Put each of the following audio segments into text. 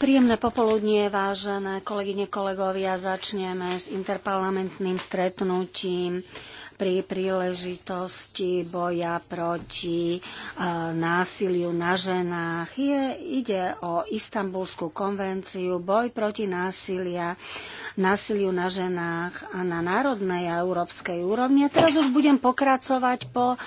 Príjemné popoludnie, vážené kolegyne, kolegovia. Začneme s interparlamentným stretnutím pri príležitosti boja proti eh, násiliu na ženách. Je, ide o Istanbulskú konvenciu, boj proti násilia, násiliu na ženách a na národnej a európskej úrovni. A teraz už budem pokracovať po eh,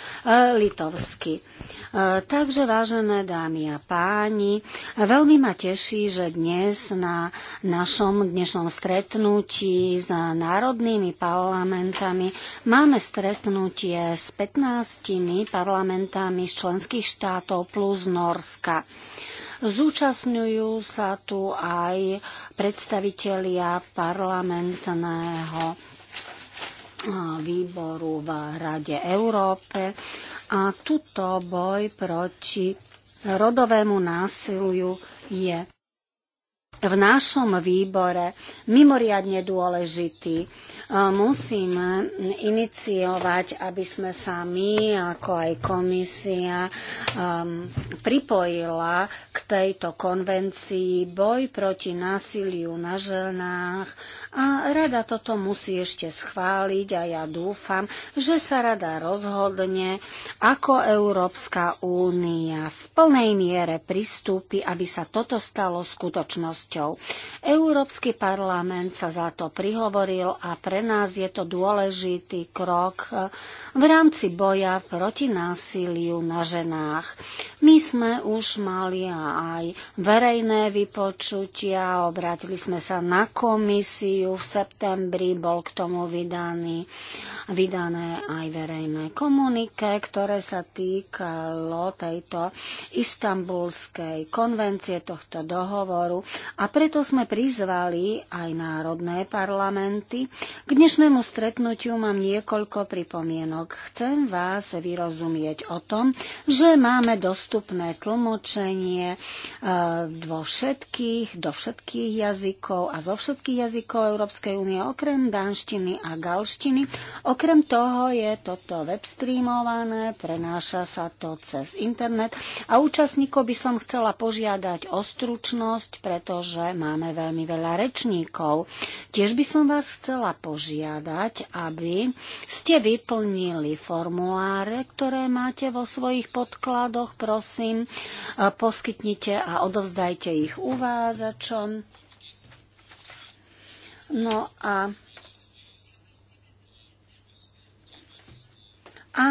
litovsky. Eh, takže, vážené dámy a páni, veľmi ma teší, že dnes na našom dnešnom stretnutí s národnými parlamentami máme stretnutie s 15 parlamentami z členských štátov plus Norska. Zúčastňujú sa tu aj predstavitelia parlamentného výboru v Rade Európe a tuto boj proti rodovému násiliu je v našom výbore mimoriadne dôležitý. E, musíme iniciovať, aby sme sa my, ako aj komisia, e, pripojila k tejto konvencii boj proti násiliu na ženách a rada toto musí ešte schváliť a ja dúfam, že sa rada rozhodne, ako Európska únia v plnej miere pristúpi, aby sa toto stalo skutočnosť činnosťou. Európsky parlament sa za to prihovoril a pre nás je to dôležitý krok eh, v rámci boja proti násiliu na ženách. My sme už mali aj verejné vypočutia, obratili sme sa na komisiu v septembri, bol k tomu vydaný, vydané aj verejné komunike, ktoré sa týkalo tejto istambulskej konvencie tohto dohovoru a preto sme prizvali aj národné parlamenty. K dnešnému stretnutiu mám niekoľko pripomienok. Chcem vás vyrozumieť o tom, že máme dostupné tlmočenie e, vo všetkých, do všetkých jazykov a zo všetkých jazykov Európskej únie, okrem dánštiny a galštiny. Okrem toho je toto webstreamované, prenáša sa to cez internet a účastníkov by som chcela požiadať o stručnosť, pretože že máme veľmi veľa rečníkov. Tiež by som vás chcela požiadať, aby ste vyplnili formuláre, ktoré máte vo svojich podkladoch. Prosím, e, poskytnite a odovzdajte ich uvázačom. No a a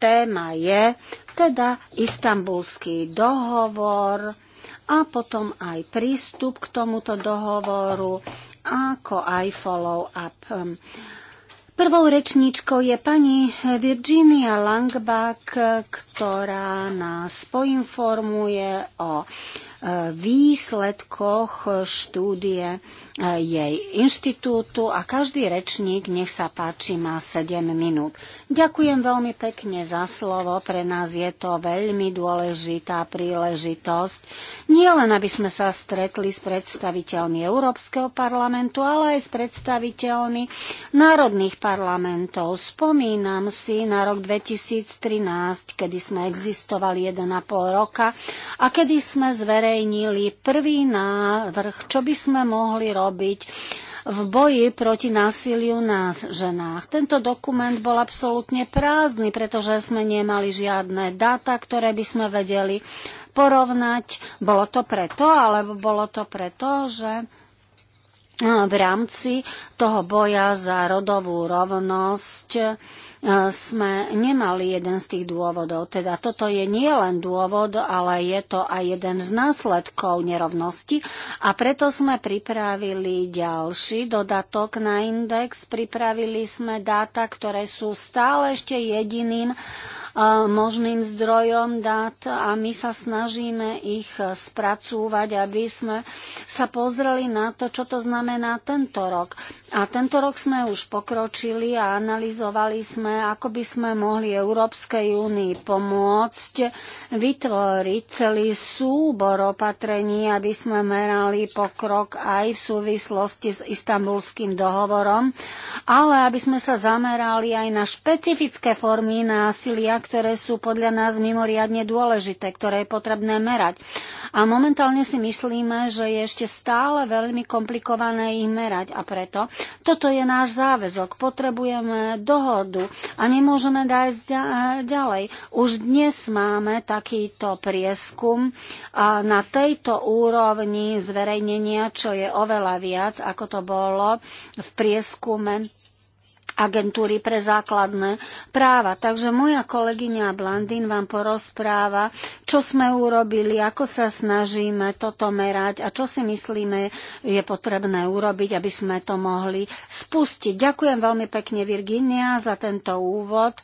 téma je teda istambulský dohovor, a potom aj prístup k tomuto dohovoru, ako aj follow-up. Prvou rečníčkou je pani Virginia Langbach, ktorá nás poinformuje o e, výsledkoch štúdie jej inštitútu a každý rečník, nech sa páči, má 7 minút. Ďakujem veľmi pekne za slovo, pre nás je to veľmi dôležitá príležitosť, nie len aby sme sa stretli s predstaviteľmi Európskeho parlamentu, ale aj s predstaviteľmi národných parlamentov. Spomínam si na rok 2013, kedy sme existovali 1,5 roka a kedy sme zverejnili prvý návrh, čo by sme mohli robiť urobiť v boji proti násiliu na ženách. Tento dokument bol absolútne prázdny, pretože sme nemali žiadne dáta, ktoré by sme vedeli porovnať. Bolo to preto, alebo bolo to preto, že v rámci toho boja za rodovú rovnosť E, sme nemali jeden z tých dôvodov. Teda toto je nie len dôvod, ale je to aj jeden z následkov nerovnosti a preto sme pripravili ďalší dodatok na index. Pripravili sme dáta, ktoré sú stále ešte jediným e, možným zdrojom dát a my sa snažíme ich spracúvať, aby sme sa pozreli na to, čo to znamená tento rok. A tento rok sme už pokročili a analyzovali sme sme, ako by sme mohli Európskej únii pomôcť vytvoriť celý súbor opatrení, aby sme merali pokrok aj v súvislosti s istambulským dohovorom, ale aby sme sa zamerali aj na špecifické formy násilia, ktoré sú podľa nás mimoriadne dôležité, ktoré je potrebné merať. A momentálne si myslíme, že je ešte stále veľmi komplikované ich merať a preto toto je náš záväzok. Potrebujeme dohodu a nemôžeme dať ďalej. Už dnes máme takýto prieskum a na tejto úrovni zverejnenia, čo je oveľa viac, ako to bolo v prieskume agentúry pre základné práva. Takže moja kolegyňa Blandín vám porozpráva, čo sme urobili, ako sa snažíme toto merať a čo si myslíme je potrebné urobiť, aby sme to mohli spustiť. Ďakujem veľmi pekne Virginia za tento úvod.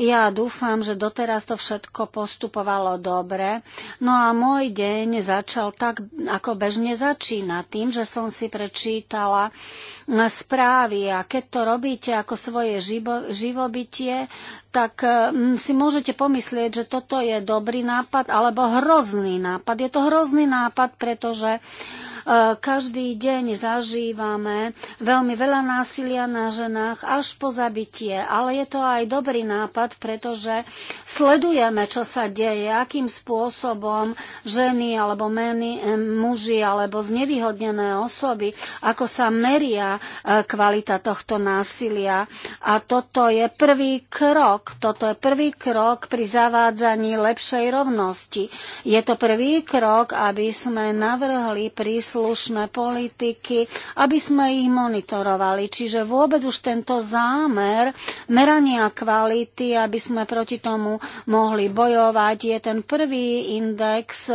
Ja dúfam, že doteraz to všetko postupovalo dobre. No a môj deň začal tak, ako bežne začína, tým, že som si prečítala eh, správy a keď to robíte ako ako svoje živo, živobytie, tak eh, si môžete pomyslieť, že toto je dobrý nápad alebo hrozný nápad. Je to hrozný nápad, pretože uh, E, každý deň zažívame veľmi veľa násilia na ženách až po zabitie, ale je to aj dobrý nápad, pretože sledujeme, čo sa deje, akým spôsobom ženy alebo meny, e, muži alebo znevýhodnené osoby, ako sa meria e, kvalita tohto násilia. A toto je prvý krok, toto je prvý krok pri zavádzaní lepšej rovnosti. Je to prvý krok, aby sme navrhli prísť slušné politiky, aby sme ich monitorovali. Čiže vôbec už tento zámer merania kvality, aby sme proti tomu mohli bojovať, je ten prvý index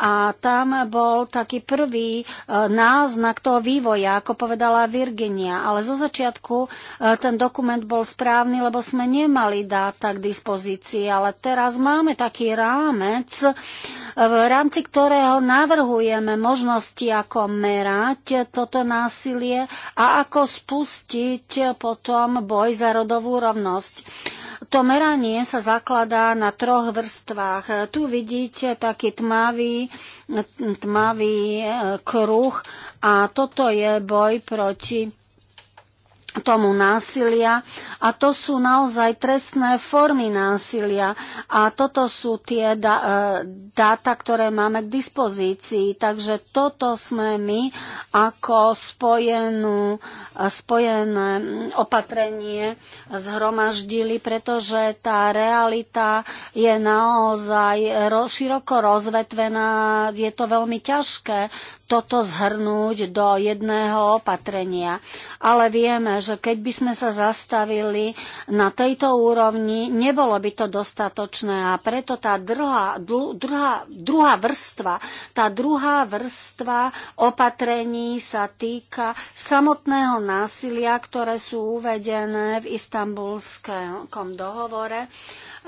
a tam bol taký prvý e, náznak toho vývoja, ako povedala Virginia, ale zo začiatku e, ten dokument bol správny, lebo sme nemali dáta k dispozícii, ale teraz máme taký rámec, e, v rámci ktorého navrhujeme možnosti, ako merať toto násilie a ako spustiť potom boj za rodovú rovnosť. To meranie sa zakladá na troch vrstvách. Tu vidíte taký tmavý, tmavý eh, kruh a toto je boj proti tomu násilia a to sú naozaj trestné formy násilia a toto sú tie e, dáta, ktoré máme k dispozícii. Takže toto sme my ako spojenú, e, spojené opatrenie zhromaždili, pretože tá realita je naozaj široko rozvetvená, je to veľmi ťažké toto zhrnúť do jedného opatrenia. Ale vieme, že keď by sme sa zastavili na tejto úrovni, nebolo by to dostatočné a preto tá druhá, druhá, druhá vrstva, tá druhá vrstva opatrení sa týka samotného násilia, ktoré sú uvedené v istambulskom dohovore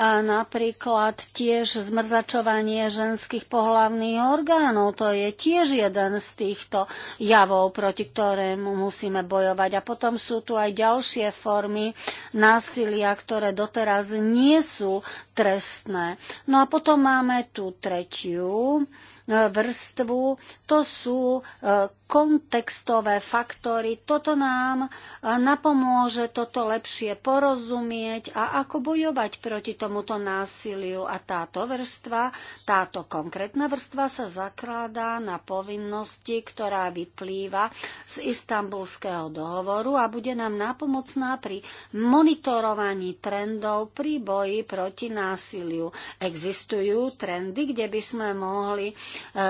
Napríklad tiež zmrzačovanie ženských pohlavných orgánov, to je tiež jeden z týchto javov, proti ktorému musíme bojovať. A potom sú tu aj ďalšie formy násilia, ktoré doteraz nie sú trestné. No a potom máme tu tretiu e, vrstvu, to sú e, kontextové faktory. Toto nám e, napomôže toto lepšie porozumieť a ako bojovať proti tomuto násiliu. A táto vrstva, táto konkrétna vrstva sa zakladá na povinnosti, ktorá vyplýva z istambulského dohovoru a bude nám napomocná pri monitorovaní trendov pri boji proti násiliu. Existujú trendy, kde by sme mohli e,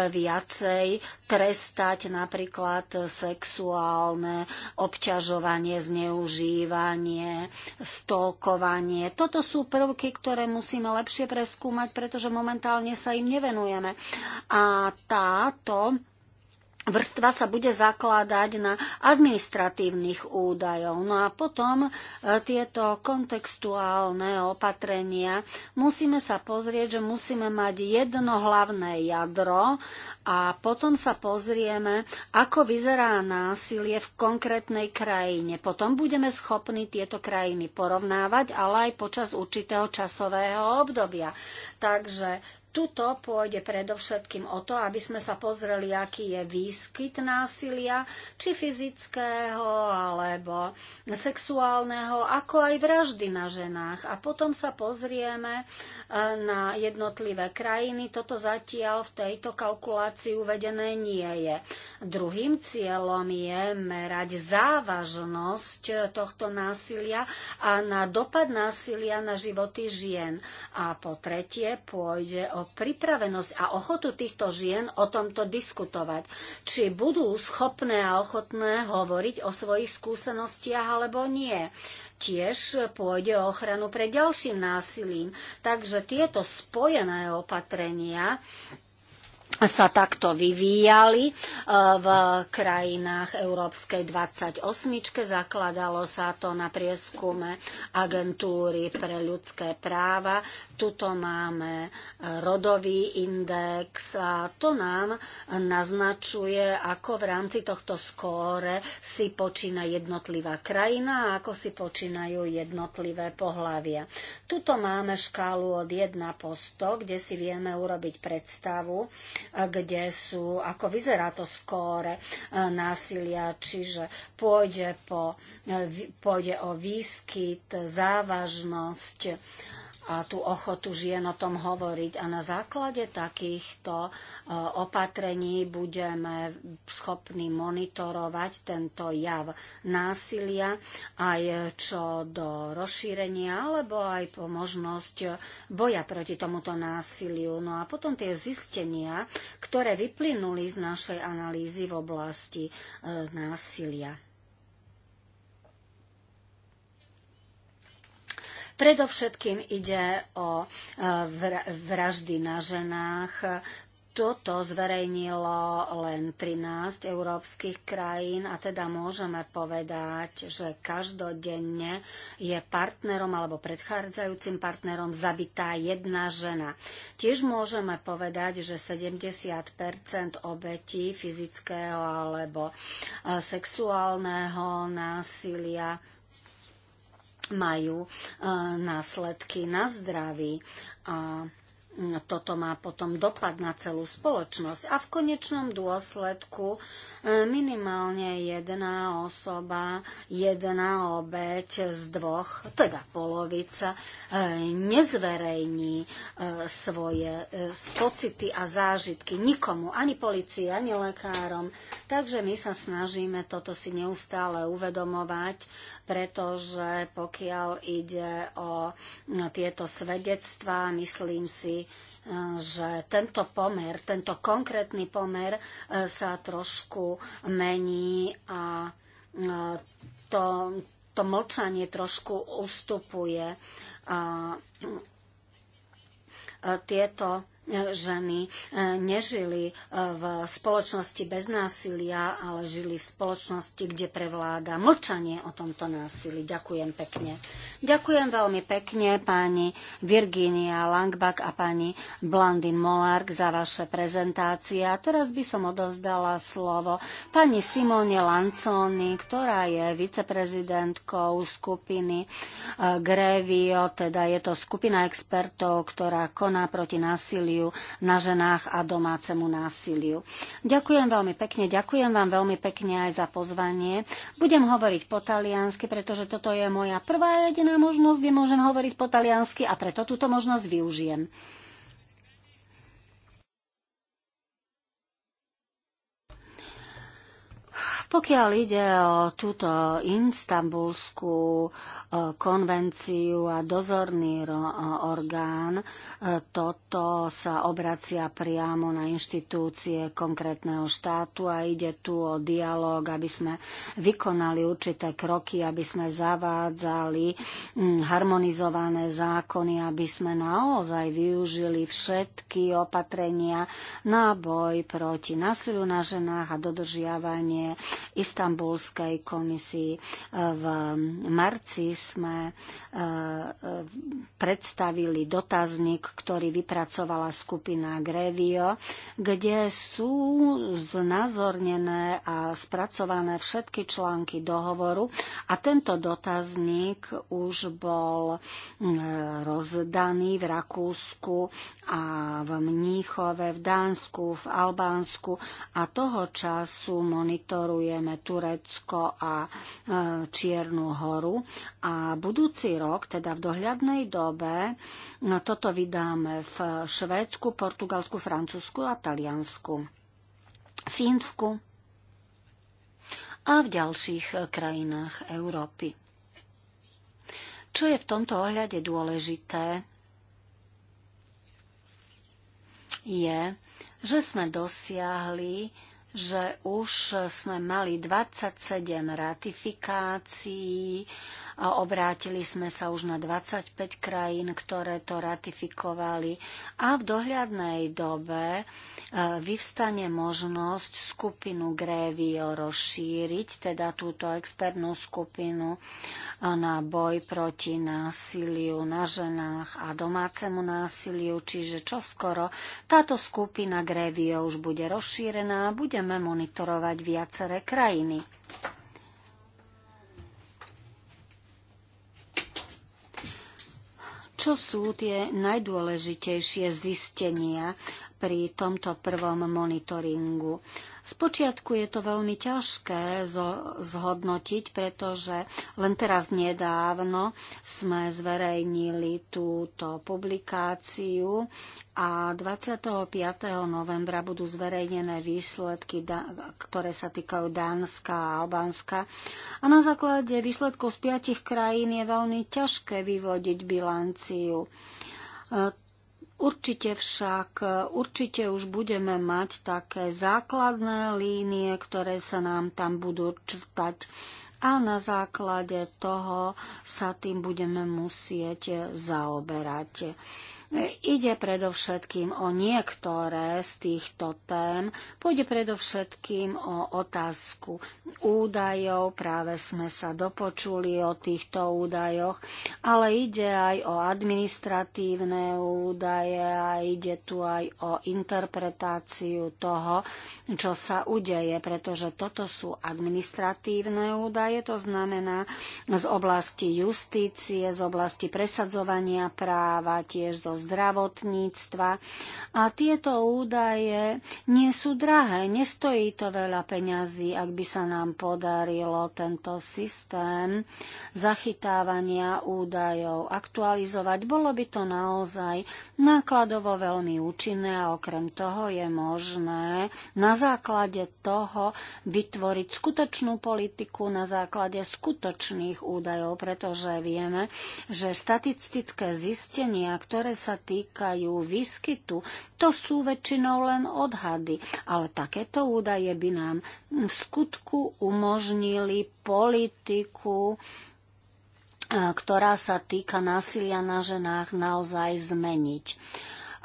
viacej trestať napríklad sexuálne obťažovanie, zneužívanie, stolkovanie. Toto sú prvky, ktoré musíme lepšie preskúmať, pretože momentálne sa im nevenujeme. A táto vrstva sa bude zakladať na administratívnych údajov. No a potom e, tieto kontextuálne opatrenia musíme sa pozrieť, že musíme mať jedno hlavné jadro a potom sa pozrieme, ako vyzerá násilie v konkrétnej krajine. Potom budeme schopní tieto krajiny porovnávať, ale aj počas určitého časového obdobia. Takže tuto pôjde predovšetkým o to, aby sme sa pozreli, aký je výskyt násilia, či fyzického alebo sexuálneho, ako aj vraždy na ženách. A potom sa pozrieme e, na jednotlivé krajiny. Toto zatiaľ v tejto kalkulácii uvedené nie je. Druhým cieľom je merať závažnosť tohto násilia a na dopad násilia na životy žien. A po tretie pôjde o pripravenosť a ochotu týchto žien o tomto diskutovať. Či budú schopné a ochotné hovoriť o svojich skúsenostiach alebo nie. Tiež pôjde o ochranu pred ďalším násilím. Takže tieto spojené opatrenia sa takto vyvíjali e, v krajinách Európskej 28. Zakladalo sa to na prieskume agentúry pre ľudské práva. Tuto máme e, rodový index a to nám naznačuje, ako v rámci tohto skóre si počína jednotlivá krajina a ako si počínajú jednotlivé pohlavia. Tuto máme škálu od 1 po 100, kde si vieme urobiť predstavu, kde sú, ako vyzerá to skóre e, násilia, čiže pôjde, po, e, pôjde o výskyt, závažnosť a tú ochotu žien o tom hovoriť. A na základe takýchto e, opatrení budeme schopní monitorovať tento jav násilia aj čo do rozšírenia, alebo aj po možnosť boja proti tomuto násiliu. No a potom tie zistenia, ktoré vyplynuli z našej analýzy v oblasti e, násilia. Predovšetkým ide o e, vraždy na ženách, toto zverejnilo len 13 európskych krajín a teda môžeme povedať, že každodenne je partnerom alebo predchádzajúcim partnerom zabitá jedna žena. Tiež môžeme povedať, že 70 obetí fyzického alebo e, sexuálneho násilia majú e, následky na zdraví a toto má potom dopad na celú spoločnosť. A v konečnom dôsledku e, minimálne jedna osoba, jedna obeď z dvoch, teda polovica, e, nezverejní svoje pocity a zážitky nikomu, ani policii, ani lekárom. Takže my sa snažíme toto si neustále uvedomovať pretože pokiaľ ide o tieto svedectvá, myslím si, e, že tento pomer, tento konkrétny pomer e, sa trošku mení a e, to, to mlčanie trošku ustupuje. A tieto ženy e, nežili e, v spoločnosti bez násilia, ale žili v spoločnosti, kde prevláda mlčanie o tomto násilí. Ďakujem pekne. Ďakujem veľmi pekne pani Virginia Langbach a pani Blandin Molark za vaše prezentácie. A teraz by som odozdala slovo pani Simone Lanconi, ktorá je viceprezidentkou skupiny e, Grevio, teda je to skupina expertov, ktorá koná proti násiliu násiliu na ženách a domácemu násiliu. Ďakujem veľmi pekne, ďakujem vám veľmi pekne aj za pozvanie. Budem hovoriť po taliansky, pretože toto je moja prvá jediná možnosť, kde môžem hovoriť po taliansky a preto túto možnosť využijem. Pokiaľ ide o túto Istambulskú e, konvenciu a dozorný e, orgán, e, toto sa obracia priamo na inštitúcie konkrétneho štátu a ide tu o dialog, aby sme vykonali určité kroky, aby sme zavádzali harmonizované zákony, aby sme naozaj využili všetky opatrenia na boj proti násiliu na ženách a dodržiavanie Istambulskej komisii. E, v marci sme e, predstavili dotazník, ktorý vypracovala skupina Grevio, kde sú znázornené a spracované všetky články dohovoru a tento dotazník už bol e, rozdaný v Rakúsku a v Mníchove, v Dánsku, v Albánsku a toho času monitoruje mapujeme Turecko a e, Čiernu horu. A budúci rok, teda v dohľadnej dobe, e, toto vydáme v Švédsku, Portugalsku, Francúzsku a Taliansku. Fínsku a v ďalších e, krajinách Európy. Čo je v tomto ohľade dôležité, je, že sme dosiahli že už sme mali 27 ratifikácií a obrátili sme sa už na 25 krajín, ktoré to ratifikovali a v dohľadnej dobe e, vyvstane možnosť skupinu Grévio rozšíriť, teda túto expertnú skupinu e, na boj proti násiliu na ženách a domácemu násiliu, čiže čoskoro táto skupina Grévio už bude rozšírená a budeme monitorovať viaceré krajiny. Čo sú tie najdôležitejšie zistenia pri tomto prvom monitoringu. Spočiatku je to veľmi ťažké zhodnotiť, pretože len teraz nedávno sme zverejnili túto publikáciu a 25. novembra budú zverejnené výsledky, ktoré sa týkajú Dánska a Albánska. A na základe výsledkov z piatich krajín je veľmi ťažké vyvodiť bilanciu e, Určite však, určite už budeme mať také základné línie, ktoré sa nám tam budú črtať a na základe toho sa tým budeme musieť zaoberať. Ide predovšetkým o niektoré z týchto tém. Pôjde predovšetkým o otázku údajov. Práve sme sa dopočuli o týchto údajoch, ale ide aj o administratívne údaje a ide tu aj o interpretáciu toho, čo sa udeje, pretože toto sú administratívne údaje, to znamená z oblasti justície, z oblasti presadzovania práva, tiež zo zdravotníctva. A tieto údaje nie sú drahé, nestojí to veľa peňazí, ak by sa nám podarilo tento systém zachytávania údajov aktualizovať. Bolo by to naozaj nákladovo veľmi účinné a okrem toho je možné na základe toho vytvoriť skutočnú politiku na základe skutočných údajov, pretože vieme, že statistické zistenia, ktoré sa sa týkajú výskytu, to sú väčšinou len odhady. Ale takéto údaje by nám v skutku umožnili politiku, e, ktorá sa týka násilia na ženách, naozaj zmeniť.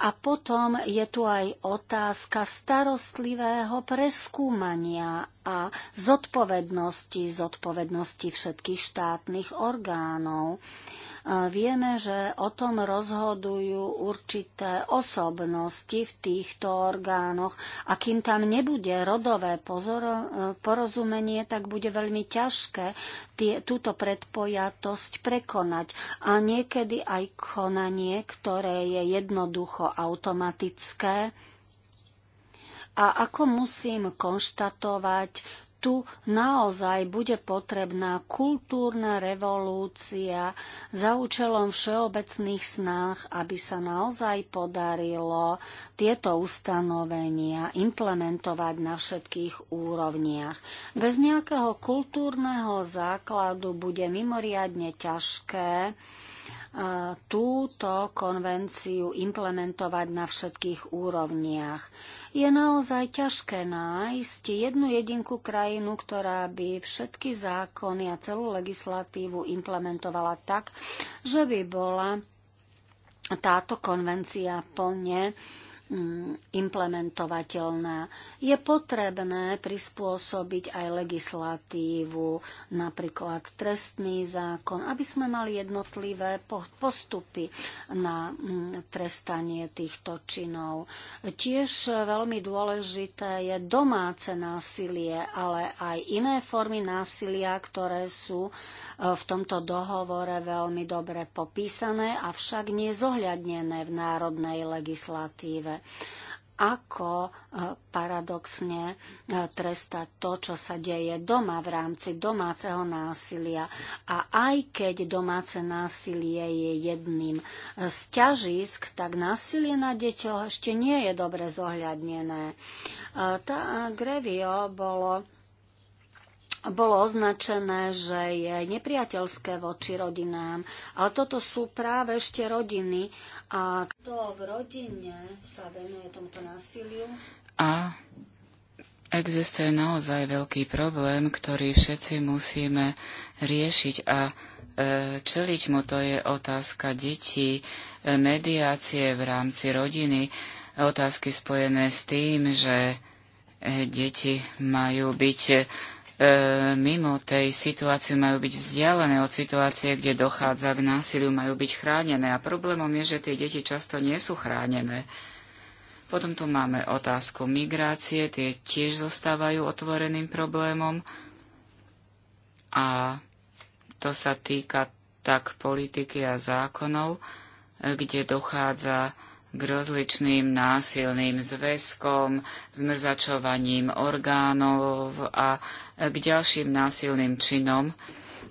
A potom je tu aj otázka starostlivého preskúmania a zodpovednosti, zodpovednosti všetkých štátnych orgánov. Uh, Vieme, že o tom rozhodujú určité osobnosti v týchto orgánoch a kým tam nebude rodové pozoro- porozumenie, tak bude veľmi ťažké tie, túto predpojatosť prekonať. A niekedy aj konanie, ktoré je jednoducho automatické, a ako musím konštatovať, tu naozaj bude potrebná kultúrna revolúcia za účelom všeobecných snách, aby sa naozaj podarilo tieto ustanovenia implementovať na všetkých úrovniach. Bez nejakého kultúrneho základu bude mimoriadne ťažké E, túto konvenciu implementovať na všetkých úrovniach. Je naozaj ťažké nájsť jednu jedinku krajinu, ktorá by všetky zákony a celú legislatívu implementovala tak, že by bola táto konvencia plne uh, Mm, implementovateľná. Je potrebné prispôsobiť aj legislatívu, napríklad trestný zákon, aby sme mali jednotlivé postupy na mm, trestanie týchto činov. Tiež veľmi dôležité je domáce násilie, ale aj iné formy násilia, ktoré sú e, v tomto dohovore veľmi dobre popísané, avšak nezohľadnené v národnej legislatíve ako e, paradoxne e, trestať to, čo sa deje doma v rámci domáceho násilia. A aj keď domáce násilie je jedným e, z ťažisk, tak násilie na deťoch ešte nie je dobre zohľadnené. Tá Grevio bolo bolo označené, že je nepriateľské voči rodinám. Ale toto sú práve ešte rodiny. A kto v rodine sa venuje tomuto násiliu? A existuje naozaj veľký problém, ktorý všetci musíme riešiť a e, čeliť mu. To je otázka detí, e, mediácie v rámci rodiny, otázky spojené s tým, že e, deti majú byť E, mimo tej situácie majú byť vzdialené od situácie, kde dochádza k násiliu, majú byť chránené. A problémom je, že tie deti často nie sú chránené. Potom tu máme otázku migrácie, tie tiež zostávajú otvoreným problémom. A to sa týka tak politiky a zákonov, e, kde dochádza k rozličným násilným zväzkom, zmrzačovaním orgánov a k ďalším násilným činom,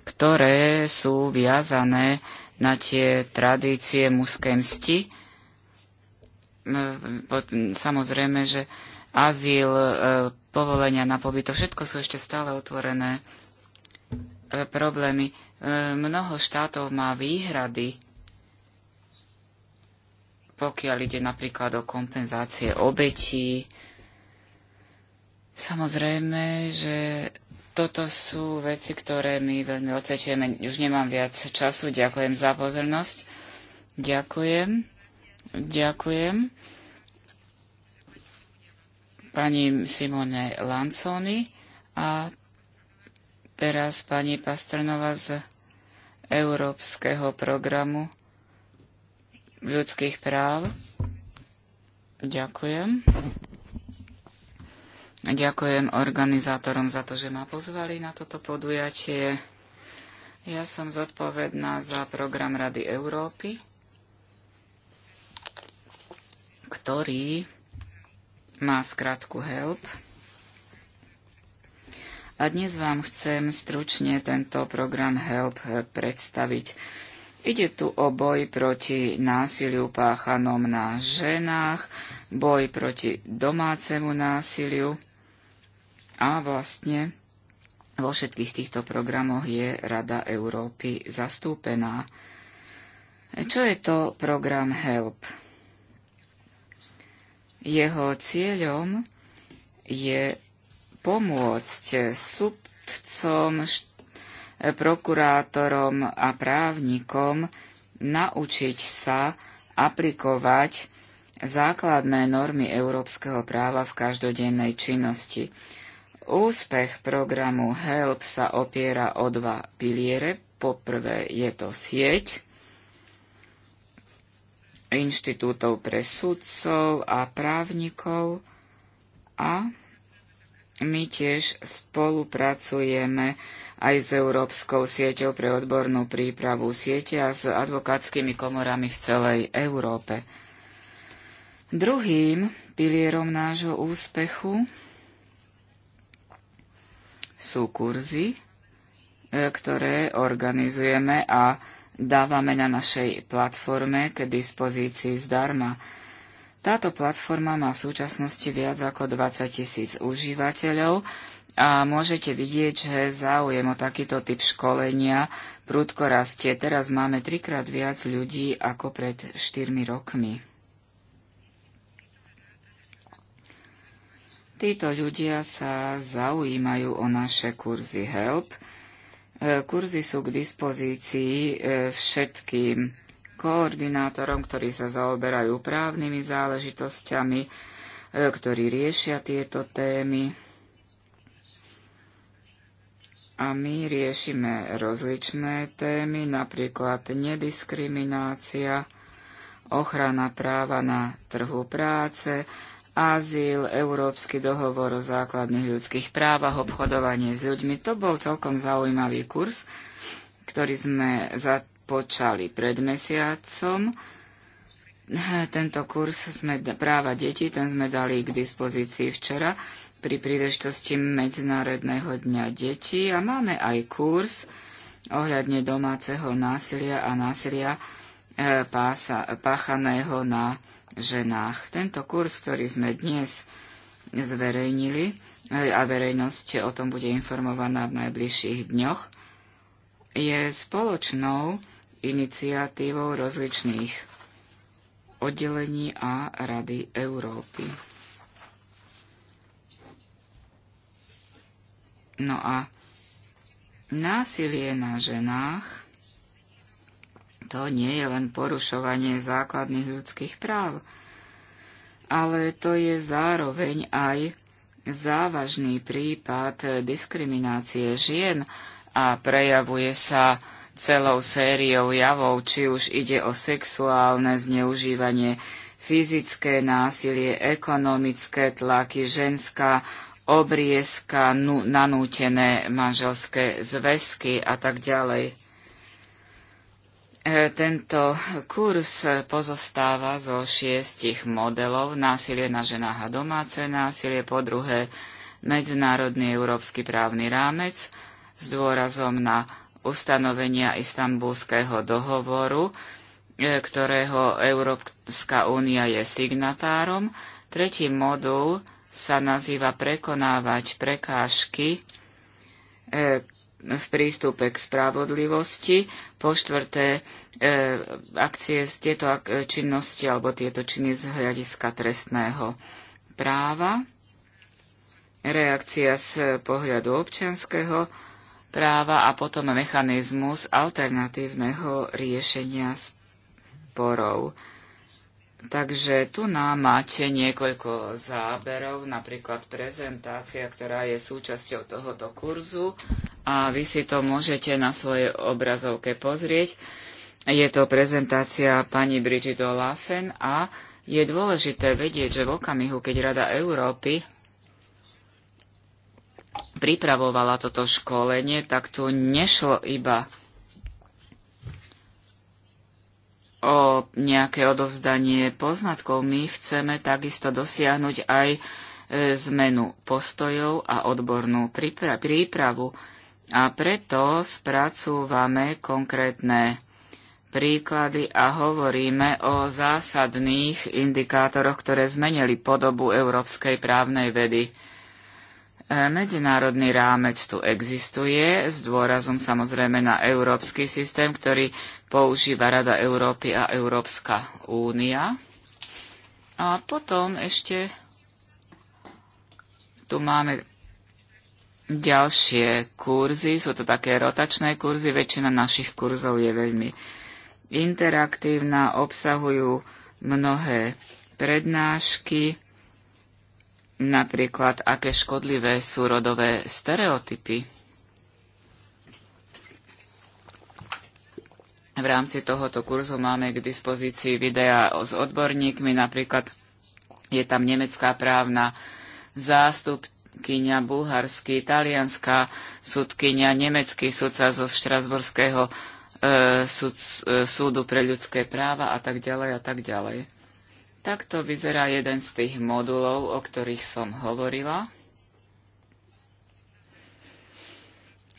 ktoré sú viazané na tie tradície mužskej msti. Samozrejme, že azyl, e, povolenia na pobyt, to všetko sú ešte stále otvorené e, problémy. E, mnoho štátov má výhrady pokiaľ ide napríklad o kompenzácie obetí. Samozrejme, že toto sú veci, ktoré my veľmi ocečujeme. Už nemám viac času. Ďakujem za pozornosť. Ďakujem. Ďakujem. Pani Simone Lanconi a teraz pani Pastrnova z Európskeho programu ľudských práv. Ďakujem. Ďakujem organizátorom za to, že ma pozvali na toto podujatie. Ja som zodpovedná za program Rady Európy, ktorý má skratku HELP. A dnes vám chcem stručne tento program HELP predstaviť. Ide tu o boj proti násiliu páchanom na ženách, boj proti domácemu násiliu a vlastne vo všetkých týchto programoch je Rada Európy zastúpená. Čo je to program HELP? Jeho cieľom je pomôcť subcom št- prokurátorom a právnikom naučiť sa aplikovať základné normy európskeho práva v každodennej činnosti. Úspech programu HELP sa opiera o dva piliere. Poprvé je to sieť inštitútov pre sudcov a právnikov a my tiež spolupracujeme aj s Európskou sieťou pre odbornú prípravu siete a s advokátskymi komorami v celej Európe. Druhým pilierom nášho úspechu sú kurzy, e, ktoré organizujeme a dávame na našej platforme k dispozícii zdarma. Táto platforma má v súčasnosti viac ako 20 tisíc užívateľov a môžete vidieť, že záujem o takýto typ školenia prúdko rastie. Teraz máme trikrát viac ľudí ako pred 4 rokmi. Títo ľudia sa zaujímajú o naše kurzy HELP. E, kurzy sú k dispozícii e, všetkým koordinátorom, ktorí sa zaoberajú právnymi záležitosťami, e, ktorí riešia tieto témy. A my riešime rozličné témy, napríklad nediskriminácia, ochrana práva na trhu práce, azyl, Európsky dohovor o základných ľudských právach, obchodovanie s ľuďmi. To bol celkom zaujímavý kurz, ktorý sme za počali pred mesiacom. Tento kurz sme, práva detí, ten sme dali k dispozícii včera pri príležitosti Medzinárodného dňa detí a máme aj kurz ohľadne domáceho násilia a násilia e, pása, páchaného na ženách. Tento kurz, ktorý sme dnes zverejnili e, a verejnosť o tom bude informovaná v najbližších dňoch, je spoločnou iniciatívou rozličných oddelení a Rady Európy. No a násilie na ženách to nie je len porušovanie základných ľudských práv, ale to je zároveň aj závažný prípad diskriminácie žien a prejavuje sa celou sériou javov, či už ide o sexuálne zneužívanie, fyzické násilie, ekonomické tlaky, ženská obriezka, nanútené manželské zväzky a tak ďalej. E, tento kurz pozostáva zo šiestich modelov. Násilie na ženách a domáce násilie, po druhé medzinárodný európsky právny rámec s dôrazom na ustanovenia istambulského dohovoru, e, ktorého Európska únia je signatárom. Tretí modul sa nazýva prekonávať prekážky e, v prístupe k spravodlivosti. Po štvrté, e, akcie z tieto činnosti alebo tieto činy z hľadiska trestného práva. Reakcia z pohľadu občianského práva a potom mechanizmus alternatívneho riešenia sporov. Takže tu nám máte niekoľko záberov, napríklad prezentácia, ktorá je súčasťou tohoto kurzu a vy si to môžete na svojej obrazovke pozrieť. Je to prezentácia pani Brigido Laffen a je dôležité vedieť, že v okamihu, keď Rada Európy pripravovala toto školenie, tak tu nešlo iba o nejaké odovzdanie poznatkov. My chceme takisto dosiahnuť aj e, zmenu postojov a odbornú prípravu. A preto spracúvame konkrétne príklady a hovoríme o zásadných indikátoroch, ktoré zmenili podobu európskej právnej vedy. E, medzinárodný rámec tu existuje, s dôrazom samozrejme na európsky systém, ktorý používa Rada Európy a Európska únia. A potom ešte tu máme ďalšie kurzy, sú to také rotačné kurzy, väčšina našich kurzov je veľmi interaktívna, obsahujú mnohé prednášky, Napríklad, aké škodlivé sú rodové stereotypy. V rámci tohoto kurzu máme k dispozícii videa s odborníkmi, napríklad je tam nemecká právna zástupkynia, bulharsky, talianská sudkynia, nemecký sudca zo Štrasburského e, e, súdu pre ľudské práva a tak ďalej a tak ďalej. Takto vyzerá jeden z tých modulov, o ktorých som hovorila.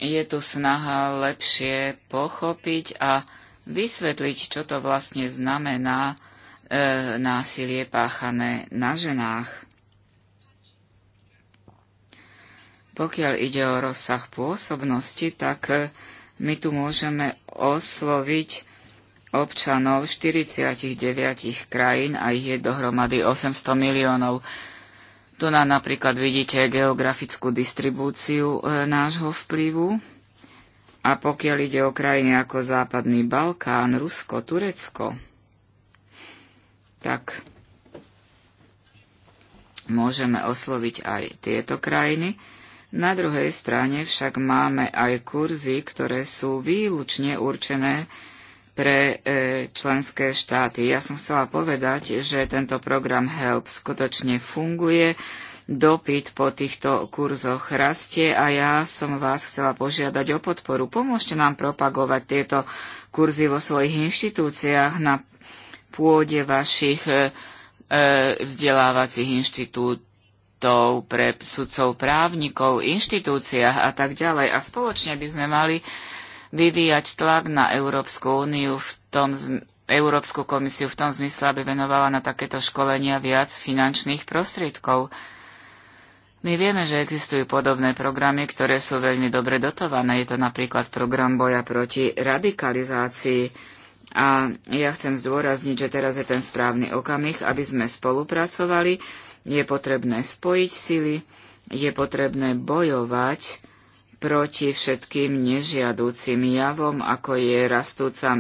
Je tu snaha lepšie pochopiť a vysvetliť, čo to vlastne znamená e, násilie páchané na ženách. Pokiaľ ide o rozsah pôsobnosti, tak e, my tu môžeme osloviť občanov 49 krajín a ich je dohromady 800 miliónov. Tu nám napríklad vidíte geografickú distribúciu e, nášho vplyvu. A pokiaľ ide o krajiny ako Západný Balkán, Rusko, Turecko, tak môžeme osloviť aj tieto krajiny. Na druhej strane však máme aj kurzy, ktoré sú výlučne určené pre e, členské štáty. Ja som chcela povedať, že tento program HELP skutočne funguje. Dopyt po týchto kurzoch rastie a ja som vás chcela požiadať o podporu. Pomôžte nám propagovať tieto kurzy vo svojich inštitúciách na pôde vašich e, e, vzdelávacích inštitútov pre sudcov, právnikov, inštitúciách a tak ďalej. A spoločne by sme mali vyvíjať tlak na Európsku úniu v tom Európsku komisiu v tom zmysle, aby venovala na takéto školenia viac finančných prostriedkov. My vieme, že existujú podobné programy, ktoré sú veľmi dobre dotované. Je to napríklad program boja proti radikalizácii. A ja chcem zdôrazniť, že teraz je ten správny okamih, aby sme spolupracovali. Je potrebné spojiť sily, je potrebné bojovať proti všetkým nežiadúcim javom, ako je rastúca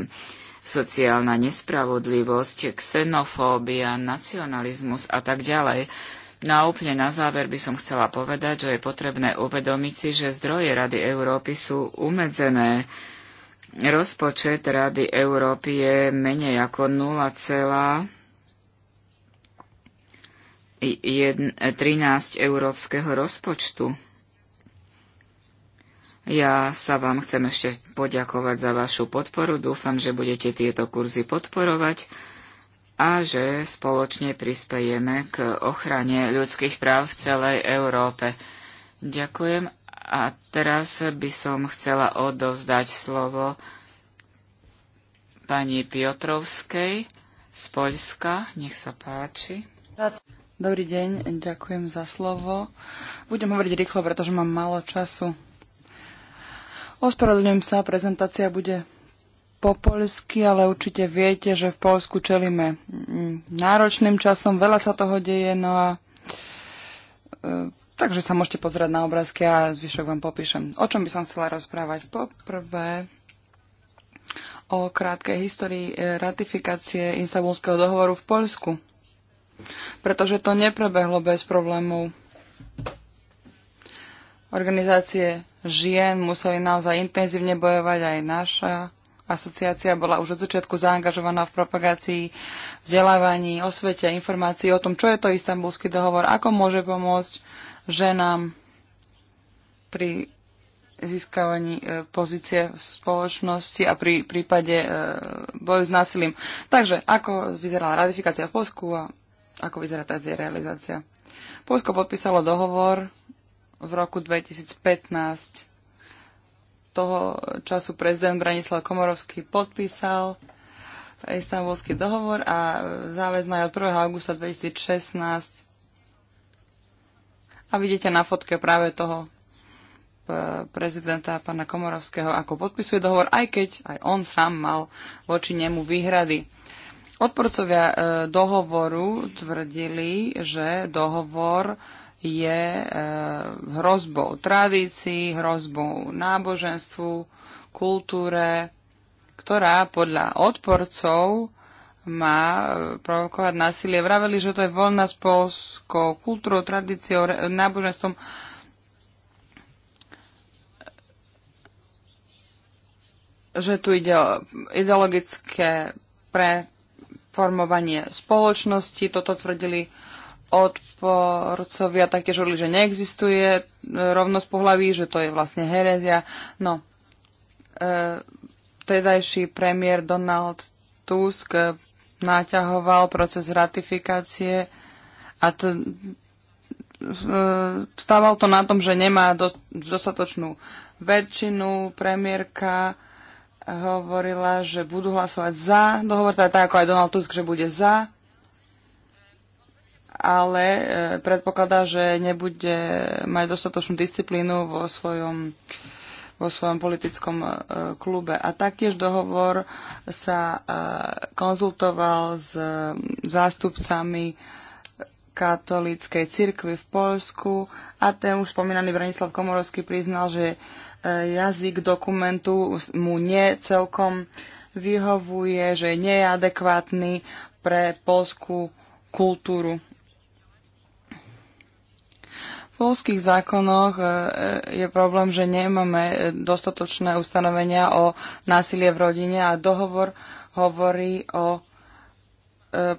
sociálna nespravodlivosť, xenofóbia, nacionalizmus a tak ďalej. No a úplne na záver by som chcela povedať, že je potrebné uvedomiť si, že zdroje Rady Európy sú umedzené. Rozpočet Rady Európy je menej ako 0,13 európskeho rozpočtu. Ja sa vám chcem ešte poďakovať za vašu podporu. Dúfam, že budete tieto kurzy podporovať a že spoločne prispejeme k ochrane ľudských práv v celej Európe. Ďakujem a teraz by som chcela odovzdať slovo pani Piotrovskej z Poľska. Nech sa páči. Dobrý deň, ďakujem za slovo. Budem hovoriť rýchlo, pretože mám málo času. Ospravedlňujem sa, prezentácia bude po poľsky, ale určite viete, že v Polsku čelíme mm, náročným časom, veľa sa toho deje, no a e, takže sa môžete pozrieť na obrázky a zvyšok vám popíšem. O čom by som chcela rozprávať? Poprvé o krátkej histórii e, ratifikácie Istanbulského dohovoru v Polsku, pretože to neprebehlo bez problémov. Organizácie žien museli naozaj intenzívne bojovať aj naša asociácia bola už od začiatku zaangažovaná v propagácii, vzdelávaní, osvete, informácií o tom, čo je to istambulský dohovor, ako môže pomôcť ženám pri získavaní e, pozície v spoločnosti a pri prípade e, boju s násilím. Takže, ako vyzerala ratifikácia v Polsku a ako vyzerá tá realizácia. Polsko podpísalo dohovor v roku 2015. Toho času prezident Branislav Komorovský podpísal istambulský dohovor a záväzná je od 1. augusta 2016. A vidíte na fotke práve toho prezidenta pána Komorovského, ako podpisuje dohovor, aj keď aj on sám mal voči nemu výhrady. Odporcovia e, dohovoru tvrdili, že dohovor je e, hrozbou tradícií, hrozbou náboženstvu, kultúre, ktorá podľa odporcov má e, provokovať násilie. Vraveli, že to je voľná s polskou kultúrou, tradíciou, náboženstvom. že tu ide o ideologické preformovanie spoločnosti. Toto tvrdili odporcovia taktiež hovorili, že neexistuje e, rovnosť pohlaví, že to je vlastne herezia. No, e, tedajší premiér Donald Tusk naťahoval proces ratifikácie a to, e, stával to na tom, že nemá dostatočnú väčšinu. Premiérka hovorila, že budú hlasovať za dohovor, teda tak ako aj Donald Tusk, že bude za ale e, predpokladá, že nebude mať dostatočnú disciplínu vo svojom vo svojom politickom e, klube. A taktiež dohovor sa e, konzultoval s zástupcami katolíckej cirkvy v Polsku a ten už spomínaný Branislav Komorovský priznal, že jazyk dokumentu mu nie celkom vyhovuje, že nie je adekvátny pre polskú kultúru polských zákonoch e, e, je problém, že nemáme e, dostatočné ustanovenia o násilie v rodine a dohovor hovorí o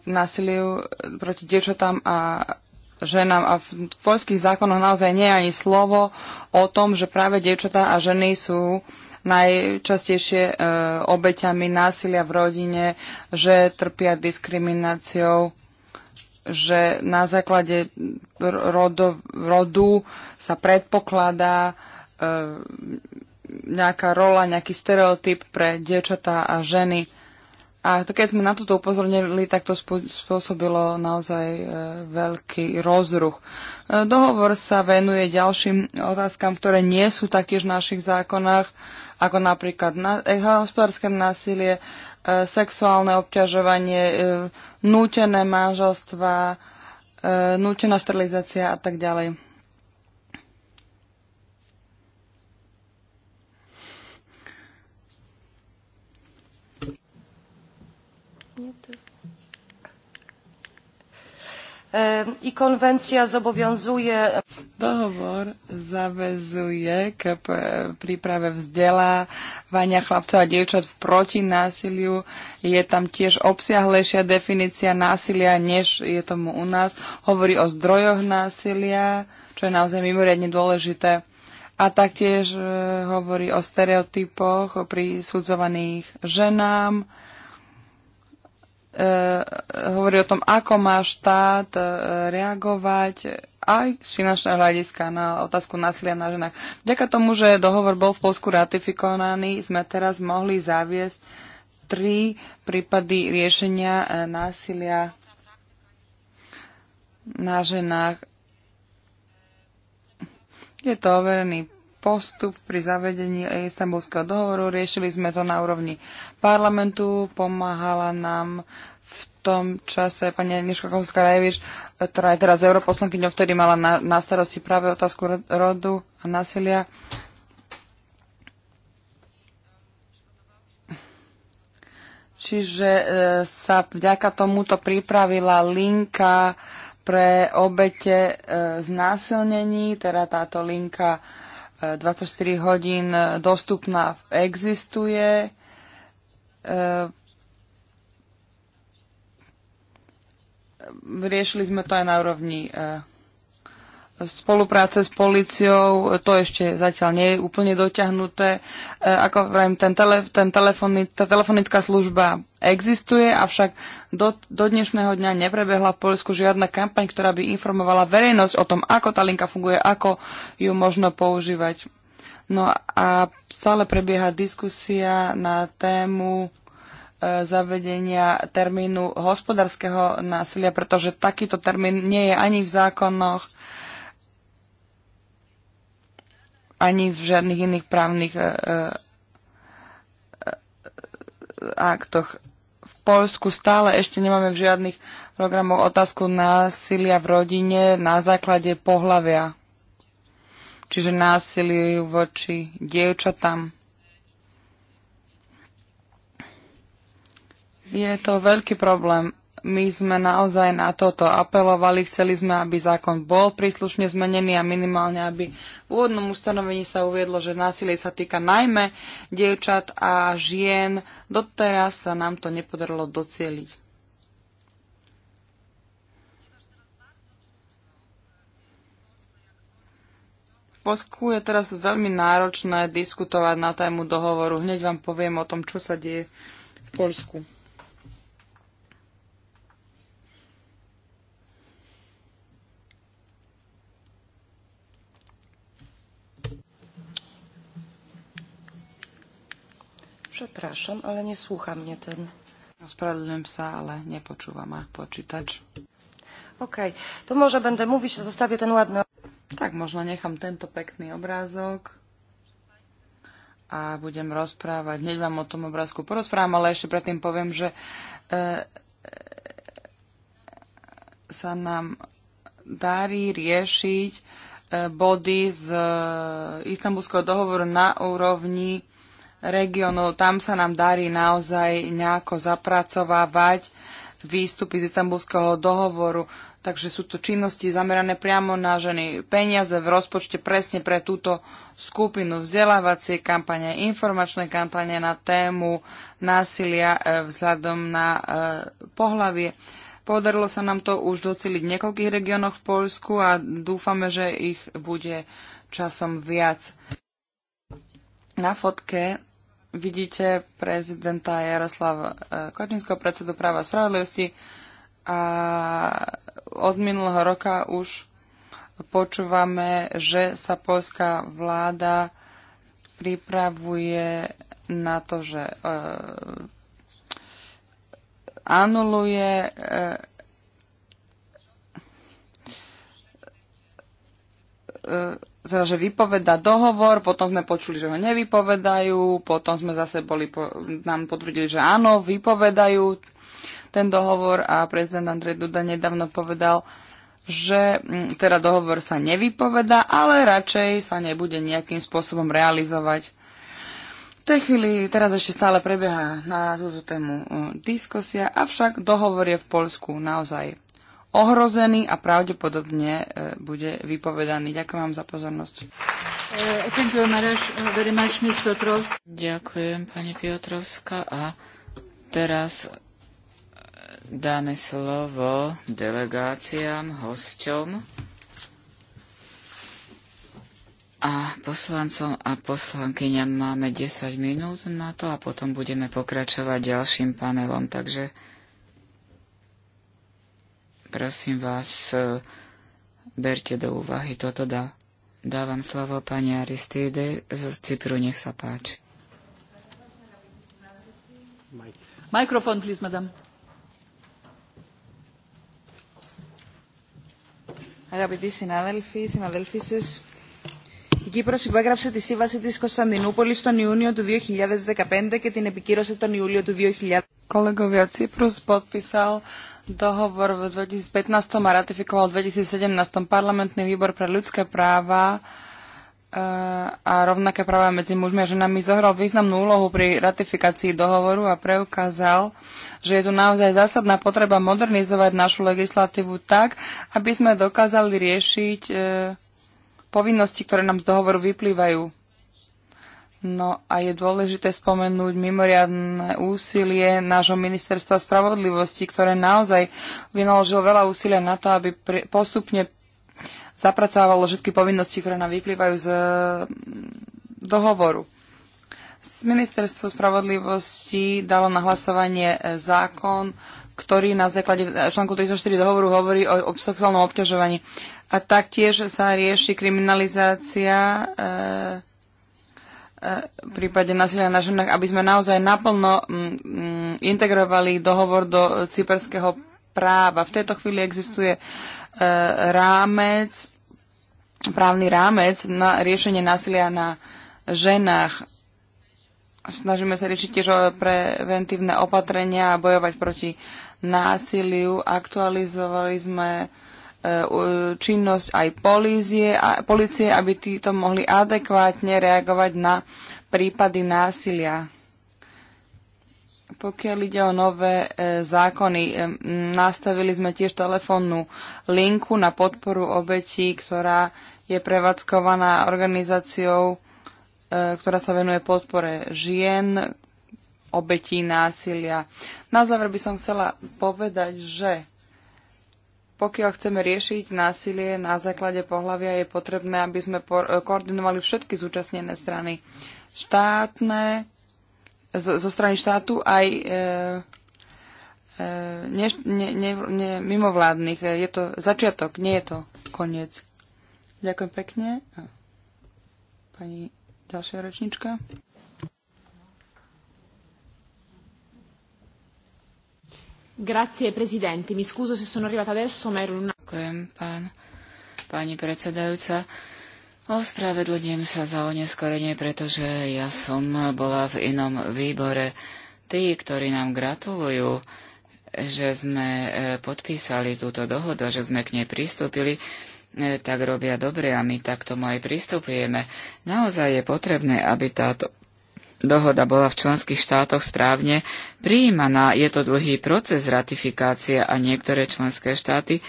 násiliu proti dievčatám a ženám a v poľských zákonoch naozaj nie je ani slovo o tom, že práve dievčatá a ženy sú najčastejšie obeťami násilia v rodine, že trpia diskrimináciou že na základe rodo, rodu sa predpokladá e, nejaká rola, nejaký stereotyp pre dievčatá a ženy. A to, keď sme na toto upozornili, tak to spôsobilo naozaj e, veľký rozruch. E, dohovor sa venuje ďalším otázkam, ktoré nie sú taktiež v našich zákonách, ako napríklad na, e, hospodárske násilie E, sexuálne obťažovanie, e, nútené manželstva, e, nútená sterilizácia a tak ďalej. i konwencja zobowiązuje. Dohovor zavezuje k príprave vzdelávania chlapcov a dievčat v protinásiliu. Je tam tiež obsiahlejšia definícia násilia, než je tomu u nás. Hovorí o zdrojoch násilia, čo je naozaj mimoriadne dôležité. A taktiež e, hovorí o stereotypoch, o prisudzovaných ženám E, hovorí o tom, ako má štát e, reagovať aj z finančného hľadiska na otázku násilia na ženách. Vďaka tomu, že dohovor bol v Polsku ratifikovaný, sme teraz mohli zaviesť tri prípady riešenia e, násilia na ženách. Je to overený postup pri zavedení istambulského dohovoru. Riešili sme to na úrovni parlamentu, pomáhala nám v tom čase pani Niška Kovská-Rajevič, ktorá je teraz europoslankyňou, vtedy mala na, na starosti práve otázku rodu a násilia. Čiže e, sa vďaka tomuto pripravila linka pre obete e, znásilnení, teda táto linka e, 24 hodín dostupná existuje. Riešili sme to aj na úrovni eh, spolupráce s policiou, to ešte zatiaľ nie je úplne dotiahnuté. E, ako vrajím, ten tele, ten telefoni, tá telefonická služba existuje, avšak do, do dnešného dňa neprebehla v Polsku žiadna kampaň, ktorá by informovala verejnosť o tom, ako tá linka funguje, ako ju možno používať. No a stále prebieha diskusia na tému e, zavedenia termínu hospodárskeho násilia, pretože takýto termín nie je ani v zákonoch, ani v žiadnych iných právnych e, e, e aktoch. V Polsku stále ešte nemáme v žiadnych programoch otázku násilia v rodine na základe pohlavia. Čiže násilie voči dievčatám. Je to veľký problém my sme naozaj na toto apelovali, chceli sme, aby zákon bol príslušne zmenený a minimálne, aby v úvodnom ustanovení sa uviedlo, že násilie sa týka najmä dievčat a žien. Doteraz sa nám to nepodarilo docieliť. V Polsku je teraz veľmi náročné diskutovať na tému dohovoru. Hneď vám poviem o tom, čo sa deje v Polsku. Przepraszam, ale nie słucha mnie ten. Ospravedlňujem sa, ale nepočúva ma počítač. okay. to może będę mówić, to zostawię ten ładny... Tak, možno ten tento pekný obrázok a budem rozprávať. Hneď vám o tom obrázku porozprávam, ale ešte predtým poviem, že e, e sa nám darí riešiť e, body z e, istambulského dohovoru na úrovni regiónu. Tam sa nám darí naozaj nejako zapracovávať výstupy z istambulského dohovoru. Takže sú to činnosti zamerané priamo na ženy. Peniaze v rozpočte presne pre túto skupinu vzdelávacie kampane, informačné kampane na tému násilia e, vzhľadom na e, pohlavie. Podarilo sa nám to už doceliť v niekoľkých regiónoch v Poľsku a dúfame, že ich bude časom viac. Na fotke vidíte prezidenta Jaroslava e, Kočinského, predsedu práva a spravodlivosti a od minulého roka už počúvame, že sa polská vláda pripravuje na to, že uh, anuluje uh, uh, teda, že vypoveda dohovor, potom sme počuli, že ho nevypovedajú, potom sme zase boli, po, nám potvrdili, že áno, vypovedajú ten dohovor a prezident Andrej Duda nedávno povedal, že mm, teda dohovor sa nevypoveda, ale radšej sa nebude nejakým spôsobom realizovať. V tej chvíli teraz ešte stále prebieha na túto tému mm, diskusia, avšak dohovor je v Polsku naozaj ohrozený a pravdepodobne e, bude vypovedaný. Ďakujem vám za pozornosť. Uh, uh, Ďakujem, pani Piotrovska. A teraz e, dáme slovo delegáciám, hosťom a poslancom a poslankyňam máme 10 minút na to a potom budeme pokračovať ďalším panelom. Takže Prosím vás, berte do úvahy toto dá. Dávam slovo pani Aristide z Cypru, nech sa páči. Mikrofón, please, madam. Αγαπητοί συνάδελφοι, συναδελφίσες, η Κύπρος υπέγραψε τη Σύμβαση της Κωνσταντινούπολης τον Ιούνιο του 2015 και την επικύρωσε τον Ιούλιο του 2000. Kolegovia, Cyprus podpísal Dohovor v 2015 a ratifikoval v 2017 parlamentný výbor pre ľudské práva eh, a rovnaké práva medzi mužmi a ženami zohral významnú úlohu pri ratifikácii dohovoru a preukázal, že je tu naozaj zásadná potreba modernizovať našu legislatívu tak, aby sme dokázali riešiť eh, povinnosti, ktoré nám z dohovoru vyplývajú. No a je dôležité spomenúť mimoriadne úsilie nášho ministerstva spravodlivosti, ktoré naozaj vynaložilo veľa úsilia na to, aby postupne zapracovalo všetky povinnosti, ktoré nám vyplývajú z mm, dohovoru. Ministerstvo spravodlivosti dalo na hlasovanie e, zákon, ktorý na základe e, článku 34 dohovoru hovorí o sexuálnom obťažovaní. A taktiež sa rieši kriminalizácia e, v prípade násilia na ženách, aby sme naozaj naplno mm, mm, integrovali dohovor do cyperského práva. V tejto chvíli existuje e, rámec, právny rámec na riešenie násilia na ženách. Snažíme sa riešiť tiež o preventívne opatrenia a bojovať proti násiliu. Aktualizovali sme uh, činnosť aj polície, a, policie, aby títo mohli adekvátne reagovať na prípady násilia. Pokiaľ ide o nové e, zákony, e, nastavili sme tiež telefónnu linku na podporu obetí, ktorá je prevádzkovaná organizáciou, e, ktorá sa venuje podpore žien, obetí násilia. Na záver by som chcela povedať, že pokiaľ chceme riešiť násilie na základe pohľavia, je potrebné, aby sme koordinovali všetky zúčastnené strany. Štátne, zo strany štátu aj e, e, ne, ne, ne, ne, mimovládnych. Je to začiatok, nie je to koniec. Ďakujem pekne. Pani ďalšia rečnička. Grazie Presidente, mi scuso se sono arrivata adesso, ma ero Ďakujem, pán, pani predsedajúca. Ospravedlňujem sa za oneskorenie, pretože ja som bola v inom výbore. Tí, ktorí nám gratulujú, že sme e, podpísali túto dohodu, že sme k nej pristúpili, e, tak robia dobre a my tak tomu aj pristupujeme. Naozaj je potrebné, aby táto dohoda bola v členských štátoch správne prijímaná. Je to dlhý proces ratifikácie a niektoré členské štáty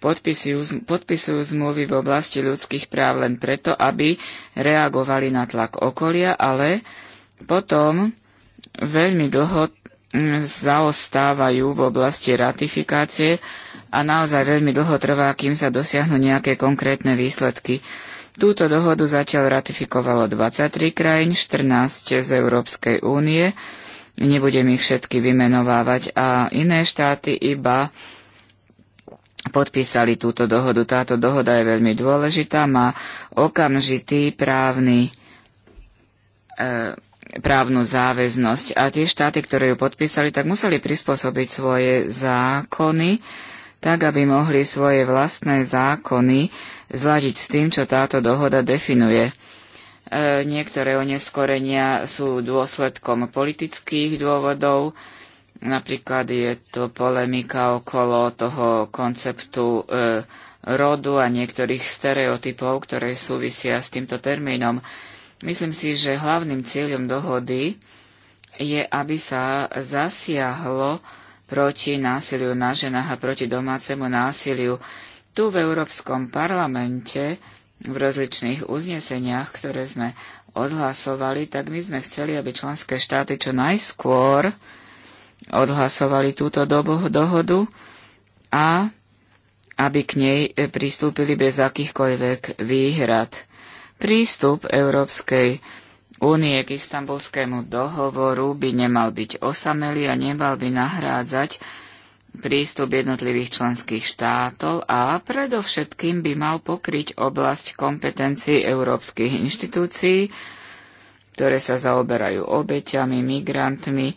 podpisujú, podpisujú zmluvy v oblasti ľudských práv len preto, aby reagovali na tlak okolia, ale potom veľmi dlho mm, zaostávajú v oblasti ratifikácie a naozaj veľmi dlho trvá, kým sa dosiahnu nejaké konkrétne výsledky. Túto dohodu zatiaľ ratifikovalo 23 krajín, 14 z Európskej únie, nebudem ich všetky vymenovávať, a iné štáty iba podpísali túto dohodu. Táto dohoda je veľmi dôležitá, má okamžitý právny, e, právnu záväznosť a tie štáty, ktoré ju podpísali, tak museli prispôsobiť svoje zákony, tak aby mohli svoje vlastné zákony zladiť s tým, čo táto dohoda definuje. E, niektoré oneskorenia sú dôsledkom politických dôvodov, napríklad je to polemika okolo toho konceptu e, rodu a niektorých stereotypov, ktoré súvisia s týmto termínom. Myslím si, že hlavným cieľom dohody je, aby sa zasiahlo proti násiliu na ženách a proti domácemu násiliu. Tu v Európskom parlamente v rozličných uzneseniach, ktoré sme odhlasovali, tak my sme chceli, aby členské štáty čo najskôr odhlasovali túto dobu, dohodu a aby k nej pristúpili bez akýchkoľvek výhrad. Prístup Európskej únie k istambulskému dohovoru by nemal byť osamelý a nemal by nahrádzať prístup jednotlivých členských štátov a predovšetkým by mal pokryť oblasť kompetencií európskych inštitúcií, ktoré sa zaoberajú obeťami, migrantmi,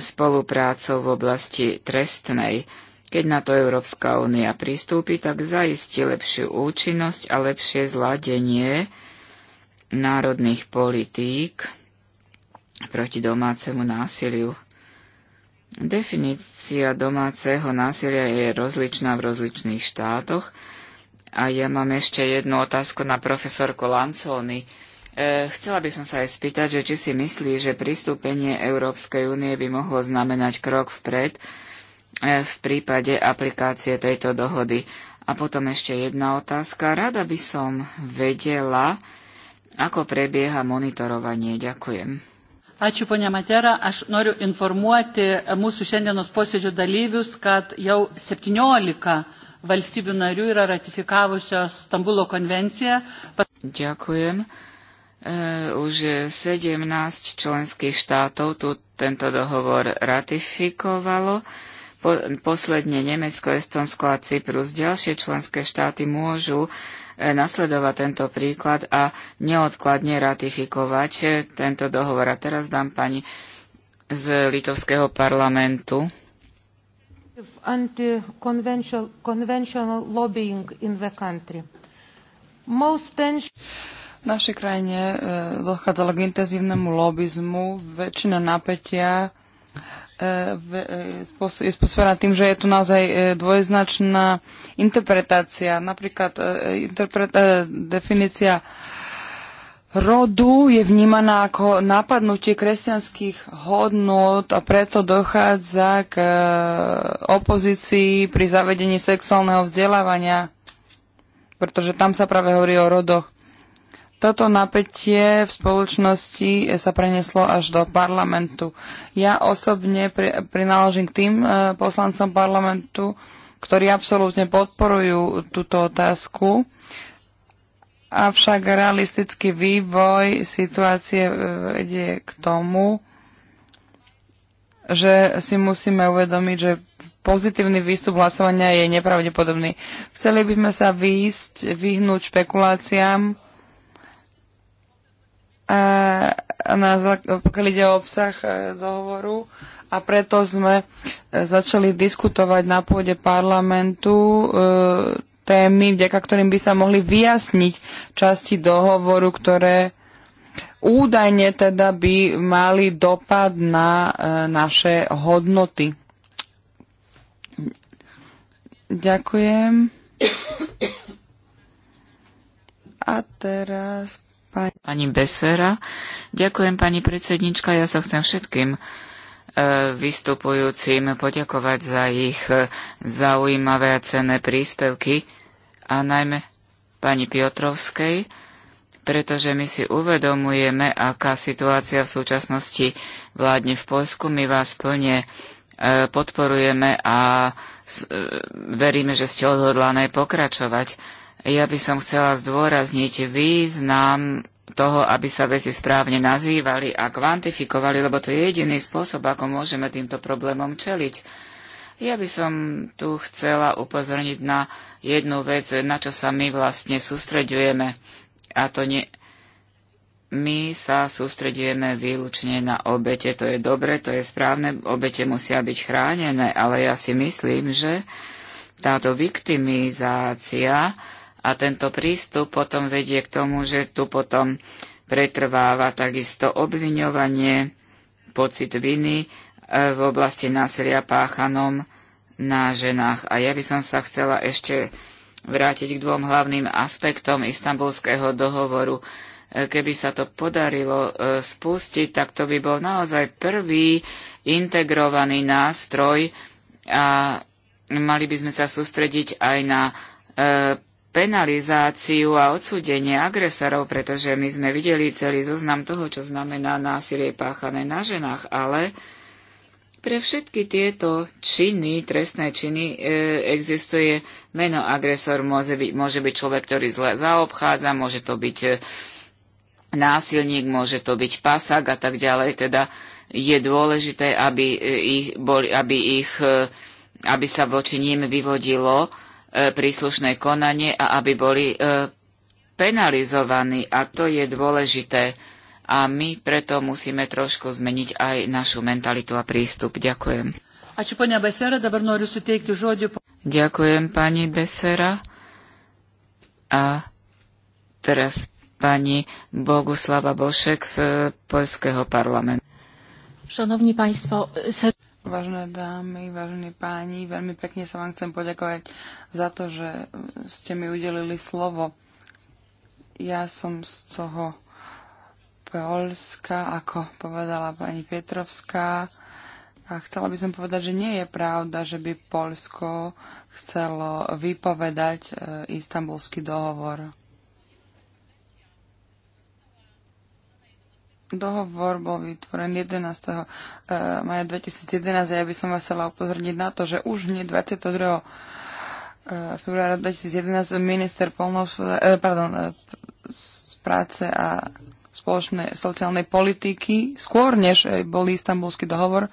spoluprácou v oblasti trestnej. Keď na to Európska únia pristúpi, tak zaistí lepšiu účinnosť a lepšie zladenie národných politík proti domácemu násiliu. Definícia domáceho násilia je rozličná v rozličných štátoch. A ja mám ešte jednu otázku na profesorku Lanconi. E, chcela by som sa aj spýtať, že či si myslí, že pristúpenie Európskej únie by mohlo znamenať krok vpred e, v prípade aplikácie tejto dohody. A potom ešte jedna otázka. Rada by som vedela, ako prebieha monitorovanie? Ďakujem. Ačiū, ponia Matera. Aš noriu informuoti mūsų šiandienos posėdžio dalyvius, kad jau 17 valstybių narių yra ratifikavusios Stambulo konvenciją. Ďakujem. E, už 17 členských štátov tu tento dohovor ratifikovalo. posledne Nemecko, Estonsko a Cyprus. Ďalšie členské štáty môžu E, nasledovať tento príklad a neodkladne ratifikovať e, tento dohovor. A teraz dám pani z litovského parlamentu. V našej krajine e, dochádzalo k intenzívnemu lobizmu. Väčšina napätia E, e, je spôsobená tým, že je tu naozaj e, dvojeznačná interpretácia. Napríklad interpreta- definícia rodu je vnímaná ako napadnutie kresťanských hodnot a preto dochádza k opozícii pri zavedení sexuálneho vzdelávania, pretože tam sa práve hovorí o rodoch. Toto napätie v spoločnosti sa preneslo až do parlamentu. Ja osobne pri, prináležím k tým e, poslancom parlamentu, ktorí absolútne podporujú túto otázku. Avšak realistický vývoj situácie eh, vedie k tomu, že si musíme uvedomiť, že pozitívny výstup hlasovania je nepravdepodobný. Chceli by sme sa výjsť, vyhnúť špekuláciám E, na, pokiaľ ide o obsah e, dohovoru a preto sme e, začali diskutovať na pôde parlamentu témy, vďaka ktorým by sa mohli vyjasniť časti dohovoru, ktoré údajne teda by mali dopad na naše hodnoty. Ďakujem. A teraz Pani Besera, ďakujem pani predsednička, ja sa chcem všetkým e, vystupujúcim poďakovať za ich e, zaujímavé a cenné príspevky a najmä pani Piotrovskej, pretože my si uvedomujeme, aká situácia v súčasnosti vládne v Polsku. My vás plne e, podporujeme a veríme, že ste odhodlané pokračovať. Ja by som chcela zdôrazniť význam toho, aby sa veci správne nazývali a kvantifikovali, lebo to je jediný spôsob, ako môžeme týmto problémom čeliť. Ja by som tu chcela upozorniť na jednu vec, na čo sa my vlastne sústreďujeme. A to nie... My sa sústreďujeme výlučne na obete. To je dobre, to je správne. Obete musia byť chránené, ale ja si myslím, že táto viktimizácia a tento prístup potom vedie k tomu, že tu potom pretrváva takisto obviňovanie, pocit viny e, v oblasti násilia páchanom na ženách. A ja by som sa chcela ešte vrátiť k dvom hlavným aspektom istambulského dohovoru. E, keby sa to podarilo e, spustiť, tak to by bol naozaj prvý integrovaný nástroj a mali by sme sa sústrediť aj na penalizáciu a odsúdenie agresorov, pretože my sme videli celý zoznam toho, čo znamená násilie páchané na ženách, ale pre všetky tieto činy, trestné činy, e, existuje meno agresor, môže byť, môže byť človek, ktorý zle zaobchádza, môže to byť e, násilník, môže to byť pasák a tak ďalej. Teda je dôležité, aby, e, ich, boli, aby, ich, e, aby sa voči ním vyvodilo, E, príslušné konanie a aby boli e, penalizovaní. A to je dôležité. A my preto musíme trošku zmeniť aj našu mentalitu a prístup. Ďakujem. Ďakujem, pani Besera. A teraz pani Boguslava Bošek z e, Polského parlamentu. Szanowni Państwo, ser... Vážené dámy, vážení páni, veľmi pekne sa vám chcem poďakovať za to, že ste mi udelili slovo. Ja som z toho Polska, ako povedala pani Petrovská, a chcela by som povedať, že nie je pravda, že by Polsko chcelo vypovedať e, istambulský dohovor. Dohovor bol vytvorený 11. Eh, maja 2011 a ja by som vás chcela upozorniť na to, že už hneď 22. Eh, februára 2011 minister eh, pardon, z práce a spoločnej sociálnej politiky, skôr než bol istambulský dohovor,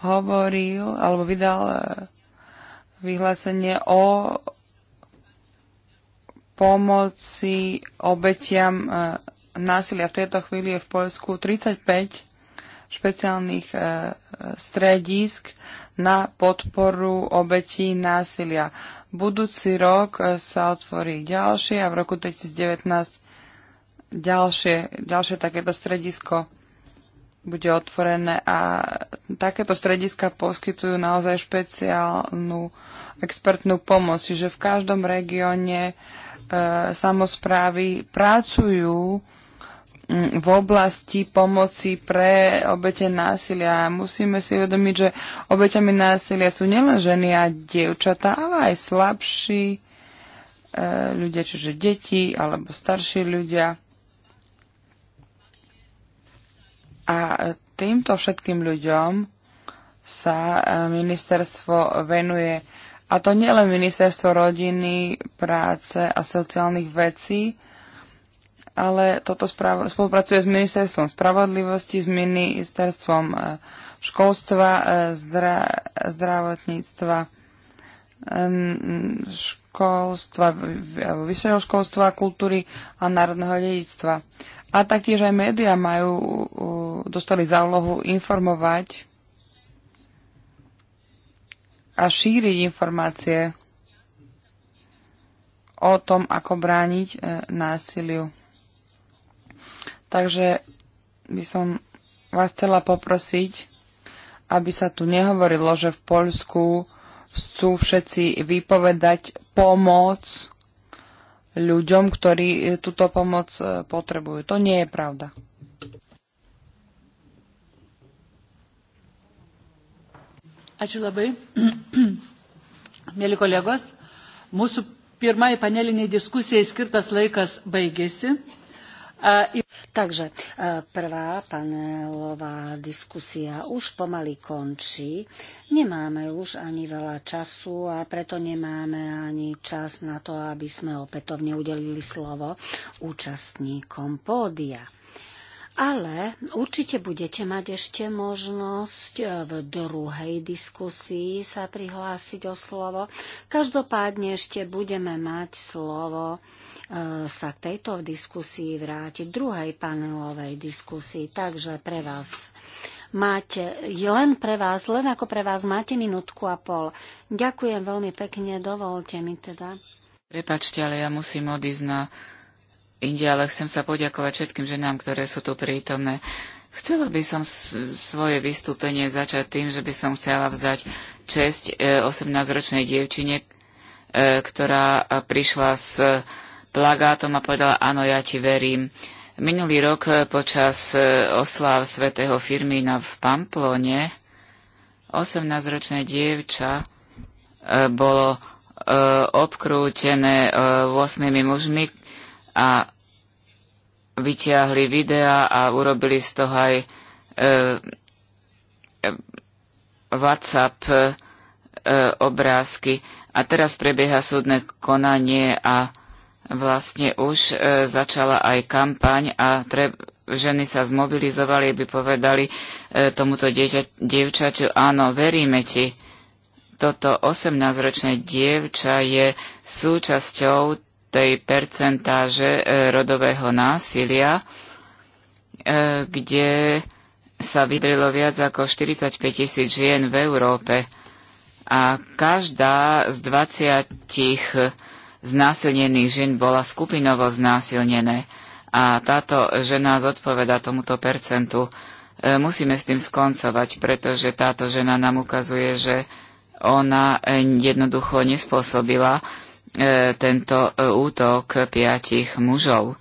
hovoril alebo vydal vyhlásenie o pomoci obetiam násilia v tejto chvíli je v Poľsku 35 špeciálnych e, stredísk na podporu obetí násilia. Budúci rok e, sa otvorí ďalšie a v roku 2019 ďalšie, ďalšie takéto stredisko bude otvorené a takéto strediska poskytujú naozaj špeciálnu expertnú pomoc, čiže v každom regióne e, samozprávy pracujú Mm, v oblasti pomoci pre obete násilia. Musíme si uvedomiť, že obeťami násilia sú nielen ženy a dievčatá, ale aj slabší e, ľudia, čiže deti alebo starší ľudia. A týmto všetkým ľuďom sa e, ministerstvo venuje. A to nielen ministerstvo rodiny, práce a sociálnych vecí, ale toto spolupracuje s ministerstvom spravodlivosti, s ministerstvom e, školstva, e, zdra- zdravotníctva, školstva, vysokého školstva, kultúry a národného dedictva. A taktiež aj médiá majú, dostali za úlohu informovať a šíriť informácie o tom, ako brániť e, násiliu. Takže by som vás chcela poprosiť, aby sa tu nehovorilo, že v Poľsku chcú všetci vypovedať pomoc ľuďom, ktorí túto pomoc e, potrebujú. To nie je pravda. Ačiū labai. Mėly kolegos, mūsų pirmai paneliniai diskusijai skirtas laikas baigėsi. Uh, Takže uh, prvá panelová diskusia už pomaly končí. Nemáme už ani veľa času a preto nemáme ani čas na to, aby sme opätovne udelili slovo účastníkom pódia. Ale určite budete mať ešte možnosť e, v druhej diskusii sa prihlásiť o slovo. Každopádne ešte budeme mať slovo e, sa k tejto diskusii vrátiť, druhej panelovej diskusii. Takže pre vás máte, len pre vás, len ako pre vás máte minútku a pol. Ďakujem veľmi pekne, dovolte mi teda. Prepačte, ale ja musím odísť na inde, ale chcem sa poďakovať všetkým ženám, ktoré sú tu prítomné. Chcela by som svoje vystúpenie začať tým, že by som chcela vzdať česť 18-ročnej e, dievčine, e, ktorá prišla s plagátom a povedala, áno, ja ti verím. Minulý rok e, počas osláv svätého Firmína v Pamplone 18-ročné dievča bolo obkrútené 8 mužmi, a vyťahli videá a urobili z toho aj e, e, WhatsApp e, obrázky. A teraz prebieha súdne konanie a vlastne už e, začala aj kampaň a tre, ženy sa zmobilizovali, aby povedali e, tomuto dievčaťu, áno, veríme ti. Toto 18-ročné dievča je súčasťou tej percentáže e, rodového násilia, e, kde sa vydrilo viac ako 45 tisíc žien v Európe a každá z 20 znásilnených žien bola skupinovo znásilnené a táto žena zodpoveda tomuto percentu. E, musíme s tým skoncovať, pretože táto žena nám ukazuje, že ona jednoducho nespôsobila E, tento e, útok piatich mužov.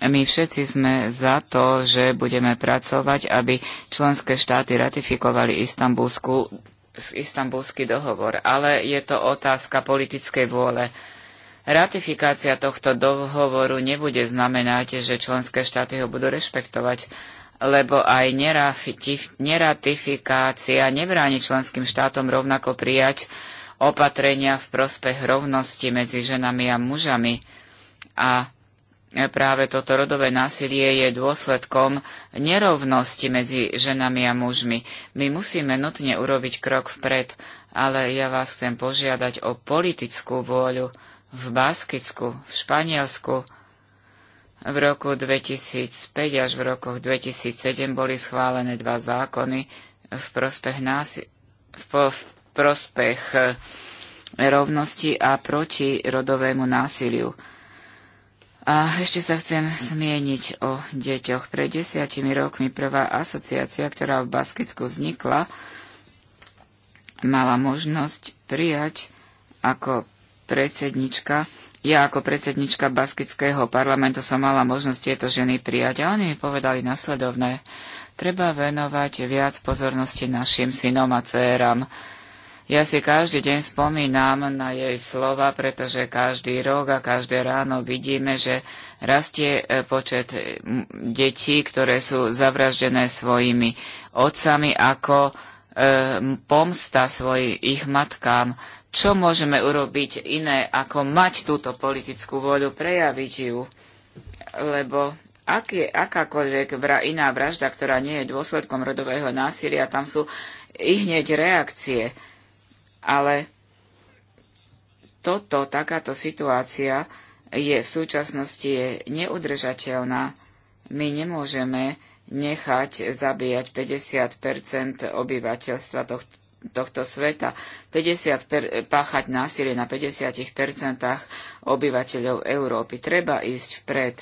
My všetci sme za to, že budeme pracovať, aby členské štáty ratifikovali istambulskú, istambulský dohovor, ale je to otázka politickej vôle. Ratifikácia tohto dohovoru nebude znamenať, že členské štáty ho budú rešpektovať, lebo aj neratifikácia nebráni členským štátom rovnako prijať opatrenia v prospech rovnosti medzi ženami a mužami. A práve toto rodové násilie je dôsledkom nerovnosti medzi ženami a mužmi. My musíme nutne urobiť krok vpred, ale ja vás chcem požiadať o politickú vôľu v Baskicku, v Španielsku. V roku 2005 až v rokoch 2007 boli schválené dva zákony v prospech násilia v, v prospech e, rovnosti a proti rodovému násiliu. A ešte sa chcem zmieniť o deťoch. Pred desiatimi rokmi prvá asociácia, ktorá v Baskicku vznikla, mala možnosť prijať ako predsednička, ja ako predsednička Baskického parlamentu som mala možnosť tieto ženy prijať a oni mi povedali nasledovné. Treba venovať viac pozornosti našim synom a dcerám. Ja si každý deň spomínam na jej slova, pretože každý rok a každé ráno vidíme, že rastie e, počet e, detí, ktoré sú zavraždené svojimi otcami ako e, pomsta svoj, ich matkám. Čo môžeme urobiť iné, ako mať túto politickú voľu, prejaviť ju? Lebo je akákoľvek vra, iná vražda, ktorá nie je dôsledkom rodového násilia, tam sú i hneď reakcie ale toto, takáto situácia je v súčasnosti je neudržateľná. My nemôžeme nechať zabíjať 50 obyvateľstva tohto, tohto sveta, 50 per, páchať násilie na 50 obyvateľov Európy. Treba ísť vpred,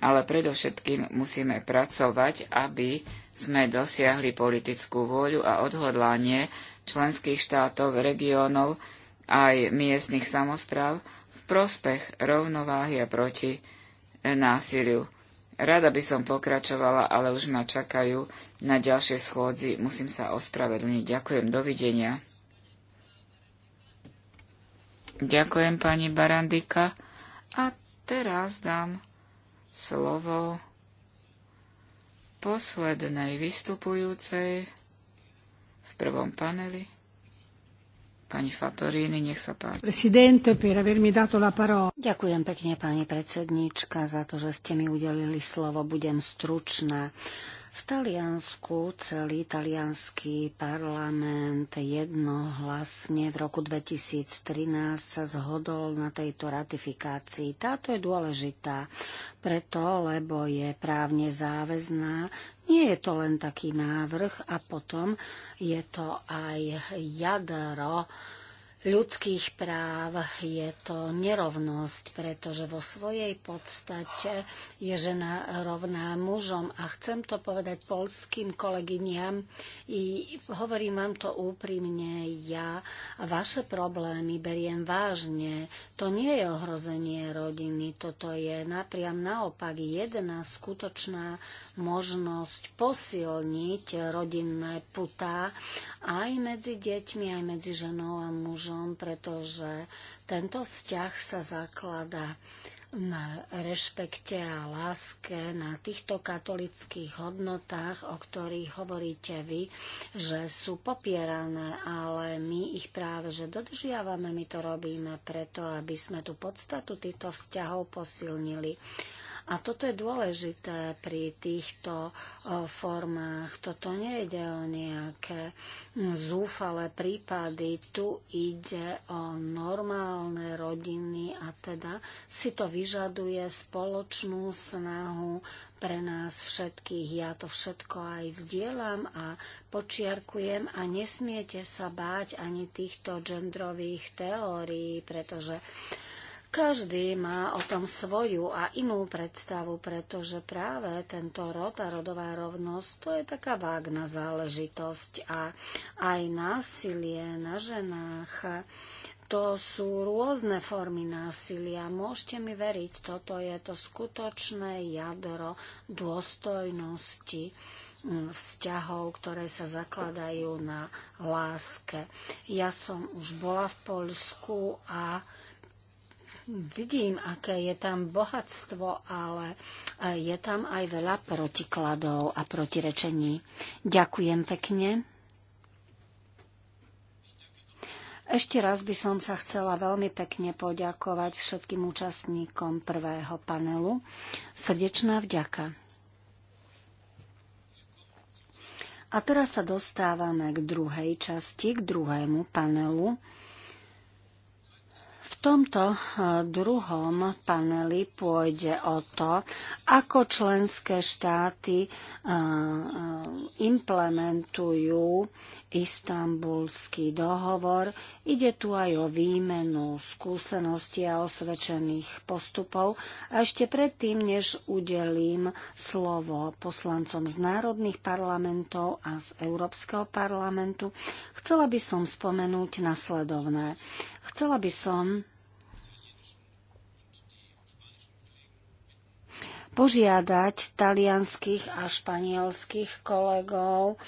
ale predovšetkým musíme pracovať, aby sme dosiahli politickú vôľu a odhodlanie členských štátov, regiónov aj miestnych samozpráv v prospech rovnováhy a proti e, násiliu. Rada by som pokračovala, ale už ma čakajú na ďalšie schôdzi. Musím sa ospravedlniť. Ďakujem. Dovidenia. Ďakujem pani Barandika. A teraz dám slovo poslednej vystupujúcej prvom paneli. Pani Fatorini, nech sa páči. Presidente, per avermi dato la parola. Ďakujem pekne, pani predsedníčka, za to, že ste mi udelili slovo. Budem stručná. V Taliansku celý talianský parlament jednohlasne v roku 2013 sa zhodol na tejto ratifikácii. Táto je dôležitá preto, lebo je právne záväzná, nie je to len taký návrh a potom je to aj jadro ľudských práv, je to nerovnosť, pretože vo svojej podstate je žena rovná mužom. A chcem to povedať polským kolegyňam I hovorím vám to úprimne, ja vaše problémy beriem vážne. To nie je ohrozenie rodiny, toto je napriam naopak jedna skutočná možnosť posilniť rodinné putá aj medzi deťmi, aj medzi ženou a mužom mužom, pretože tento vzťah sa zaklada na rešpekte a láske, na týchto katolických hodnotách, o ktorých hovoríte vy, že sú popierané, ale my ich práve, že dodržiavame, my to robíme preto, aby sme tú podstatu týchto vzťahov posilnili. A toto je dôležité pri týchto formách. Toto nejde o nejaké hm, zúfale prípady. Tu ide o normálne rodiny a teda si to vyžaduje spoločnú snahu pre nás všetkých. Ja to všetko aj vzdielam a počiarkujem a nesmiete sa báť ani týchto genderových teórií, pretože uh, každý má o tom svoju a inú predstavu, pretože práve tento rod a rodová rovnosť to je taká vágna záležitosť a aj násilie na ženách to sú rôzne formy násilia. Môžete mi veriť, toto je to skutočné jadro dôstojnosti mm, vzťahov, ktoré sa zakladajú na láske. Ja som už bola v Polsku a vidím, aké je tam bohatstvo, ale e, je tam aj veľa protikladov a protirečení. Ďakujem pekne. Ešte raz by som sa chcela veľmi pekne poďakovať všetkým účastníkom prvého panelu. Srdečná vďaka. A teraz sa dostávame k druhej časti, k druhému panelu tomto eh, druhom paneli pôjde o to, ako členské štáty eh, eh, implementujú istambulský dohovor. Ide tu aj o výmenu skúseností a osvedčených postupov. A ešte predtým, než udelím slovo poslancom z národných parlamentov a z Európskeho parlamentu, chcela by som spomenúť nasledovné. Chcela by som požiadať talianských a španielských kolegov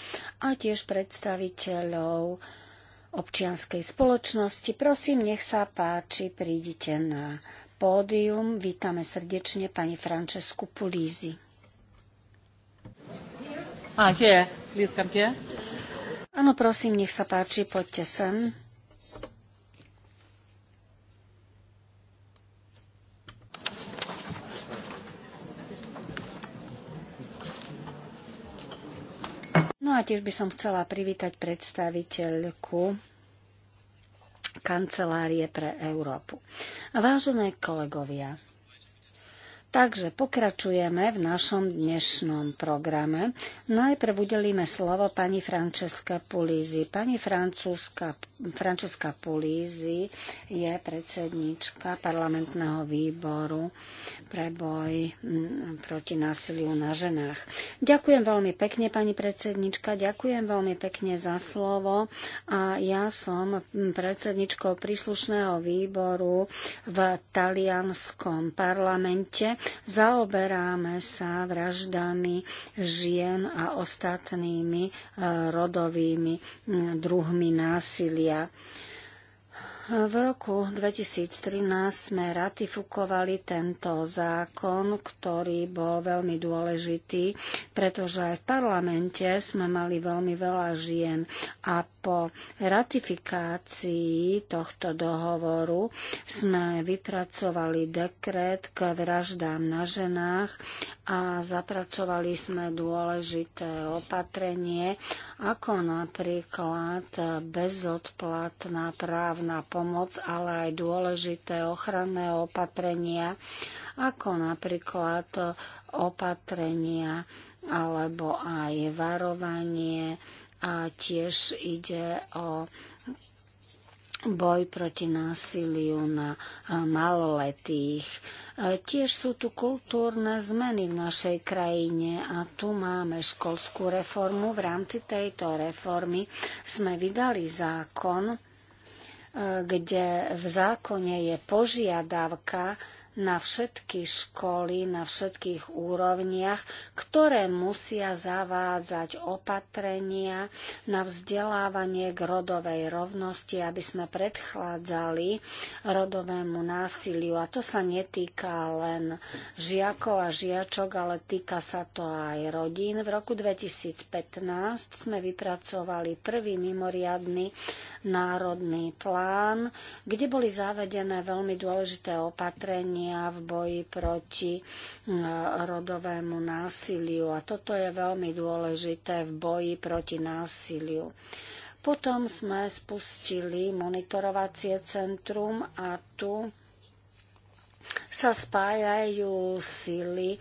a tiež predstaviteľov občianskej spoločnosti. Prosím, nech sa páči, prídite na pódium. Vítame srdečne pani Francesku Pulízi. Ah, Áno, prosím, nech sa páči, poďte sem. a tiež by som chcela privítať predstaviteľku Kancelárie pre Európu. Vážené kolegovia, Takže pokračujeme v našom dnešnom programe. Najprv udelíme slovo pani Franceska Pulizi. Pani Francúzska Francesca Pulizi je predsednička parlamentného výboru pre boj mm, proti násiliu na ženách. Ďakujem veľmi pekne, pani predsednička, ďakujem veľmi pekne za slovo a ja som predsedničkou príslušného výboru v talianskom parlamente. Zaoberáme sa vraždami žien a ostatnými eh, rodovými mm, druhmi násilia médiá. V roku 2013 sme ratifikovali tento zákon, ktorý bol veľmi dôležitý, pretože aj v parlamente sme mali veľmi veľa žien a po ratifikácii tohto dohovoru sme vypracovali dekret k vraždám na ženách a zapracovali sme dôležité opatrenie, ako napríklad bezodplatná právna pomoc pomoc, ale aj dôležité ochranné opatrenia, ako napríklad opatrenia alebo aj varovanie a tiež ide o boj proti násiliu na maloletých. Tiež sú tu kultúrne zmeny v našej krajine a tu máme školskú reformu. V rámci tejto reformy sme vydali zákon, kde v zákone je požiadavka na všetky školy, na všetkých úrovniach, ktoré musia zavádzať opatrenia na vzdelávanie k rodovej rovnosti, aby sme predchádzali rodovému násiliu. A to sa netýka len žiakov a žiačok, ale týka sa to aj rodín. V roku 2015 sme vypracovali prvý mimoriadný národný plán, kde boli zavedené veľmi dôležité opatrenia konania v boji proti e, rodovému násiliu. A toto je veľmi dôležité v boji proti násiliu. Potom sme spustili monitorovacie centrum a tu sa spájajú sily e,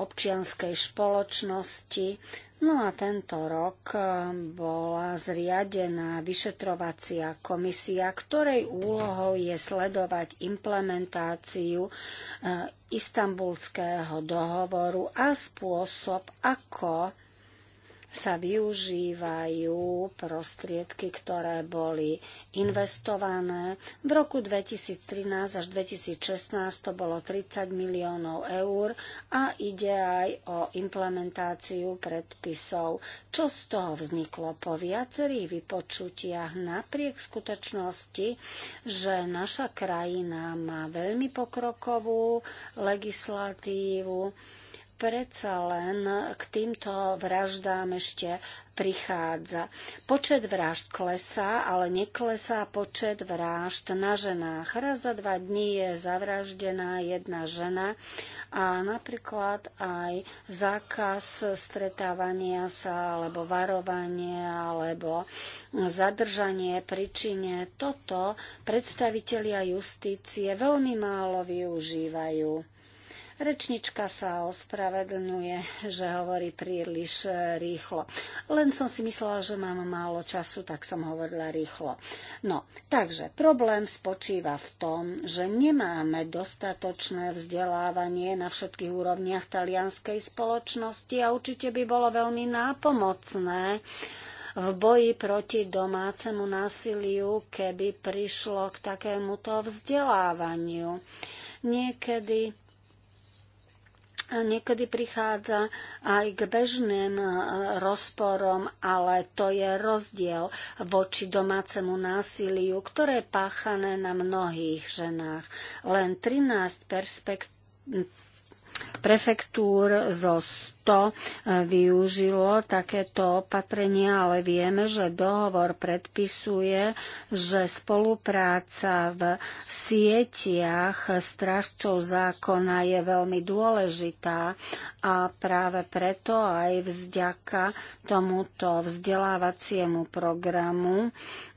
občianskej spoločnosti. No a tento rok eh, bola zriadená vyšetrovacia komisia, ktorej úlohou je sledovať implementáciu eh, istambulského dohovoru a spôsob, ako sa využívajú prostriedky, ktoré boli investované. V roku 2013 až 2016 to bolo 30 miliónov eur a ide aj o implementáciu predpisov. Čo z toho vzniklo po viacerých vypočutiach napriek skutočnosti, že naša krajina má veľmi pokrokovú legislatívu, predsa len k týmto vraždám ešte prichádza. Počet vražd klesá, ale neklesá počet vražd na ženách. Raz za dva dní je zavraždená jedna žena a napríklad aj zákaz stretávania sa, alebo varovanie, alebo zadržanie príčine. Toto predstavitelia justície veľmi málo využívajú. Rečnička sa ospravedlňuje, že hovorí príliš e, rýchlo. Len som si myslela, že mám málo času, tak som hovorila rýchlo. No, takže problém spočíva v tom, že nemáme dostatočné vzdelávanie na všetkých úrovniach talianskej spoločnosti a určite by bolo veľmi nápomocné, v boji proti domácemu násiliu, keby prišlo k takémuto vzdelávaniu. Niekedy Niekedy prichádza aj k bežným e, rozporom, ale to je rozdiel voči domácemu násiliu, ktoré je páchané na mnohých ženách. Len 13 perspekt- prefektúr zo 100 to e, využilo takéto opatrenia, ale vieme, že dohovor predpisuje, že spolupráca v sieťach strážcov zákona je veľmi dôležitá a práve preto aj vzďaka tomuto vzdelávaciemu programu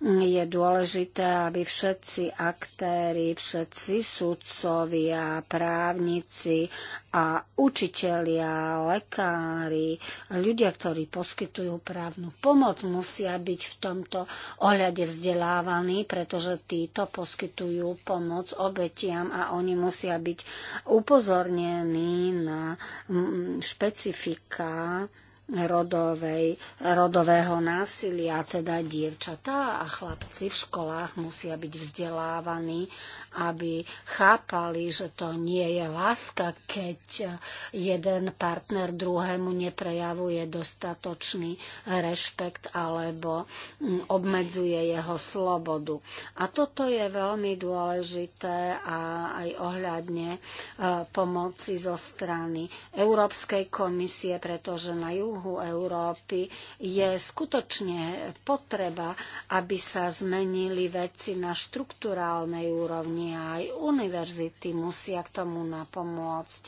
je dôležité, aby všetci aktéry, všetci sudcovia, právnici a učitelia, lekári, lekári, ľudia, ktorí poskytujú právnu pomoc, musia byť v tomto ohľade vzdelávaní, pretože títo poskytujú pomoc obetiam a oni musia byť upozornení na mm, špecifika rodovej, rodového násilia, teda dievčatá a chlapci v školách musia byť vzdelávaní aby chápali, že to nie je láska, keď jeden partner druhému neprejavuje dostatočný rešpekt alebo mm, obmedzuje jeho slobodu. A toto je veľmi dôležité a aj ohľadne e, pomoci zo strany Európskej komisie, pretože na juhu Európy je skutočne potreba, aby sa zmenili veci na štruktúrálnej úrovni a aj univerzity musia k tomu napomôcť.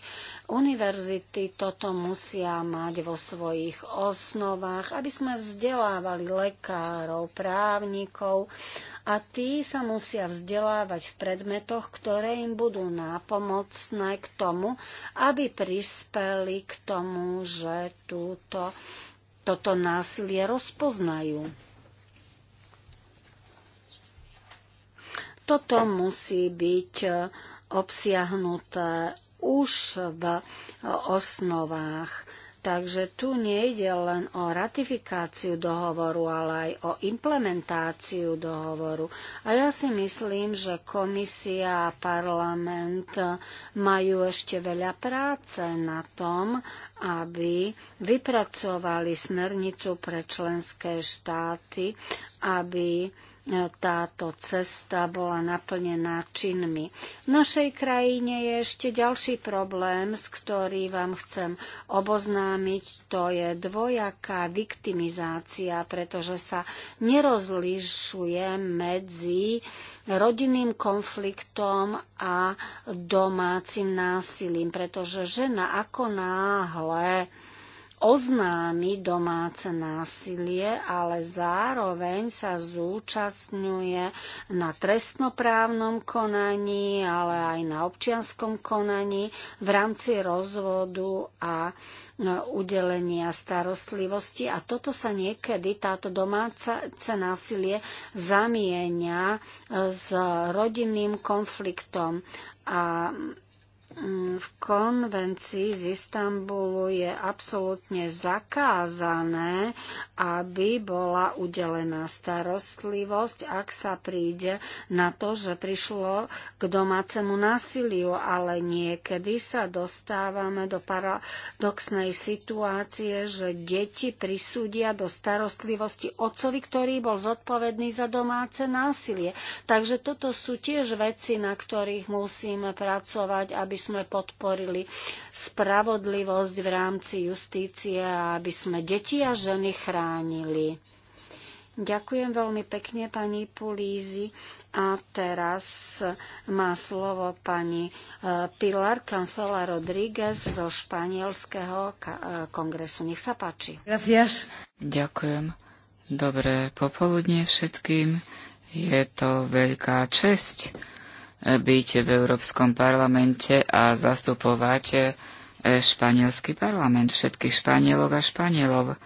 Univerzity toto musia mať vo svojich osnovách, aby sme vzdelávali lekárov, právnikov a tí sa musia vzdelávať v predmetoch, ktoré im budú nápomocné k tomu, aby prispeli k tomu, že túto, toto násilie rozpoznajú. Toto musí byť e, obsiahnuté už v e, osnovách. Takže tu nejde len o ratifikáciu dohovoru, ale aj o implementáciu dohovoru. A ja si myslím, že komisia a parlament majú ešte veľa práce na tom, aby vypracovali smernicu pre členské štáty, aby táto cesta bola naplnená činmi. V našej krajine je ešte ďalší problém, s ktorý vám chcem oboznámiť. To je dvojaká viktimizácia, pretože sa nerozlišuje medzi rodinným konfliktom a domácim násilím, pretože žena ako náhle oznámi domáce násilie, ale zároveň sa zúčastňuje na trestnoprávnom konaní, ale aj na občianskom konaní v rámci rozvodu a e, udelenia starostlivosti a toto sa niekedy, táto domáce násilie zamienia e, s rodinným konfliktom a Mm, v konvencii z Istanbulu je absolútne zakázané, aby bola udelená starostlivosť, ak sa príde na to, že prišlo k domácemu násiliu, ale niekedy sa dostávame do paradoxnej situácie, že deti prisúdia do starostlivosti otcovi, ktorý bol zodpovedný za domáce násilie. Takže toto sú tiež veci, na ktorých musíme pracovať, aby sme podporili spravodlivosť v rámci justície a aby sme deti a ženy chránili. Ďakujem veľmi pekne pani Pulízi a teraz má slovo pani e, Pilar Canfela Rodríguez zo Španielského e, kongresu. Nech sa páči. Gracias. Ďakujem. Dobré popoludne všetkým. Je to veľká česť byť v Európskom parlamente a zastupovať e, španielský parlament, všetkých Španielov a Španielov.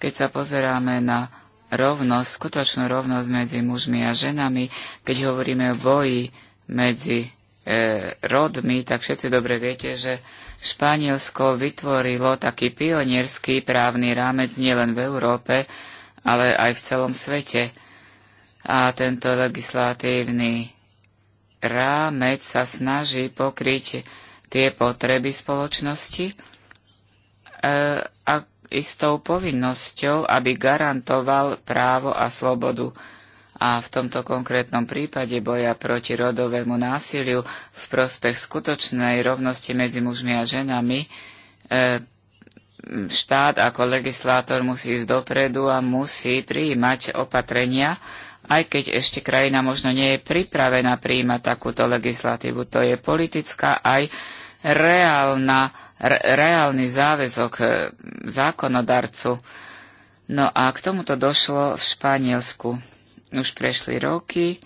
Keď sa pozeráme na rovnosť, skutočnú rovnosť medzi mužmi a ženami, keď hovoríme o boji medzi e, rodmi, tak všetci dobre viete, že Španielsko vytvorilo taký pionierský právny rámec nielen v Európe, ale aj v celom svete. A tento legislatívny rámec sa snaží pokryť tie potreby spoločnosti e, a istou povinnosťou, aby garantoval právo a slobodu. A v tomto konkrétnom prípade boja proti rodovému násiliu v prospech skutočnej rovnosti medzi mužmi a ženami, e, štát ako legislátor musí ísť dopredu a musí prijímať opatrenia, aj keď ešte krajina možno nie je pripravená príjmať takúto legislatívu. To je politická aj reálna, re, reálny záväzok e, zákonodarcu. No a k tomuto došlo v Španielsku. Už prešli roky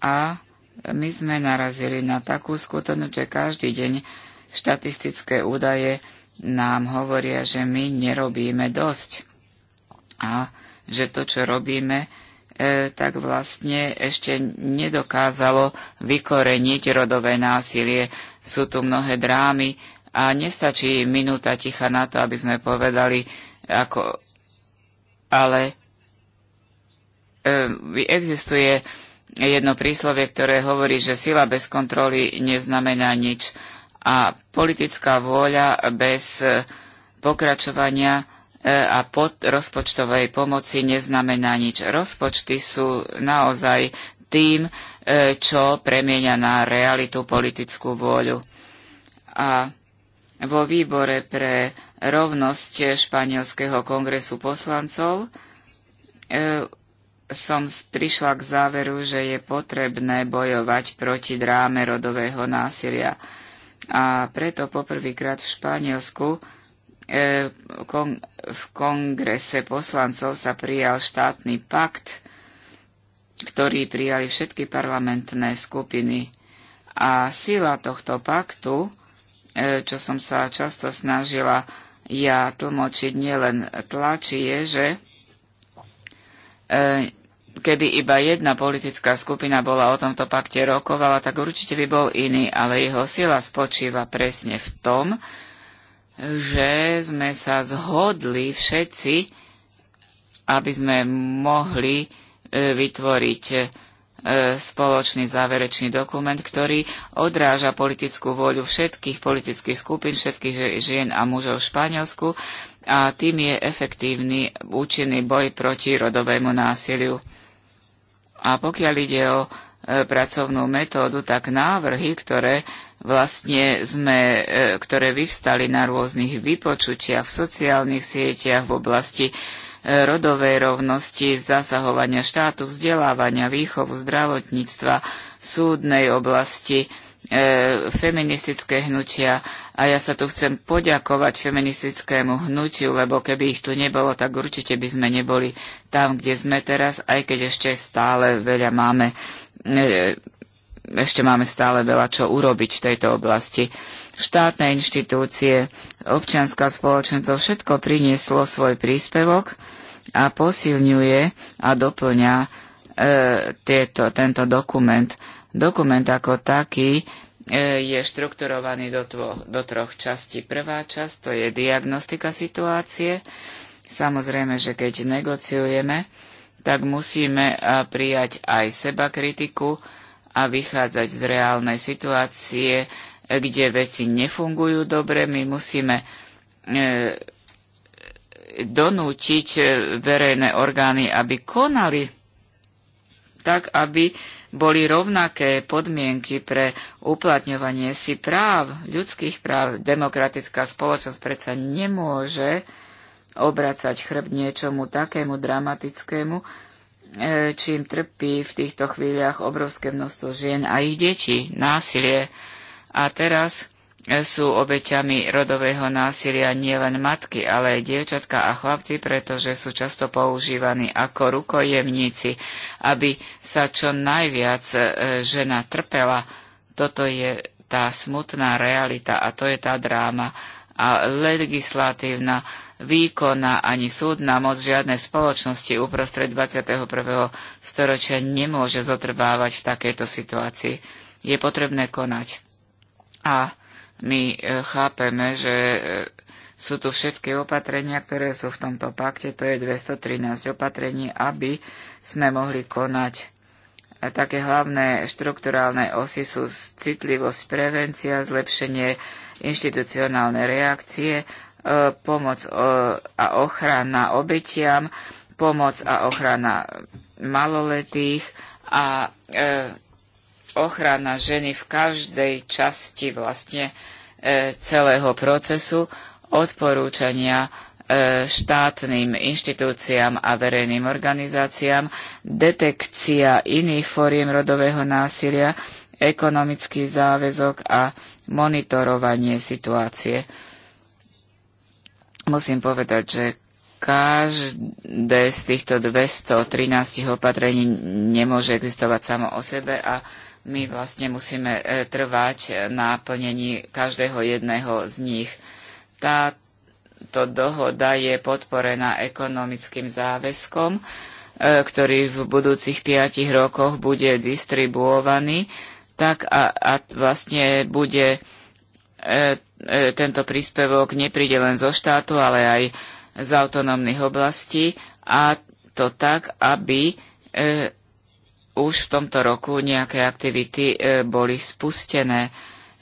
a my sme narazili na takú skutočnosť, že každý deň štatistické údaje nám hovoria, že my nerobíme dosť a že to, čo robíme, E, tak vlastne ešte nedokázalo vykoreniť rodové násilie. Sú tu mnohé drámy a nestačí minúta ticha na to, aby sme povedali, ako, ale e, existuje jedno príslovie, ktoré hovorí, že sila bez kontroly neznamená nič a politická vôľa bez e, pokračovania E, a pod rozpočtovej pomoci neznamená nič. Rozpočty sú naozaj tým, e, čo premieňa na realitu politickú vôľu. A vo výbore pre rovnosť Španielského kongresu poslancov e, som prišla k záveru, že je potrebné bojovať proti dráme rodového násilia. A preto poprvýkrát v Španielsku E, v kongrese poslancov sa prijal štátny pakt, ktorý prijali všetky parlamentné skupiny. A sila tohto paktu, e, čo som sa často snažila ja tlmočiť nielen tlači, je, že e, keby iba jedna politická skupina bola o tomto pakte rokovala, tak určite by bol iný, ale jeho sila spočíva presne v tom, že sme sa zhodli všetci, aby sme mohli e, vytvoriť e, spoločný záverečný dokument, ktorý odráža politickú vôľu všetkých politických skupín, všetkých žien a mužov v Španielsku a tým je efektívny účinný boj proti rodovému násiliu. A pokiaľ ide o e, pracovnú metódu, tak návrhy, ktoré vlastne sme, e, ktoré vyvstali na rôznych vypočutiach v sociálnych sieťach v oblasti e, rodovej rovnosti, zasahovania štátu, vzdelávania, výchovu, zdravotníctva, súdnej oblasti, e, feministické hnutia. A ja sa tu chcem poďakovať feministickému hnutiu, lebo keby ich tu nebolo, tak určite by sme neboli tam, kde sme teraz, aj keď ešte stále veľa máme e, ešte máme stále veľa čo urobiť v tejto oblasti. Štátne inštitúcie, občianská spoločnosť, to všetko prinieslo svoj príspevok a posilňuje a doplňa e, tieto, tento dokument. Dokument ako taký e, je štrukturovaný do, tvo, do troch častí. Prvá časť to je diagnostika situácie. Samozrejme, že keď negociujeme, tak musíme prijať aj seba kritiku, a vychádzať z reálnej situácie, kde veci nefungujú dobre. My musíme e, donútiť e, verejné orgány, aby konali tak, aby boli rovnaké podmienky pre uplatňovanie si práv, ľudských práv. Demokratická spoločnosť predsa nemôže obracať chrb niečomu takému dramatickému, E, čím trpí v týchto chvíľach obrovské množstvo žien a ich detí, násilie. A teraz e, sú obeťami rodového násilia nielen matky, ale aj dievčatka a chlapci, pretože sú často používaní ako rukojemníci, aby sa čo najviac e, žena trpela. Toto je tá smutná realita a to je tá dráma a legislatívna, výkona ani súdna moc žiadnej spoločnosti uprostred 21. storočia nemôže zotrvávať v takejto situácii. Je potrebné konať. A my e, chápeme, že e, sú tu všetky opatrenia, ktoré sú v tomto pakte, to je 213 opatrení, aby sme mohli konať také hlavné štrukturálne osy sú citlivosť, prevencia, zlepšenie inštitucionálnej reakcie, e, pomoc e, a ochrana obetiam, pomoc a ochrana maloletých a e, ochrana ženy v každej časti vlastne celého procesu, odporúčania E, štátnym inštitúciám a verejným organizáciám, detekcia iných fóriem rodového násilia, ekonomický záväzok a monitorovanie situácie. Musím povedať, že každé z týchto 213 opatrení nemôže existovať samo o sebe a my vlastne musíme e, trvať na plnení každého jedného z nich. Tá táto dohoda je podporená ekonomickým záväzkom, e, ktorý v budúcich piatich rokoch bude distribuovaný, tak a, a vlastne bude e, e, tento príspevok nepríde len zo štátu, ale aj z autonómnych oblastí a to tak, aby e, už v tomto roku nejaké aktivity e, boli spustené. E,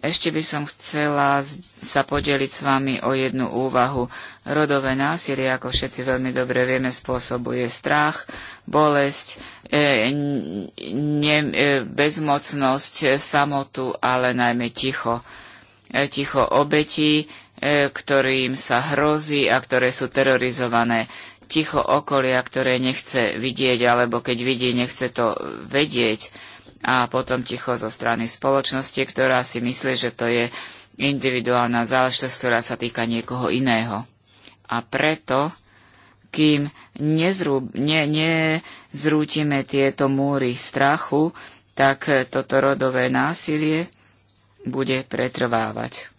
ešte by som chcela sa podeliť s vami o jednu úvahu. Rodové násilie, ako všetci veľmi dobre vieme, spôsobuje strach, bolesť, e, ne, e, bezmocnosť, samotu, ale najmä ticho. E, ticho obetí, e, ktorým sa hrozí a ktoré sú terorizované. Ticho okolia, ktoré nechce vidieť, alebo keď vidí, nechce to vedieť a potom ticho zo strany spoločnosti, ktorá si myslí, že to je individuálna záležitosť, ktorá sa týka niekoho iného. A preto, kým nezrú, ne, nezrútime tieto múry strachu, tak toto rodové násilie bude pretrvávať.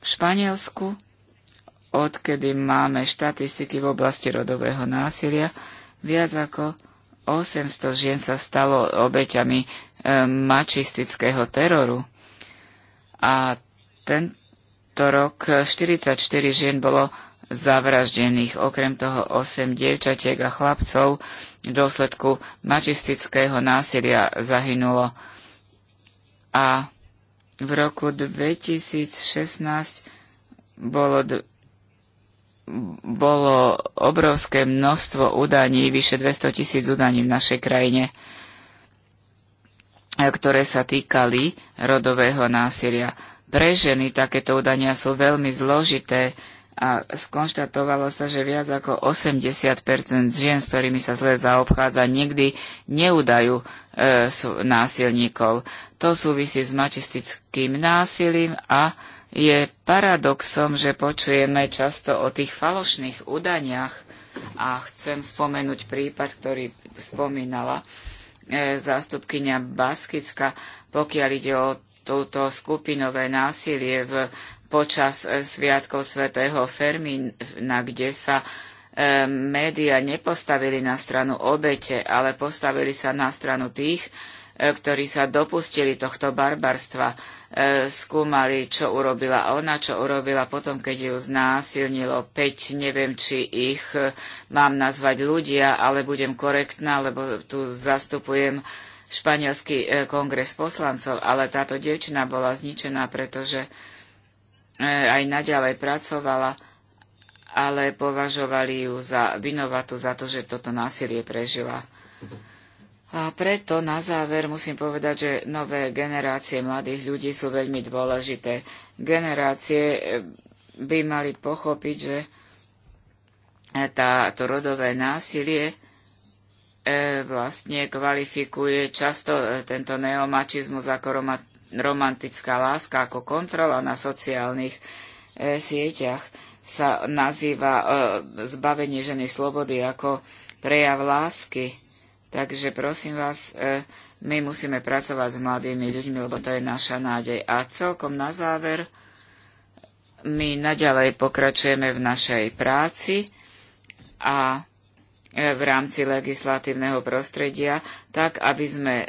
V Španielsku, odkedy máme štatistiky v oblasti rodového násilia, viac ako 800 žien sa stalo obeťami e, mačistického teroru. A tento rok 44 žien bolo zavraždených, okrem toho 8 dievčatiek a chlapcov v dôsledku mačistického násilia zahynulo. A v roku 2016 bolo bolo obrovské množstvo udaní, vyše 200 tisíc udaní v našej krajine, eh, ktoré sa týkali rodového násilia. Pre ženy takéto údania sú veľmi zložité a skonštatovalo sa, že viac ako 80 žien, s ktorými sa zle zaobchádza, nikdy neudajú e, násilníkov. To súvisí s mačistickým násilím a je paradoxom, že počujeme často o tých falošných udaniach a chcem spomenúť prípad, ktorý spomínala e, zástupkynia Baskicka, pokiaľ ide o túto skupinové násilie v, počas e, Sviatkov svätého Fermína, kde sa e, médiá nepostavili na stranu obete, ale postavili sa na stranu tých, ktorí sa dopustili tohto barbarstva. E, skúmali, čo urobila ona, čo urobila potom, keď ju znásilnilo 5, neviem, či ich e, mám nazvať ľudia, ale budem korektná, lebo tu zastupujem španielský e, kongres poslancov, ale táto dievčina bola zničená, pretože aj naďalej pracovala, ale považovali ju za vinovatú za to, že toto násilie prežila. A preto na záver musím povedať, že nové generácie mladých ľudí sú veľmi dôležité. Generácie eh, by mali pochopiť, že eh, táto to rodové násilie eh, vlastne kvalifikuje často tento neomačizmus ako romantická láska, ako kontrola na sociálnych sieťach sa nazýva zbavenie ženy slobody ako prejav lásky Takže prosím vás, e, my musíme pracovať s mladými ľuďmi, lebo to je naša nádej. A celkom na záver, my naďalej pokračujeme v našej práci a e, v rámci legislatívneho prostredia, tak aby sme e,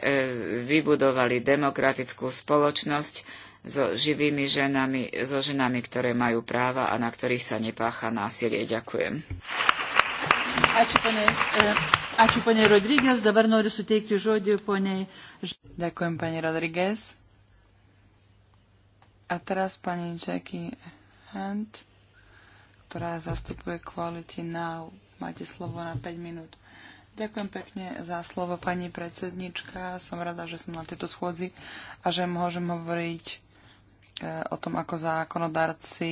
vybudovali demokratickú spoločnosť, so živými ženami, so ženami, ktoré majú práva a na ktorých sa nepácha násilie. Ďakujem. E, ačiū, ponė Rodrygės. Dabar noriu suteikti žodį poniai. Ďakujem, pani Rodrygės. A teraz pani Jackie Hunt, ktorá zastupuje Quality Now. Máte slovo na 5 minút. Ďakujem pekne za slovo, pani predsednička. Som rada, že som na tejto schôdzi a že môžem hovoriť e, o tom, ako zákonodárci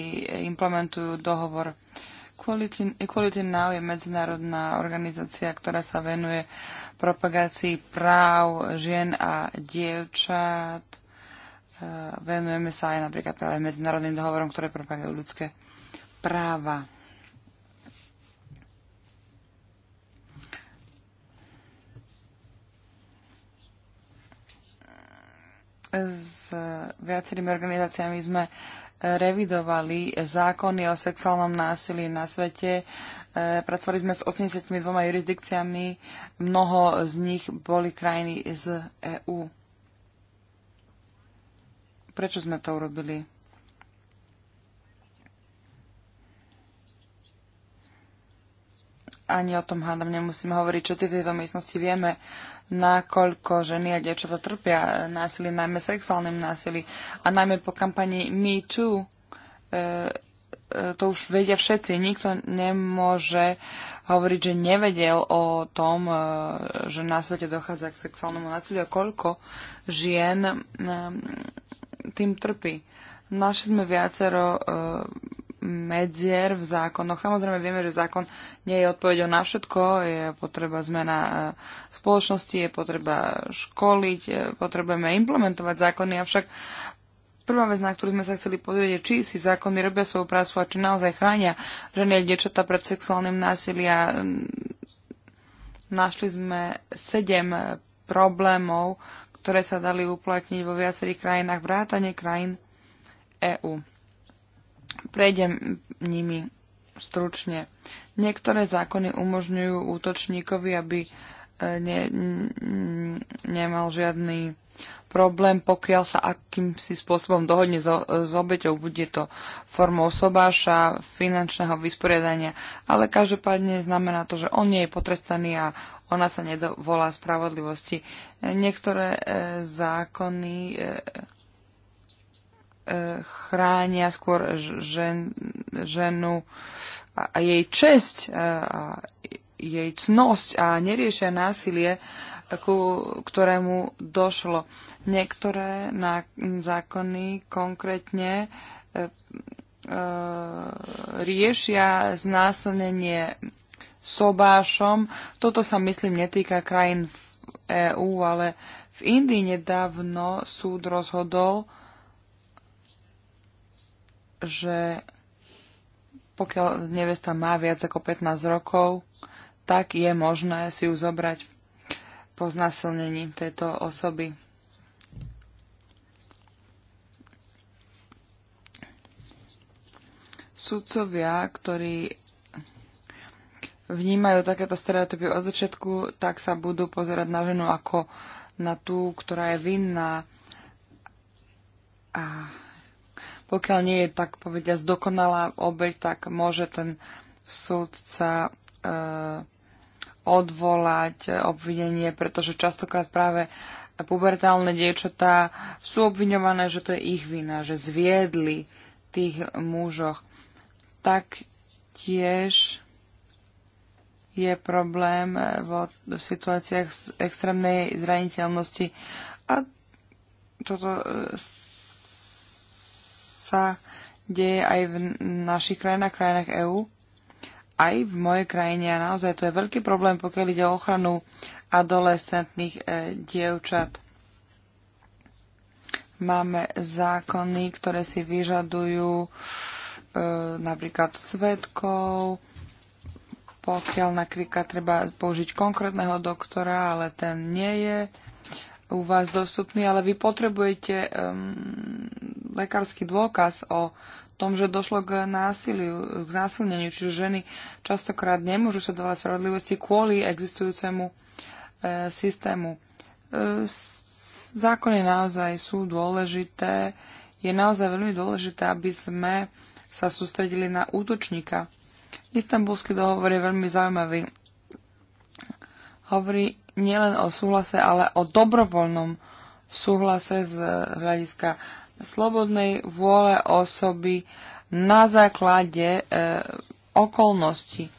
implementujú dohovor Equality, Equality Now je medzinárodná organizácia, ktorá sa venuje propagácii práv žien a dievčat. E, venujeme sa aj napríklad práve medzinárodným dohovorom, ktoré propagujú ľudské práva. S viacerými organizáciami sme revidovali zákony o sexuálnom násilí na svete. E, pracovali sme s 82 jurisdikciami, mnoho z nich boli krajiny z EÚ. Prečo sme to urobili? Ani o tom hádam nemusím hovoriť, čo si v tejto miestnosti vieme. Uh, nakoľko ženy a dievčatá trpia násilím, najmä sexuálnym násilím. A najmä po kampani Me Too, e, e, to už vedia všetci. Nikto nemôže hovoriť, že nevedel o tom, e, že na svete dochádza k sexuálnemu násiliu a koľko žien tým trpí. Našli sme viacero medzier v zákonoch. Samozrejme vieme, že zákon nie je odpovedou na všetko, je potreba zmena e, spoločnosti, je potreba školiť, e, potrebujeme implementovať zákony, avšak prvá vec, na ktorú sme sa chceli pozrieť, je, či si zákony robia svoju prácu a či naozaj chránia ženy a dečata pred sexuálnym násilia. Mm, našli sme sedem problémov, ktoré sa dali uplatniť vo viacerých krajinách, vrátane krajín EÚ. Prejdem nimi stručne. Niektoré zákony umožňujú útočníkovi, aby e, ne, nemal žiadny problém, pokiaľ sa akýmsi spôsobom dohodne so, s obeťou, bude to formou sobáša, finančného vysporiadania, ale každopádne znamená to, že on nie je potrestaný a ona sa nedovolá spravodlivosti. E, niektoré e, zákony e, E, chránia skôr žen, ženu a, jej česť e, a jej cnosť a neriešia násilie, ku ktorému došlo. Niektoré na, zákony konkrétne e, riešia znásilnenie sobášom. Toto sa myslím netýka krajín v EÚ, ale v Indii nedávno súd rozhodol, že pokiaľ nevesta má viac ako 15 rokov, tak je možné si ju zobrať po znásilnení tejto osoby. Sudcovia, ktorí vnímajú takéto stereotypy od začiatku, tak sa budú pozerať na ženu ako na tú, ktorá je vinná. A pokiaľ nie je, tak povedia, zdokonalá obeď, tak môže ten súdca e, odvolať obvinenie, pretože častokrát práve pubertálne dievčatá sú obviňované, že to je ich vina, že zviedli tých mužoch. Tak tiež je problém v situáciách s extrémnej zraniteľnosti a toto e, sa deje aj v našich krajinách, krajinách EÚ, aj v mojej krajine. A naozaj to je veľký problém, pokiaľ ide o ochranu adolescentných e, dievčat. Máme zákony, ktoré si vyžadujú e, napríklad svetkov, pokiaľ na krika treba použiť konkrétneho doktora, ale ten nie je u vás dostupný, ale vy potrebujete um, lekársky dôkaz o tom, že došlo k násiliu, k násilneniu, čiže ženy častokrát nemôžu sa dávať spravodlivosti kvôli existujúcemu e, systému. E, zákony naozaj sú dôležité, je naozaj veľmi dôležité, aby sme sa sústredili na útočníka. Istambulský dohovor je veľmi zaujímavý. Hovorí nielen o súhlase, ale o dobrovoľnom súhlase z hľadiska slobodnej vôle osoby na základe e, okolností.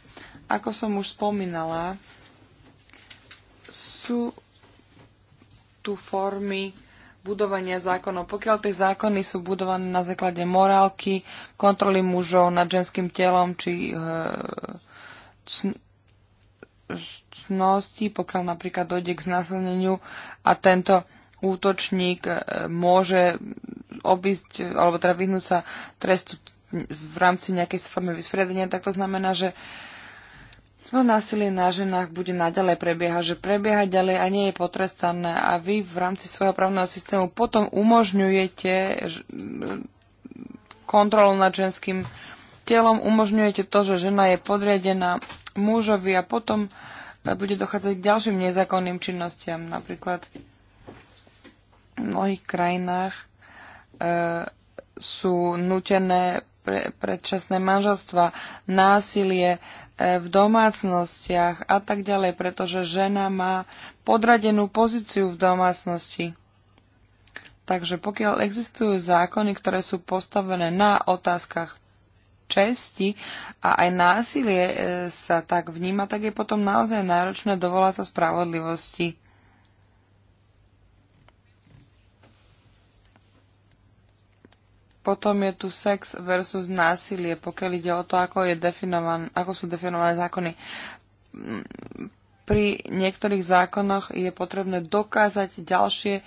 Ako som už spomínala, sú tu formy budovania zákonov. Pokiaľ tie zákony sú budované na základe morálky, kontroly mužov nad ženským telom či e, skutočnosti, pokiaľ napríklad dojde k znásilneniu a tento útočník e, môže obísť, alebo teda vyhnúť sa trestu v rámci nejakej formy vysporiadania, tak to znamená, že No násilie na ženách bude naďalej prebiehať, že prebieha ďalej a nie je potrestané a vy v rámci svojho právneho systému potom umožňujete kontrolu nad ženským telom umožňujete to, že žena je podriadená mužovi a potom e, bude dochádzať k ďalším nezákonným činnostiam. Napríklad v mnohých krajinách e, sú nutené pre, predčasné manželstva, násilie e, v domácnostiach a tak ďalej, pretože žena má podradenú pozíciu v domácnosti. Takže pokiaľ existujú zákony, ktoré sú postavené na otázkach česti a aj násilie e, sa tak vníma, tak je potom naozaj náročné dovolať sa spravodlivosti. Potom je tu sex versus násilie, pokiaľ ide o to, ako, je definovan, ako sú definované zákony. Mm, pri niektorých zákonoch je potrebné dokázať ďalšie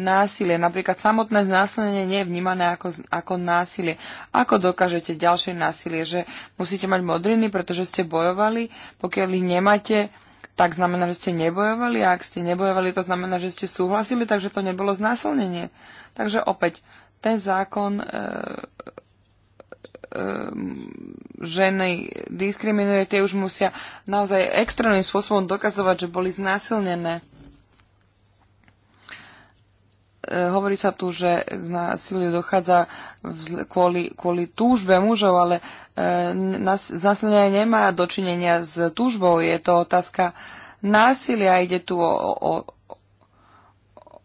násilie. Napríklad samotné znásilnenie nie je vnímané ako, ako násilie. Ako dokážete ďalšie násilie? Že musíte mať modriny, pretože ste bojovali, pokiaľ ich nemáte, tak znamená, že ste nebojovali a ak ste nebojovali, to znamená, že ste súhlasili, takže to nebolo znásilnenie. Takže opäť, ten zákon e, e, e ženy diskriminuje, tie už musia naozaj extrémnym spôsobom dokazovať, že boli znásilnené. E, hovorí sa tu, že násilie dochádza kvôli, kvôli túžbe mužov, ale e, násilie nemá dočinenia s túžbou. Je to otázka násilia, ide tu o, o,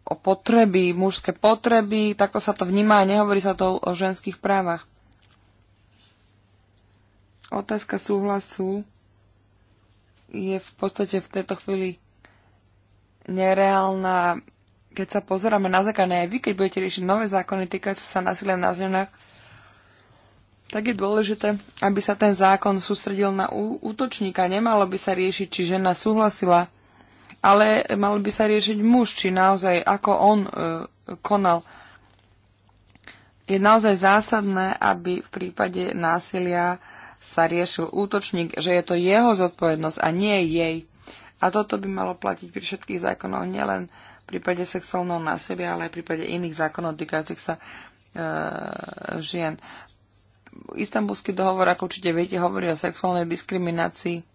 o potreby, mužské potreby, takto sa to vníma a nehovorí sa to o ženských právach. Otázka súhlasu je v podstate v tejto chvíli nereálna keď sa pozeráme na zákony, aj vy, keď budete riešiť nové zákony týkajúce sa násilia na ženách, tak je dôležité, aby sa ten zákon sústredil na útočníka. Nemalo by sa riešiť, či žena súhlasila, ale mal by sa riešiť muž, či naozaj ako on e, konal. Je naozaj zásadné, aby v prípade násilia sa riešil útočník, že je to jeho zodpovednosť a nie jej. A toto by malo platiť pri všetkých zákonoch, nielen prípade sexuálneho násilia, ale aj v prípade iných zákonov týkajúcich sa e, žien. istambulský dohovor, ako určite viete, hovorí o sexuálnej diskriminácii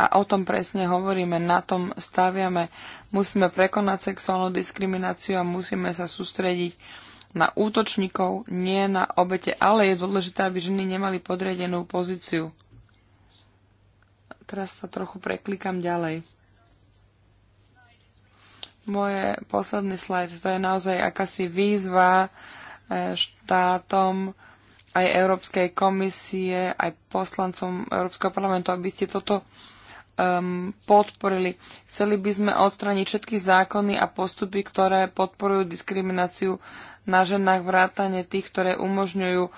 a o tom presne hovoríme, na tom staviame. Musíme prekonať sexuálnu diskrimináciu a musíme sa sústrediť na útočníkov, nie na obete, ale je dôležité, aby ženy nemali podriadenú pozíciu. Teraz sa trochu preklikam ďalej moje posledný slajd. To je naozaj akási výzva e, štátom aj Európskej komisie, aj poslancom Európskeho parlamentu, aby ste toto um, podporili. Chceli by sme odstrániť všetky zákony a postupy, ktoré podporujú diskrimináciu na ženách, vrátane tých, ktoré umožňujú uh,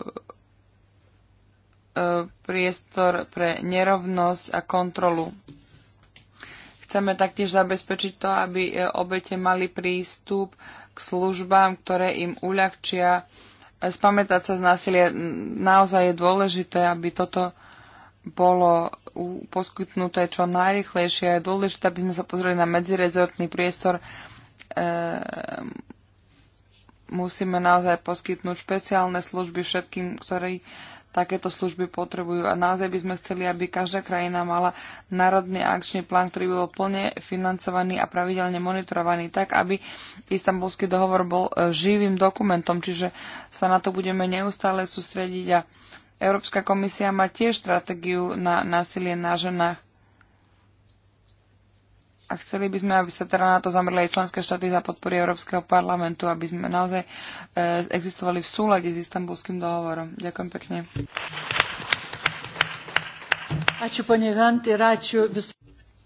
uh, priestor pre nerovnosť a kontrolu. Chceme taktiež zabezpečiť to, aby e, obete mali prístup k službám, ktoré im uľahčia e, spamätať sa z násilia. Naozaj je dôležité, aby toto bolo poskytnuté čo najrychlejšie. Je dôležité, aby sme sa pozreli na medzirezortný priestor. E, musíme naozaj poskytnúť špeciálne služby všetkým, ktorí takéto služby potrebujú. A naozaj by sme chceli, aby každá krajina mala národný akčný plán, ktorý by bol plne financovaný a pravidelne monitorovaný, tak aby istambulský dohovor bol e, živým dokumentom, čiže sa na to budeme neustále sústrediť a Európska komisia má tiež stratégiu na násilie na ženách a chceli by sme, aby sa teda na to zamrli aj členské štáty za podpory Európskeho parlamentu, aby sme naozaj e, existovali v súlade s istambulským dohovorom. Ďakujem pekne.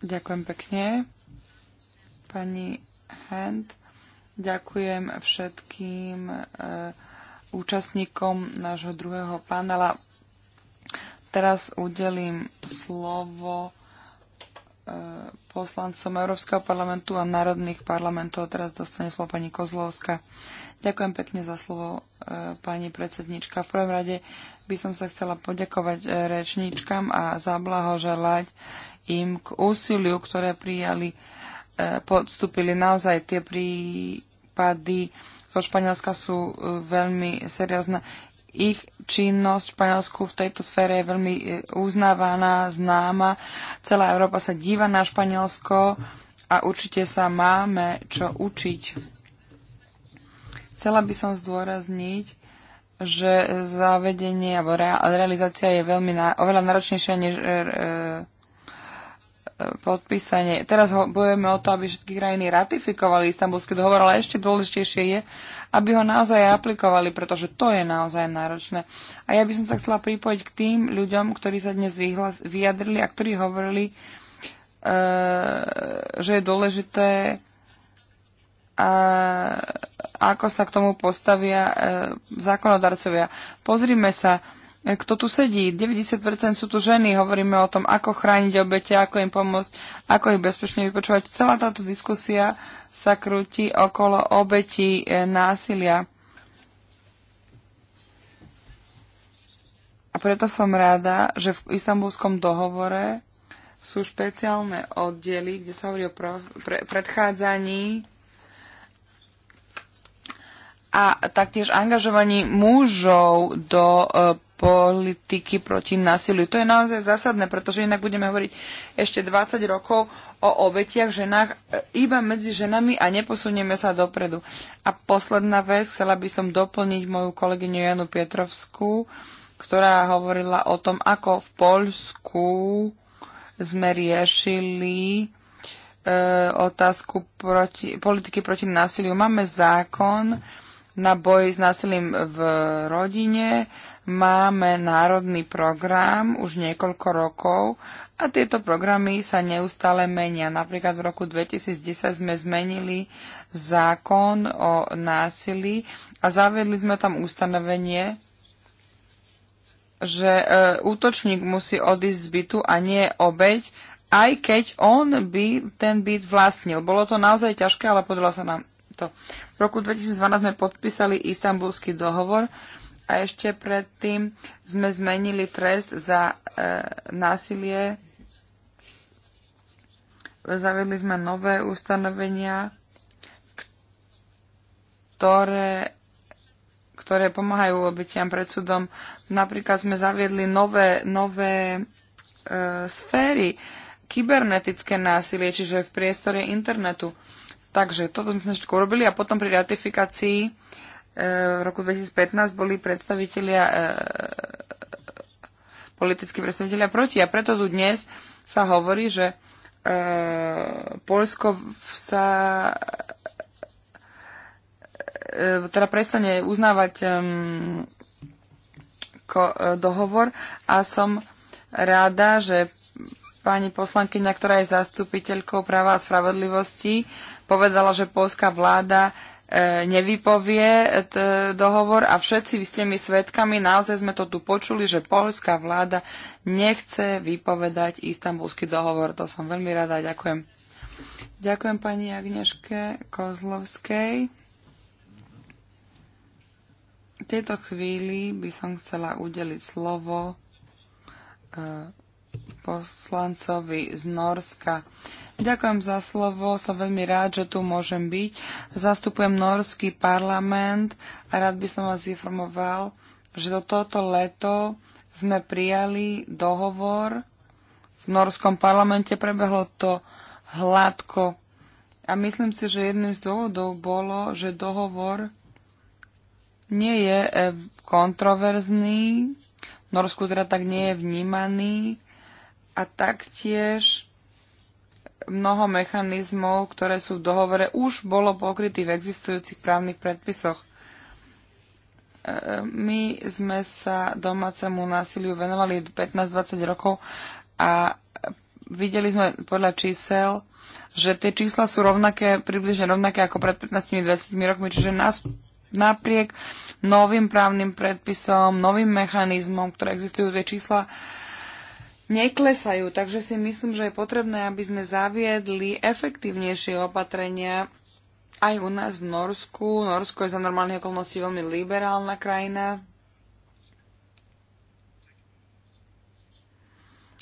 Ďakujem pekne. Pani Hent, ďakujem všetkým e, účastníkom nášho druhého panela. Teraz udelím slovo poslancom Európskeho parlamentu a národných parlamentov. Teraz dostane slovo pani Kozlovská. Ďakujem pekne za slovo, e, pani predsednička. V prvom rade by som sa chcela poďakovať e, rečníčkam a zablahoželať im k úsiliu, ktoré prijali, e, podstúpili naozaj tie prípady zo Španielska sú veľmi seriózne ich činnosť v Španielsku v tejto sfére je veľmi e, uznávaná, známa. Celá Európa sa díva na Španielsko a určite sa máme čo učiť. Chcela by som zdôrazniť, že zavedenie alebo realizácia je veľmi oveľa náročnejšia než e, e, podpísanie. Teraz ho, bojujeme o to, aby všetky krajiny ratifikovali istambulský dohovor, ale ešte dôležitejšie je, aby ho naozaj aplikovali, pretože to je naozaj náročné. A ja by som sa chcela pripojiť k tým ľuďom, ktorí sa dnes vyhlas, vyjadrili a ktorí hovorili, e, že je dôležité a ako sa k tomu postavia e, zákonodarcovia. Pozrime sa, E, kto tu sedí. 90% sú tu ženy. Hovoríme o tom, ako chrániť obete, ako im pomôcť, ako ich bezpečne vypočúvať. Celá táto diskusia sa krúti okolo obetí e, násilia. A preto som rada, že v istambulskom dohovore sú špeciálne oddiely, kde sa hovorí o pre- predchádzaní a taktiež angažovaní mužov do e, politiky proti násiliu. To je naozaj zásadné, pretože inak budeme hovoriť ešte 20 rokov o obetiach ženách e, iba medzi ženami a neposunieme sa dopredu. A posledná vec, chcela by som doplniť moju kolegyňu Janu Pietrovskú, ktorá hovorila o tom, ako v Poľsku sme riešili e, otázku proti, politiky proti násiliu. Máme zákon na boj s násilím v rodine, Máme národný program už niekoľko rokov a tieto programy sa neustále menia. Napríklad v roku 2010 sme zmenili zákon o násilí a zavedli sme tam ustanovenie, že e, útočník musí odísť z bytu a nie obeď, aj keď on by ten byt vlastnil. Bolo to naozaj ťažké, ale podľa sa nám to. V roku 2012 sme podpísali istambulský dohovor, a ešte predtým sme zmenili trest za e, násilie. Zavedli sme nové ustanovenia, ktoré, ktoré pomáhajú obetiam pred súdom. Napríklad sme zaviedli nové, nové e, sféry, kybernetické násilie, čiže v priestore internetu. Takže toto sme všetko urobili a potom pri ratifikácii E, v roku 2015 boli predstavitelia, e, politickí predstavitelia proti. A preto tu dnes sa hovorí, že e, Polsko sa teda prestane uznávať dohovor a som ráda, že pani poslankyňa, ktorá je zastupiteľkou práva a spravodlivosti, povedala, že polská vláda nevypovie e, dohovor a všetci vy ste mi svetkami, naozaj sme to tu počuli, že polská vláda nechce vypovedať istambulský dohovor. To som veľmi rada, ďakujem. Ďakujem pani Agneške Kozlovskej. V tejto chvíli by som chcela udeliť slovo e, poslancovi z Norska. Ďakujem za slovo, som veľmi rád, že tu môžem byť. Zastupujem norský parlament a rád by som vás informoval, že do tohoto leto sme prijali dohovor v norskom parlamente, prebehlo to hladko. A myslím si, že jedným z dôvodov bolo, že dohovor nie je e, kontroverzný, v Norsku teda tak nie je vnímaný a taktiež mnoho mechanizmov, ktoré sú v dohovore, už bolo pokrytých v existujúcich právnych predpisoch. E, my sme sa domácemu násiliu venovali 15-20 rokov a videli sme podľa čísel, že tie čísla sú rovnaké, približne rovnaké ako pred 15-20 rokmi, čiže nás napriek novým právnym predpisom, novým mechanizmom, ktoré existujú, tie čísla neklesajú. Takže si myslím, že je potrebné, aby sme zaviedli efektívnejšie opatrenia aj u nás v Norsku. Norsko je za normálne okolnosti veľmi liberálna krajina.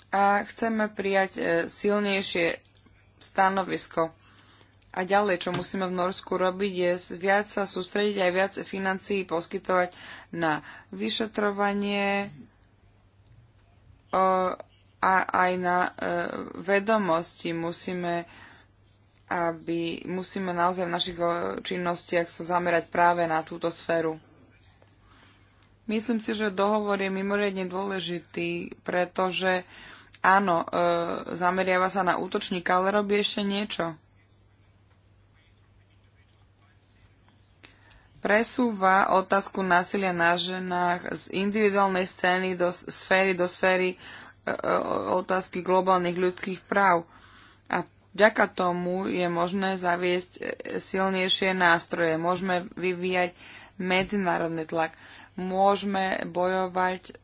A chceme prijať e, silnejšie stanovisko. A ďalej, čo musíme v Norsku robiť, je viac sa sústrediť aj viac financií poskytovať na vyšetrovanie, a aj na e, vedomosti musíme aby musíme naozaj v našich e, činnostiach sa zamerať práve na túto sféru. Myslím si, že dohovor je mimoriadne dôležitý, pretože áno, e, zameriava sa na útočníka, ale robí ešte niečo. presúva otázku násilia na ženách z individuálnej scény do sféry do sféry otázky globálnych ľudských práv. A vďaka tomu je možné zaviesť e, silnejšie nástroje. Môžeme vyvíjať medzinárodný tlak. Môžeme bojovať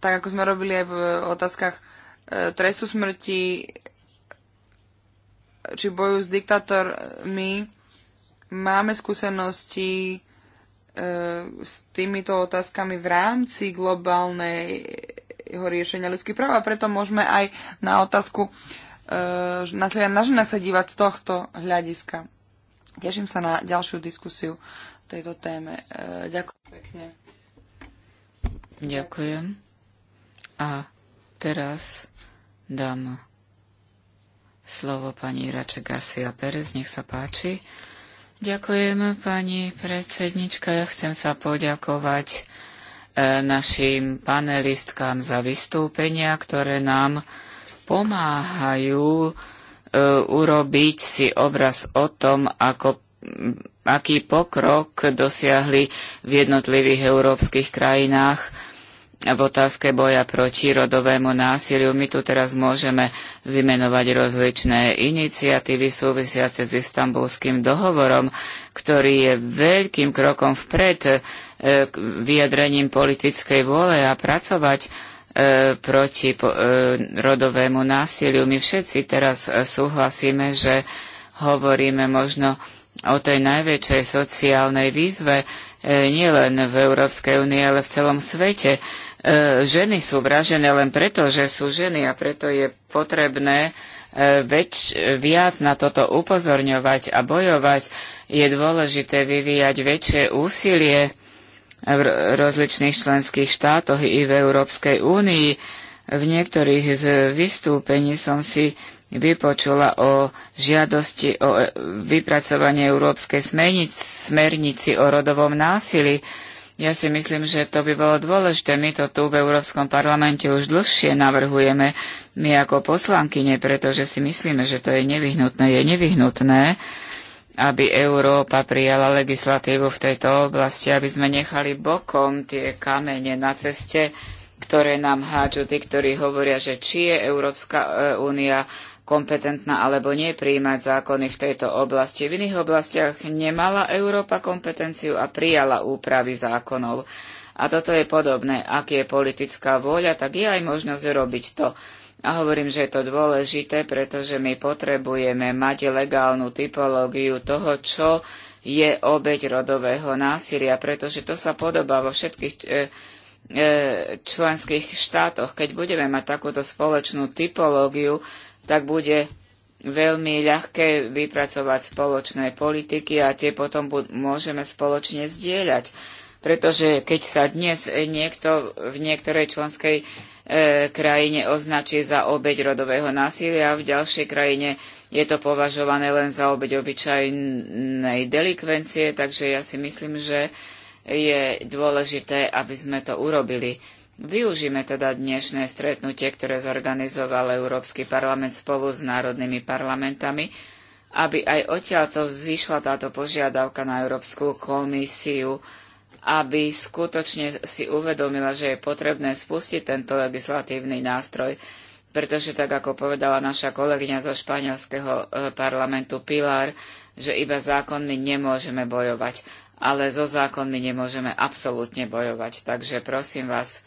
tak ako sme robili aj v otázkach e, trestu smrti či boju s diktátormi, máme skúsenosti E, s týmito otázkami v rámci globálneho riešenia ľudských práv a preto môžeme aj na otázku e, teda na, na ženách sa dívať z tohto hľadiska. Teším sa na ďalšiu diskusiu tejto téme. E, ďakujem pekne. Ďakujem. A teraz dám slovo pani Rače Garcia Pérez. Nech sa páči. Ďakujem, pani predsednička. Ja chcem sa poďakovať e, našim panelistkám za vystúpenia, ktoré nám pomáhajú e, urobiť si obraz o tom, ako, aký pokrok dosiahli v jednotlivých európskych krajinách v otázke boja proti rodovému násiliu. My tu teraz môžeme vymenovať rozličné iniciatívy súvisiace s istambulským dohovorom, ktorý je veľkým krokom vpred e, k vyjadrením politickej vôle a pracovať e, proti e, rodovému násiliu. My všetci teraz súhlasíme, že hovoríme možno o tej najväčšej sociálnej výzve nielen v Európskej únii, ale v celom svete E, ženy sú vražené len preto, že sú ženy a preto je potrebné e, väč, viac na toto upozorňovať a bojovať. Je dôležité vyvíjať väčšie úsilie v rozličných členských štátoch i v Európskej únii. V niektorých z vystúpení som si vypočula o žiadosti o e, vypracovanie Európskej smernici o rodovom násilii. Ja si myslím, že to by bolo dôležité. My to tu v Európskom parlamente už dlhšie navrhujeme, my ako poslankyne, pretože si myslíme, že to je nevyhnutné. Je nevyhnutné, aby Európa prijala legislatívu v tejto oblasti, aby sme nechali bokom tie kamene na ceste, ktoré nám háču tí, ktorí hovoria, že či je Európska e, únia kompetentná alebo nie prijímať zákony v tejto oblasti. V iných oblastiach nemala Európa kompetenciu a prijala úpravy zákonov. A toto je podobné. Ak je politická vôľa, tak je aj možnosť robiť to. A hovorím, že je to dôležité, pretože my potrebujeme mať legálnu typológiu toho, čo je obeď rodového násilia, pretože to sa podobá vo všetkých e, e, členských štátoch. Keď budeme mať takúto spoločnú typológiu, tak bude veľmi ľahké vypracovať spoločné politiky a tie potom môžeme spoločne zdieľať. Pretože keď sa dnes niekto v niektorej členskej e, krajine označí za obeď rodového násilia, v ďalšej krajine je to považované len za obeď obyčajnej delikvencie, takže ja si myslím, že je dôležité, aby sme to urobili. Využíme teda dnešné stretnutie, ktoré zorganizoval Európsky parlament spolu s národnými parlamentami, aby aj odtiaľto vzýšla táto požiadavka na Európsku komisiu, aby skutočne si uvedomila, že je potrebné spustiť tento legislatívny nástroj, pretože tak ako povedala naša kolegyňa zo španielského e, parlamentu Pilar, že iba zákonmi nemôžeme bojovať, ale so zákonmi nemôžeme absolútne bojovať. Takže prosím vás,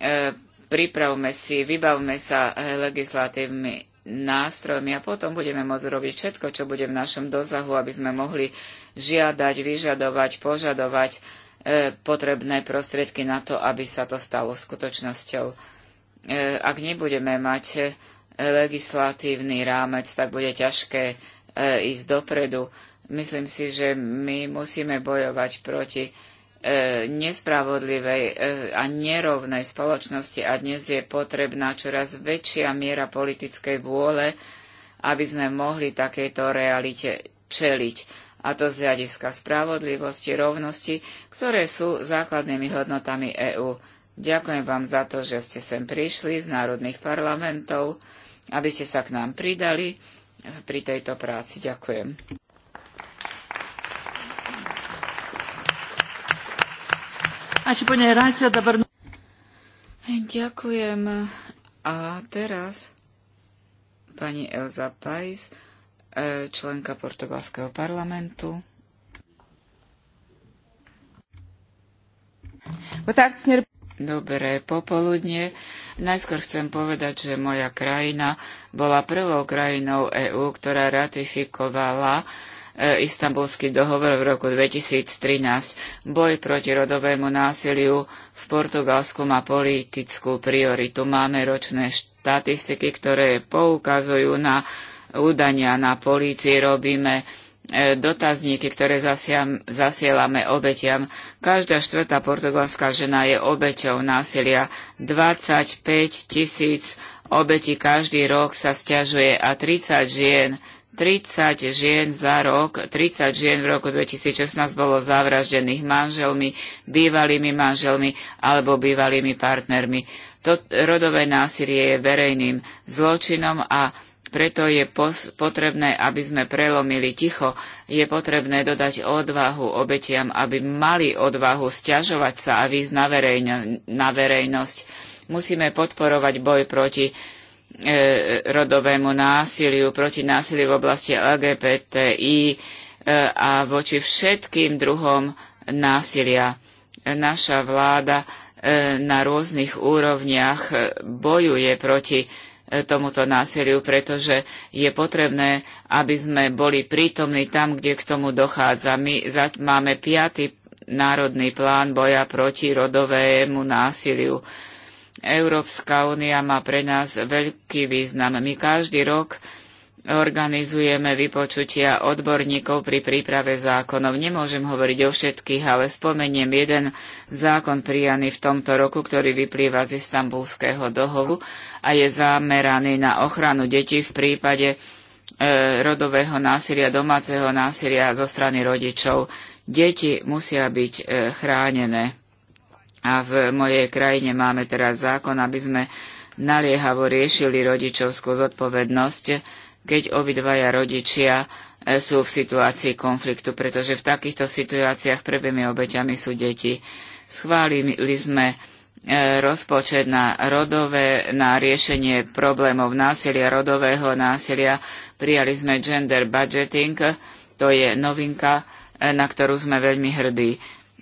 E, pripravme si, vybavme sa legislatívnymi nástrojmi a potom budeme môcť robiť všetko, čo bude v našom dosahu, aby sme mohli žiadať, vyžadovať, požadovať e, potrebné prostriedky na to, aby sa to stalo skutočnosťou. E, ak nebudeme mať legislatívny rámec, tak bude ťažké ísť dopredu. Myslím si, že my musíme bojovať proti E, nespravodlivej e, a nerovnej spoločnosti a dnes je potrebná čoraz väčšia miera politickej vôle, aby sme mohli takejto realite čeliť. A to z hľadiska spravodlivosti, rovnosti, ktoré sú základnými hodnotami EÚ. Ďakujem vám za to, že ste sem prišli z národných parlamentov, aby ste sa k nám pridali pri tejto práci. Ďakujem. Ačiū, ponia Racija, dabar. Ďakujem. A teraz pani Elza Pais, e, členka portugalského parlamentu. Dobré popoludne. Najskôr chcem povedať, že moja krajina bola prvou krajinou EÚ, ktorá ratifikovala uh, E, istambulský dohovor v roku 2013. Boj proti rodovému násiliu v Portugalsku má politickú prioritu. Máme ročné štatistiky, ktoré poukazujú na údania na polícii, robíme e, dotazníky, ktoré zasiam, zasielame obetiam. Každá štvrtá portugalská žena je obeťou násilia. 25 tisíc obetí každý rok sa stiažuje a 30 žien 30 žien za rok, 30 žien v roku 2016 bolo zavraždených manželmi, bývalými manželmi alebo bývalými partnermi. To rodové násilie je verejným zločinom a preto je potrebné, aby sme prelomili ticho. Je potrebné dodať odvahu obetiam, aby mali odvahu stiažovať sa a výjsť na, verejno, na verejnosť. Musíme podporovať boj proti E, rodovému násiliu, proti násiliu v oblasti LGBTI e, a voči všetkým druhom násilia. Naša vláda e, na rôznych úrovniach bojuje proti tomuto násiliu, pretože je potrebné, aby sme boli prítomní tam, kde k tomu dochádza. My máme piaty národný plán boja proti rodovému násiliu. Európska únia má pre nás veľký význam. My každý rok organizujeme vypočutia odborníkov pri príprave zákonov. Nemôžem hovoriť o všetkých, ale spomeniem jeden zákon prijaný v tomto roku, ktorý vyplýva z istambulského dohovu a je zameraný na ochranu detí v prípade e, rodového násilia, domáceho násilia zo strany rodičov. Deti musia byť e, chránené. A v mojej krajine máme teraz zákon, aby sme naliehavo riešili rodičovskú zodpovednosť, keď obidvaja rodičia e, sú v situácii konfliktu, pretože v takýchto situáciách prvými obeťami sú deti. Schválili sme e, rozpočet na rodové, na riešenie problémov násilia, rodového násilia. Prijali sme gender budgeting, to je novinka, e, na ktorú sme veľmi hrdí.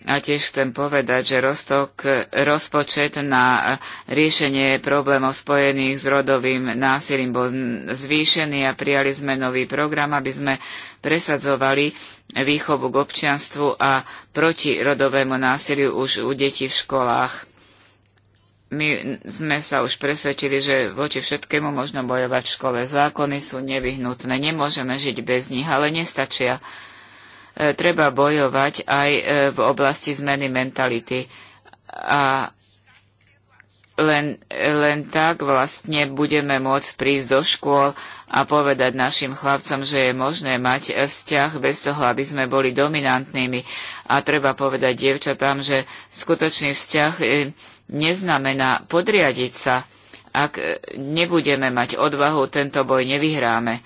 A tiež chcem povedať, že roztok, rozpočet na riešenie problémov spojených s rodovým násilím bol zvýšený a prijali sme nový program, aby sme presadzovali výchovu k občianstvu a proti rodovému násiliu už u detí v školách. My sme sa už presvedčili, že voči všetkému možno bojovať v škole. Zákony sú nevyhnutné, nemôžeme žiť bez nich, ale nestačia. E, treba bojovať aj e, v oblasti zmeny mentality. A len, len tak vlastne budeme môcť prísť do škôl a povedať našim chlapcom, že je možné mať e, vzťah bez toho, aby sme boli dominantnými. A treba povedať dievčatám, že skutočný vzťah neznamená podriadiť sa. Ak nebudeme mať odvahu, tento boj nevyhráme.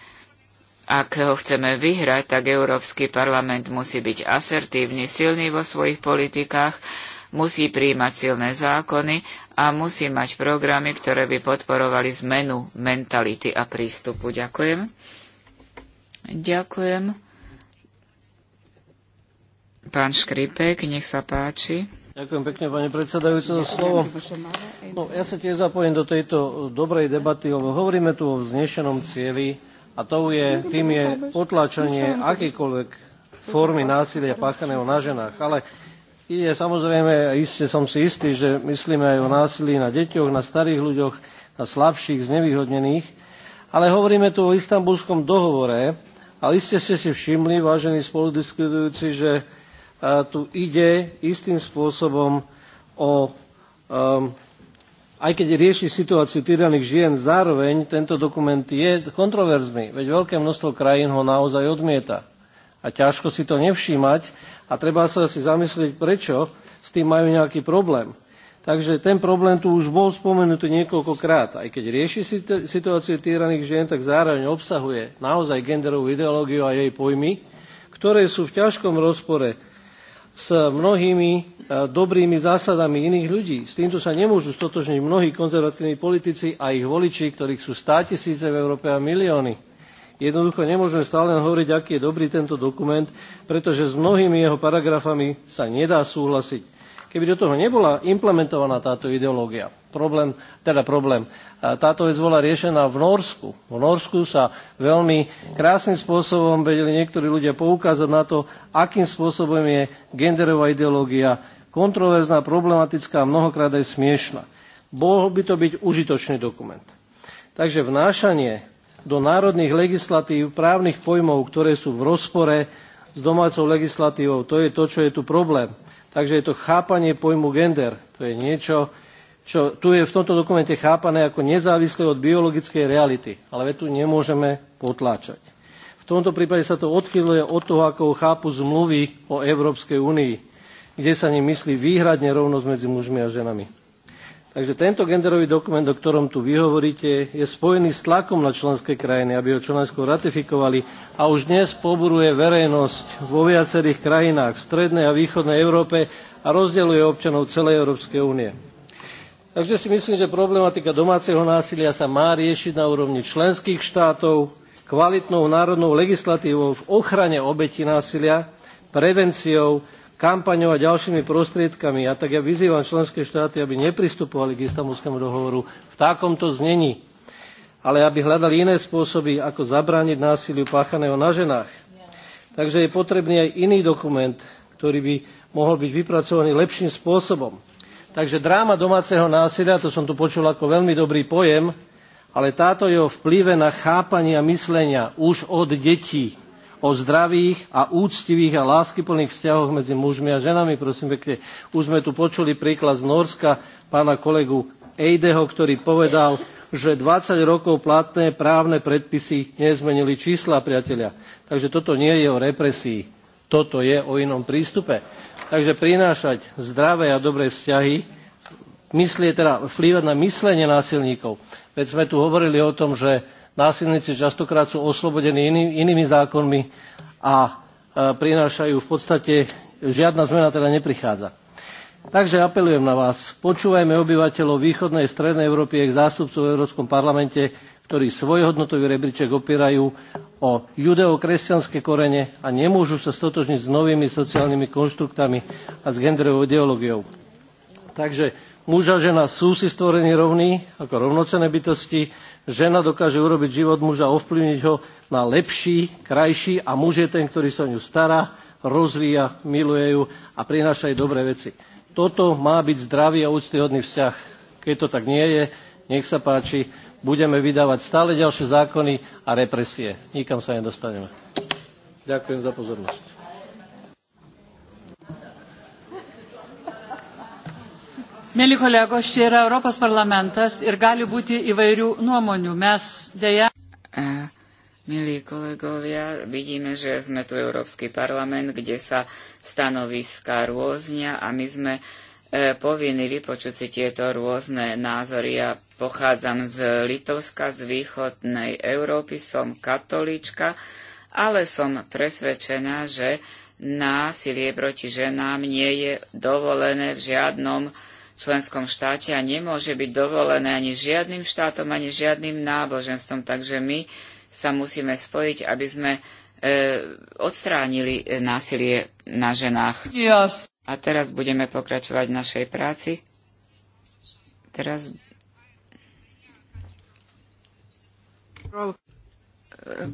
Ak ho chceme vyhrať, tak Európsky parlament musí byť asertívny, silný vo svojich politikách, musí príjmať silné zákony a musí mať programy, ktoré by podporovali zmenu mentality a prístupu. Ďakujem. Ďakujem. Pán Škripek, nech sa páči. Ďakujem pekne, pani predsedajúca, za slovo. No, ja sa tiež zapojím do tejto dobrej debaty, lebo hovoríme tu o vznešenom cieli a tou je, no, tým je potlačenie akýkoľvek formy násilia páchaného na ženách. Ale je samozrejme, iste som si istý, že myslíme aj o násilí na deťoch, na starých ľuďoch, na slabších, znevýhodnených. Ale hovoríme tu o istambulskom dohovore a iste ste si všimli, vážení spoludiskutujúci, že e, tu ide istým spôsobom o um, aj keď rieši situáciu týraných žien, zároveň tento dokument je kontroverzný, veď veľké množstvo krajín ho naozaj odmieta. A ťažko si to nevšímať a treba sa asi zamyslieť, prečo s tým majú nejaký problém. Takže ten problém tu už bol spomenutý niekoľkokrát. Aj keď rieši situáciu týraných žien, tak zároveň obsahuje naozaj genderovú ideológiu a jej pojmy, ktoré sú v ťažkom rozpore s mnohými e, dobrými zásadami iných ľudí. S týmto sa nemôžu stotožniť mnohí konzervatívni politici a ich voliči, ktorých sú státisíce v Európe a milióny. Jednoducho nemôžeme stále len hovoriť, aký je dobrý tento dokument, pretože s mnohými jeho paragrafami sa nedá súhlasiť. Keby do toho nebola implementovaná táto ideológia, problém, teda problém, táto vec bola riešená v Norsku. V Norsku sa veľmi krásnym spôsobom vedeli niektorí ľudia poukázať na to, akým spôsobom je genderová ideológia kontroverzná, problematická a mnohokrát aj smiešná. Bol by to byť užitočný dokument. Takže vnášanie do národných legislatív právnych pojmov, ktoré sú v rozpore s domácou legislatívou, to je to, čo je tu problém. Takže je to chápanie pojmu gender. To je niečo, čo tu je v tomto dokumente chápané ako nezávislé od biologickej reality, ale tu nemôžeme potláčať. V tomto prípade sa to odchyluje od toho, ako chápu zmluvy o Európskej únii, kde sa ním myslí výhradne rovnosť medzi mužmi a ženami. Takže tento genderový dokument, o ktorom tu vy hovoríte, je spojený s tlakom na členské krajiny, aby ho čo najskôr ratifikovali a už dnes poburuje verejnosť vo viacerých krajinách v strednej a východnej Európe a rozdeľuje občanov celej Európskej únie Takže si myslím, že problematika domáceho násilia sa má riešiť na úrovni členských štátov, kvalitnou národnou legislatívou v ochrane obetí násilia, prevenciou, kampaňou a ďalšími prostriedkami. A tak ja vyzývam členské štáty, aby nepristupovali k istambulskému dohovoru v takomto znení, ale aby hľadali iné spôsoby, ako zabrániť násiliu páchaného na ženách. Takže je potrebný aj iný dokument, ktorý by mohol byť vypracovaný lepším spôsobom Takže dráma domáceho násilia, to som tu počul ako veľmi dobrý pojem, ale táto je o vplyve na chápanie a myslenia už od detí o zdravých a úctivých a láskyplných vzťahoch medzi mužmi a ženami. Prosím pekne, už sme tu počuli príklad z Norska pána kolegu Ejdeho, ktorý povedal, že 20 rokov platné právne predpisy nezmenili čísla, priatelia. Takže toto nie je o represii, toto je o inom prístupe. Takže prinášať zdravé a dobré vzťahy, myslie, teda vplývať na myslenie násilníkov. Veď sme tu hovorili o tom, že násilníci častokrát sú oslobodení iný, inými zákonmi a e, prinášajú v podstate, žiadna zmena teda neprichádza. Takže apelujem na vás, počúvajme obyvateľov východnej strednej Európy a ich zástupcov v Európskom parlamente, ktorí svoj hodnotový rebríček opierajú o judeokresťanské korene a nemôžu sa stotožniť s novými sociálnymi konštruktami a s genderovou ideológiou. Takže muž a žena sú si stvorení rovní ako rovnocené bytosti. Žena dokáže urobiť život muža, ovplyvniť ho na lepší, krajší a muž je ten, ktorý sa o ňu stará, rozvíja, miluje ju a prináša jej dobré veci. Toto má byť zdravý a úctyhodný vzťah. Keď to tak nie je, nech sa páči, budeme vydávať stále ďalšie zákony a represie. Nikam sa nedostaneme. Ďakujem za pozornosť. Mėly kolegos, čia yra Europos parlamentas ir gali būti įvairių nuomonių. Mes dėja. Milí kolegovia, vidíme, že sme tu Európsky parlament, kde sa stanoviská rôznia a my sme e, povinni povinní vypočuť si tieto rôzne názory a Pochádzam z Litovska, z východnej Európy, som katolíčka, ale som presvedčená, že násilie proti ženám nie je dovolené v žiadnom členskom štáte a nemôže byť dovolené ani žiadnym štátom, ani žiadnym náboženstvom. Takže my sa musíme spojiť, aby sme e, odstránili násilie na ženách. Yes. A teraz budeme pokračovať v našej práci. Teraz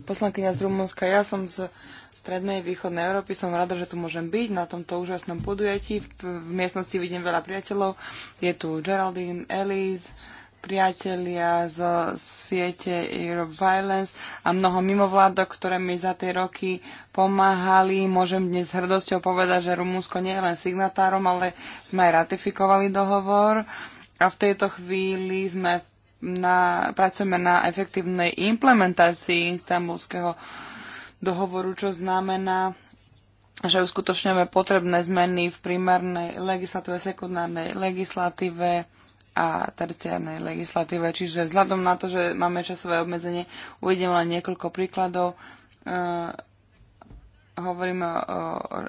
Poslankyňa z Rumunska, ja som z strednej východnej Európy, som rada, že tu môžem byť na tomto úžasnom podujatí. V, v miestnosti vidím veľa priateľov. Je tu Geraldine, Elise, priatelia zo siete Europe Violence a mnoho mimovládok, ktoré mi za tie roky pomáhali. Môžem dnes s hrdosťou povedať, že Rumúnsko nie je len signatárom, ale sme aj ratifikovali dohovor. A v tejto chvíli sme v na, pracujeme na efektívnej implementácii istambulského dohovoru, čo znamená, že uskutočňujeme potrebné zmeny v primárnej legislatíve, sekundárnej legislatíve a terciárnej legislatíve. Čiže vzhľadom na to, že máme časové obmedzenie, uvidíme len niekoľko príkladov. Uh, hovoríme o, o, o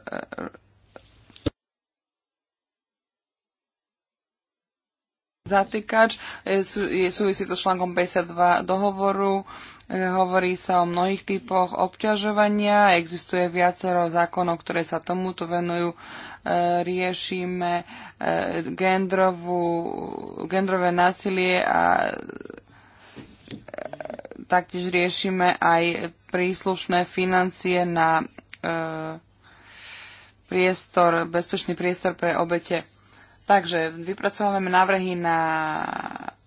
zatýkač. E, je súvisí to s článkom 52 dohovoru. E, hovorí sa o mnohých typoch obťažovania, existuje viacero zákonov, ktoré sa tomuto venujú. E, riešime gendrovú, gendrové násilie a taktiež riešime aj príslušné financie na priestor, bezpečný priestor pre obete Takže vypracovávame návrhy na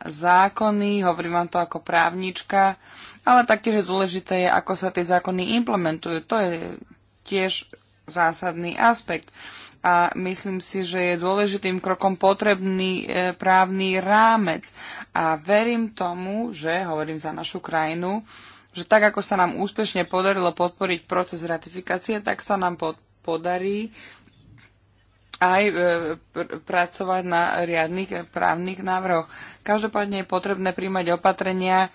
zákony, hovorím vám to ako právnička, ale taktiež je dôležité je, ako sa tie zákony implementujú. To je tiež zásadný aspekt. A myslím si, že je dôležitým krokom potrebný e, právny rámec. A verím tomu, že, hovorím za našu krajinu, že tak, ako sa nám úspešne podarilo podporiť proces ratifikácie, tak sa nám pod, podarí aj e, pracovať na riadnych e, právnych návrhoch. Každopádne je potrebné príjmať opatrenia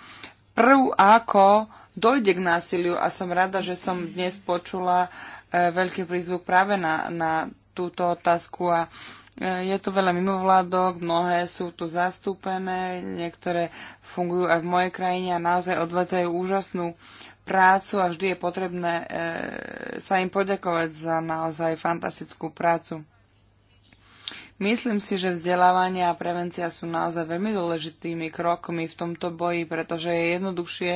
prv ako dojde k násiliu a som rada, že som dnes počula e, veľký prízvuk práve na, na túto otázku a je tu veľa mimovládok, mnohé sú tu zastúpené, niektoré fungujú aj v mojej krajine a naozaj odvádzajú úžasnú prácu a vždy je potrebné sa im poďakovať za naozaj fantastickú prácu. Myslím si, že vzdelávanie a prevencia sú naozaj veľmi dôležitými krokmi v tomto boji, pretože je jednoduchšie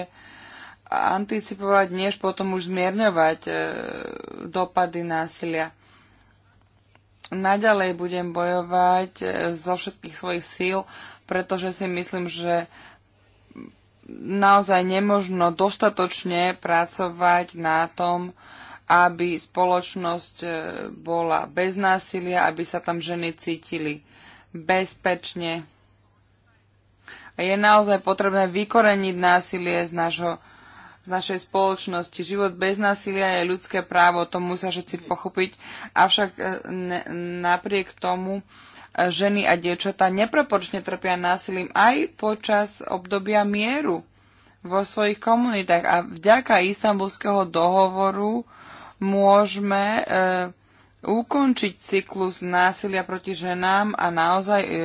anticipovať, než potom už zmierňovať e, dopady násilia. Naďalej budem bojovať e, zo všetkých svojich síl, pretože si myslím, že naozaj nemožno dostatočne pracovať na tom, aby spoločnosť e, bola bez násilia, aby sa tam ženy cítili bezpečne. A je naozaj potrebné vykoreniť násilie z, našho, z našej spoločnosti. Život bez násilia je ľudské právo, to musia všetci pochopiť. Avšak e, ne, napriek tomu e, ženy a dievčatá neproporčne trpia násilím aj počas obdobia mieru vo svojich komunitách. A vďaka istambulského dohovoru môžeme e, ukončiť cyklus násilia proti ženám a naozaj e, e,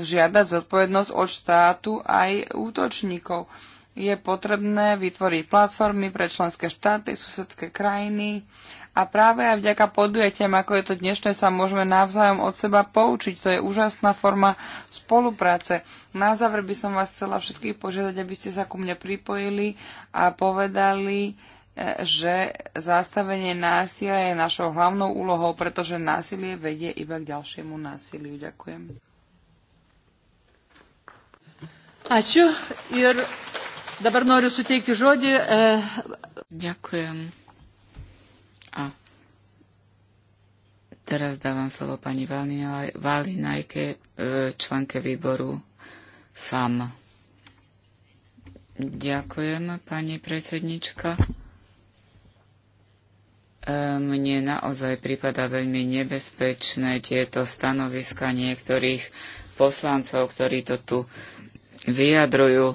žiadať zodpovednosť od štátu aj útočníkov. Je potrebné vytvoriť platformy pre členské štáty, susedské krajiny a práve aj vďaka podujatiam, ako je to dnešné, sa môžeme navzájom od seba poučiť. To je úžasná forma spolupráce. Na záver by som vás chcela všetkých požiadať, aby ste sa ku mne pripojili a povedali, že zastavenie násilia je našou hlavnou úlohou, pretože násilie vedie iba k ďalšiemu násiliu. Ďakujem. Ačiū ir dabar noriu suteikti žodį. E... Ďakujem. A teraz dávam slovo pani Valinajke, e, členke výboru FAM. Ďakujem, pani predsednička mne naozaj prípada veľmi nebezpečné tieto stanoviska niektorých poslancov, ktorí to tu vyjadrujú.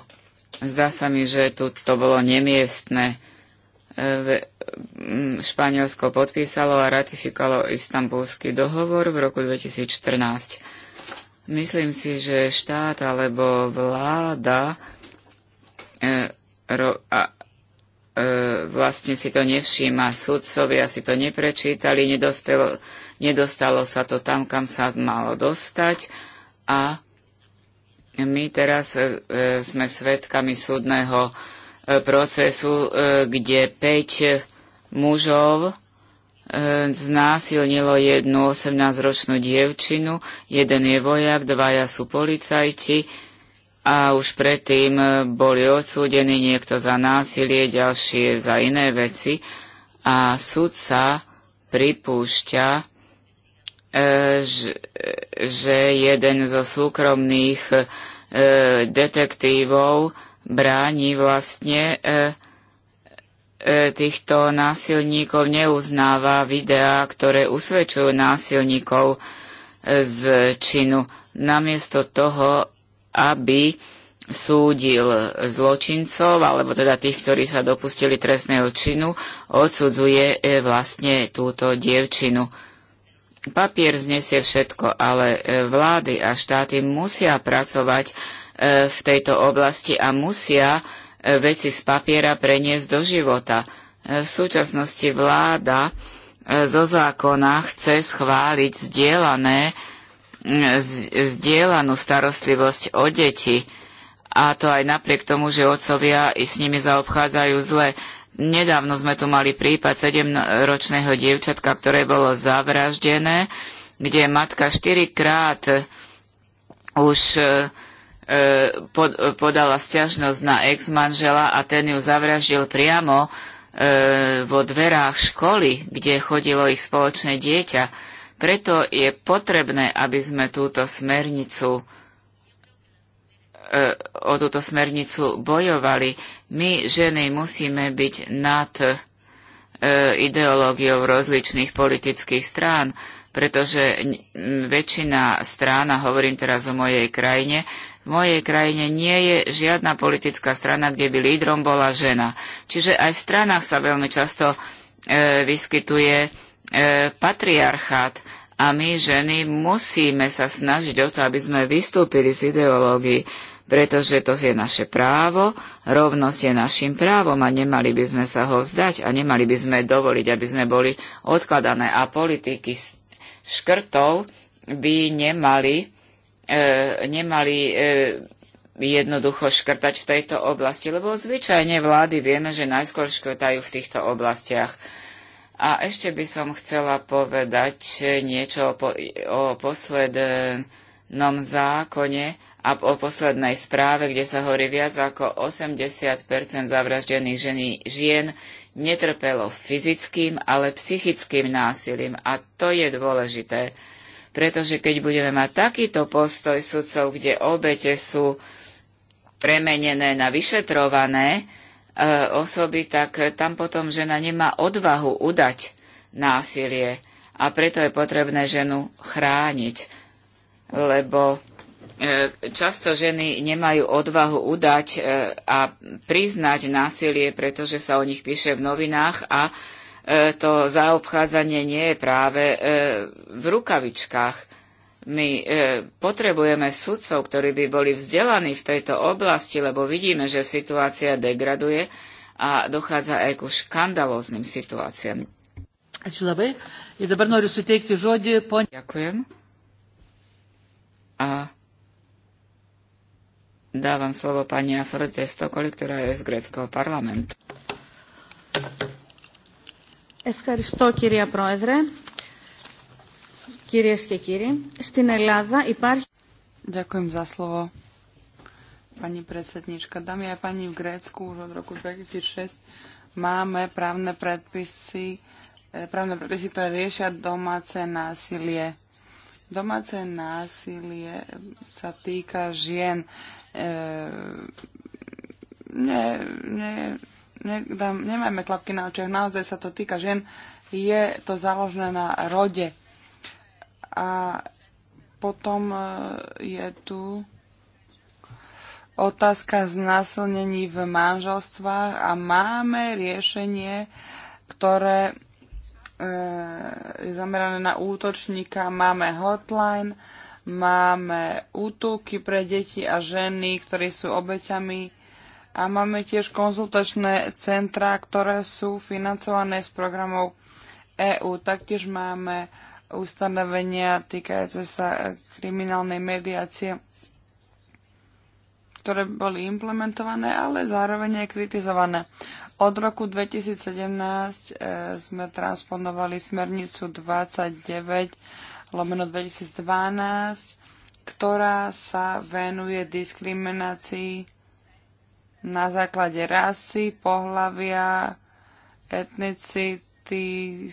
Zdá sa mi, že tu to bolo nemiestne. Španielsko podpísalo a ratifikalo istambulský dohovor v roku 2014. Myslím si, že štát alebo vláda e, E, vlastne si to nevšíma sudcovia, si to neprečítali, nedospelo, nedostalo sa to tam, kam sa malo dostať a my teraz e, e sme svedkami súdneho e, procesu, e, kde 5 mužov e, znásilnilo jednu 18-ročnú dievčinu, jeden je vojak, dvaja sú policajti, a už predtým e, boli odsúdení niekto za násilie, ďalšie za iné veci a sudca pripúšťa, e, že jeden zo súkromných e, detektívov bráni vlastne týchto násilníkov, neuznáva videá, ktoré usvedčujú násilníkov z činu. Namiesto toho aby súdil zločincov, alebo teda tých, ktorí sa dopustili trestného činu, odsudzuje e, vlastne túto dievčinu. Papier znesie všetko, ale e, vlády a štáty musia pracovať e, v tejto oblasti a musia veci z papiera preniesť do života. V súčasnosti vláda zo zákona chce schváliť zdielané zdieľanú starostlivosť o deti. A to aj napriek tomu, že otcovia i s nimi zaobchádzajú zle. Nedávno sme tu mali prípad 7-ročného dievčatka, ktoré bolo zavraždené, kde matka štyrikrát už e, e, podala stiažnosť na ex-manžela a ten ju zavraždil priamo e, vo dverách školy, kde chodilo ich spoločné dieťa. Preto je potrebné, aby sme túto smernicu e, o túto smernicu bojovali. My, ženy, musíme byť nad e, ideológiou rozličných politických strán, pretože väčšina strán, a hovorím teraz o mojej krajine, v mojej krajine nie je žiadna politická strana, kde by lídrom bola žena. Čiže aj v stranách sa veľmi často e, vyskytuje E, patriarchát a my ženy musíme sa snažiť o to, aby sme vystúpili z ideológií, pretože to je naše právo, rovnosť je našim právom a nemali by sme sa ho vzdať a nemali by sme dovoliť, aby sme boli odkladané a politiky škrtov by nemali, e, nemali e, jednoducho škrtať v tejto oblasti, lebo zvyčajne vlády vieme, že najskôr škrtajú v týchto oblastiach. A ešte by som chcela povedať niečo o, po, o poslednom zákone a o poslednej správe, kde sa hovorí viac ako 80 zavraždených žení, žien netrpelo fyzickým, ale psychickým násilím. A to je dôležité, pretože keď budeme mať takýto postoj sudcov, kde obete sú premenené na vyšetrované, E, osoby, tak tam potom žena nemá odvahu udať násilie a preto je potrebné ženu chrániť, lebo e, často ženy nemajú odvahu udať e, a priznať násilie, pretože sa o nich píše v novinách a to zaobchádzanie nie je práve v rukavičkách. My e, potrebujeme sudcov, ktorí by boli vzdelaní v tejto oblasti, lebo vidíme, že situácia degraduje a dochádza aj ku škandalóznym situáciám. Ďakujem. A dávam slovo pani Afrote Stokoli, ktorá je z greckého parlamentu. Ευχαριστώ κυρία Πρόεδρε. Κυρίες και κύριοι, στην Ελλάδα υπάρχει... Ďakujem za slovo. Pani predsednička, dámy a pani v Grécku už od roku 2006 máme právne predpisy, e, právne predpisy, ktoré riešia domáce násilie. Domáce násilie sa týka žien. E, ne, ne, ne, nemajme klapky na očiach, naozaj sa to týka žien. Je to založené na rode a potom e, je tu otázka znásilnení v manželstvách a máme riešenie, ktoré e, je zamerané na útočníka, máme hotline, máme útulky pre deti a ženy, ktorí sú obeťami a máme tiež konzultačné centra, ktoré sú financované z programov EÚ. Taktiež máme ustanovenia týkajúce sa e, kriminálnej mediácie, ktoré boli implementované, ale zároveň aj kritizované. Od roku 2017 e, sme transponovali smernicu 29 lomeno 2012, ktorá sa venuje diskriminácii na základe rasy, pohlavia, etnicity,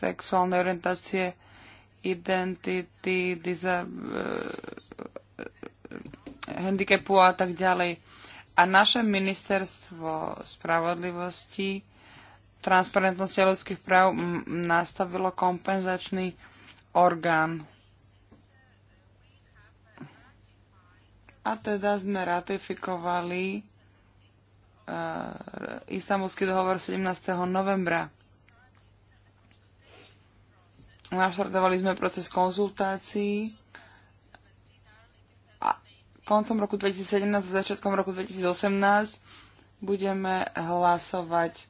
sexuálnej orientácie identity, diza, eh, handicapu a tak ďalej. A naše ministerstvo spravodlivosti, transparentnosti a ľudských práv nastavilo kompenzačný orgán. A teda sme ratifikovali uh, eh, istambulský dohovor 17. novembra. Naštartovali sme proces konzultácií a koncom roku 2017 a začiatkom roku 2018 budeme hlasovať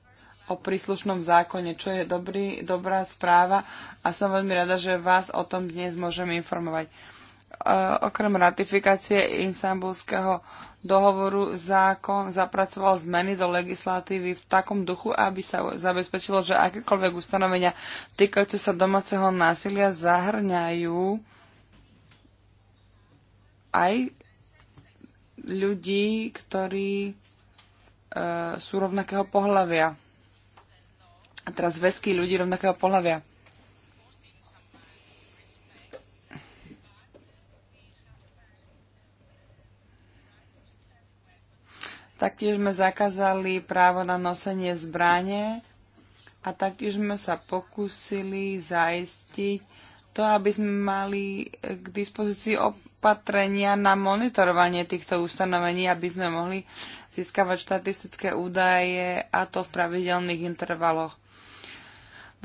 o príslušnom zákone, čo je dobrý, dobrá správa a som veľmi rada, že vás o tom dnes môžem informovať okrem ratifikácie Istanbulského dohovoru zákon zapracoval zmeny do legislatívy v takom duchu, aby sa zabezpečilo, že akékoľvek ustanovenia týkajúce sa domáceho násilia zahrňajú aj ľudí, ktorí e, sú rovnakého pohľavia. A teraz väzky ľudí rovnakého pohľavia. Taktiež sme zakázali právo na nosenie zbranie a taktiež sme sa pokúsili zaistiť to, aby sme mali k dispozícii opatrenia na monitorovanie týchto ustanovení, aby sme mohli získavať štatistické údaje a to v pravidelných intervaloch.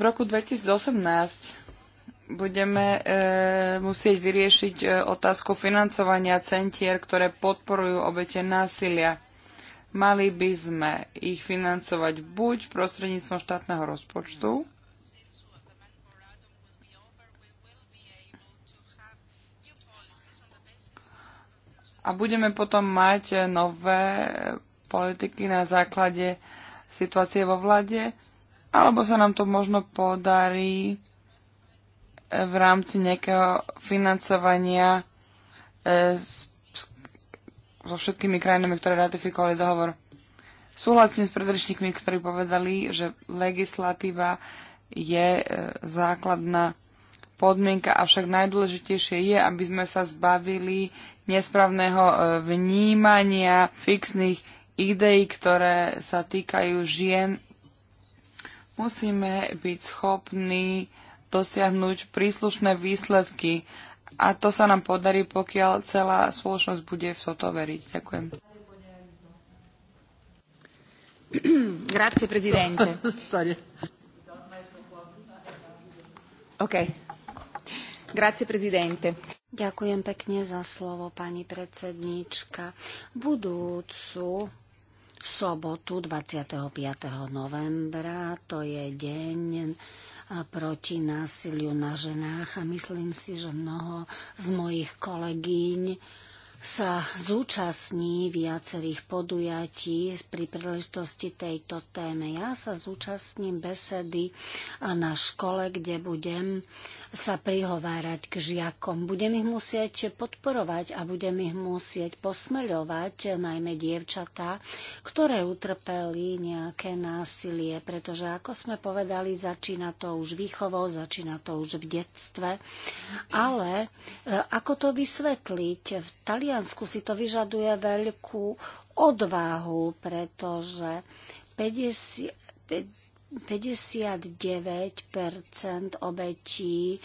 V roku 2018 budeme e, musieť vyriešiť e, otázku financovania centier, ktoré podporujú obete násilia. Mali by sme ich financovať buď prostredníctvom štátneho rozpočtu, a budeme potom mať nové politiky na základe situácie vo vlade, alebo sa nám to možno podarí v rámci nejakého financovania e, z so všetkými krajinami, ktoré ratifikovali dohovor. Súhlasím s predrečníkmi, ktorí povedali, že legislatíva je e, základná podmienka, avšak najdôležitejšie je, aby sme sa zbavili nesprávneho e, vnímania fixných ideí, ktoré sa týkajú žien. Musíme byť schopní dosiahnuť príslušné výsledky a to sa nám podarí, pokiaľ celá spoločnosť bude v toto veriť. Ďakujem. Grazie, prezidente. Grazie, prezidente. Ďakujem pekne za slovo, pani predsednička. Budúcu sobotu 25. novembra, to je deň proti násiliu na ženách a myslím si, že mnoho z mojich kolegyň sa zúčastní viacerých podujatí pri príležitosti tejto téme. Ja sa zúčastním besedy na škole, kde budem sa prihovárať k žiakom. Budem ich musieť podporovať a budem ich musieť posmeľovať, najmä dievčatá, ktoré utrpeli nejaké násilie, pretože ako sme povedali, začína to už výchovou, začína to už v detstve. Ale e, ako to vysvetliť? V Talianu Holandsku si to vyžaduje veľkú odvahu, pretože 50, 59% obetí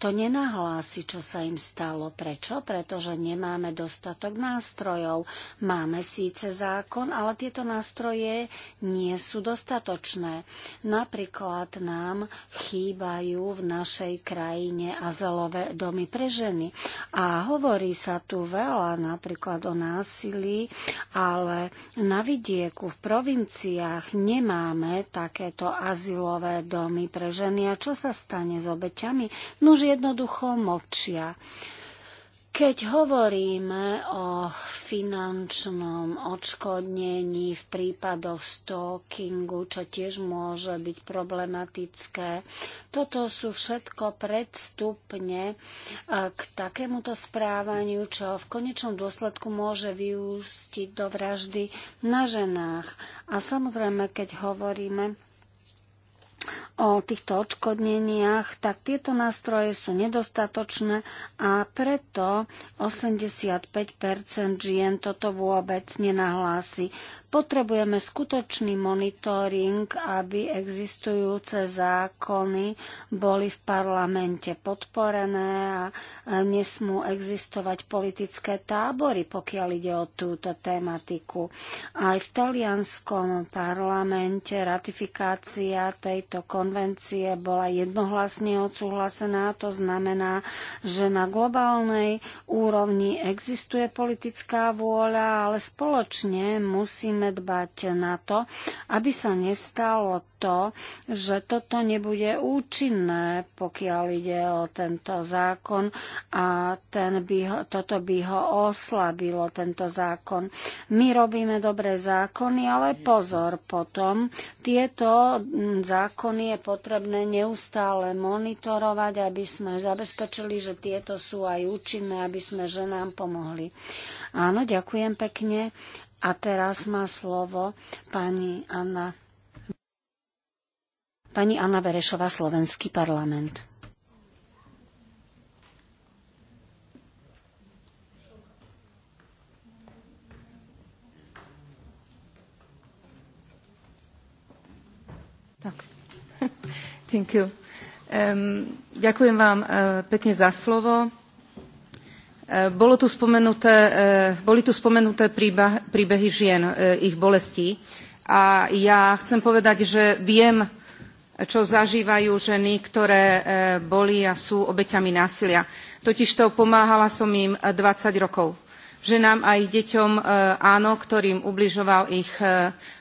to nenahlási, čo sa im stalo. Prečo? Pretože nemáme dostatok nástrojov. Máme síce zákon, ale tieto nástroje nie sú dostatočné. Napríklad nám chýbajú v našej krajine azelové domy pre ženy. A hovorí sa tu veľa napríklad o násilí, ale na vidieku v provinciách nemáme takéto azylové domy pre ženy. A čo sa stane s obeťami? Nuž jednoducho mlčia. Keď hovoríme o finančnom odškodnení v prípadoch stalkingu, čo tiež môže byť problematické, toto sú všetko predstupne e, k takémuto správaniu, čo v konečnom dôsledku môže vyústiť do vraždy na ženách. A samozrejme, keď hovoríme o týchto odškodneniach, tak tieto nástroje sú nedostatočné a preto 85 žien toto vôbec nenahlási. Potrebujeme skutočný monitoring, aby existujúce zákony boli v parlamente podporené a nesmú existovať politické tábory, pokiaľ ide o túto tematiku. Aj v talianskom parlamente ratifikácia tejto tejto konvencie bola jednohlasne odsúhlasená. To znamená, že na globálnej úrovni existuje politická vôľa, ale spoločne musíme dbať na to, aby sa nestalo to, že toto nebude účinné, pokiaľ ide o tento zákon a ten by ho, toto by ho oslabilo, tento zákon. My robíme dobré zákony, ale pozor potom, tieto zákony zákony je potrebné neustále monitorovať, aby sme zabezpečili, že tieto sú aj účinné, aby sme ženám pomohli. Áno, ďakujem pekne. A teraz má slovo pani Anna. Pani Anna Verešová, Slovenský parlament. ďakujem vám e, pekne za slovo. E, bolo tu spomenuté, e, boli tu spomenuté príbehy žien, ich bolestí. A ja chcem povedať, že viem, čo zažívajú ženy, ktoré boli a sú obeťami násilia. Totižto pomáhala som im 20 rokov. Ženám aj deťom áno, ktorým ubližoval ich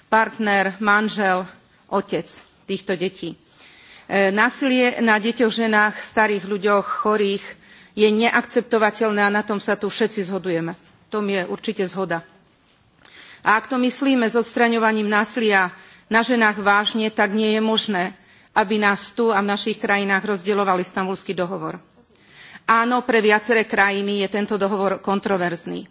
partner, manžel, otec týchto detí. E, násilie na deťoch, ženách, starých ľuďoch, chorých je neakceptovateľné a na tom sa tu všetci zhodujeme. V tom je určite zhoda. A ak to myslíme s odstraňovaním násilia na ženách vážne, tak nie je možné, aby nás tu a v našich krajinách rozdeľoval Istanbulský dohovor. Áno, pre viaceré krajiny je tento dohovor kontroverzný.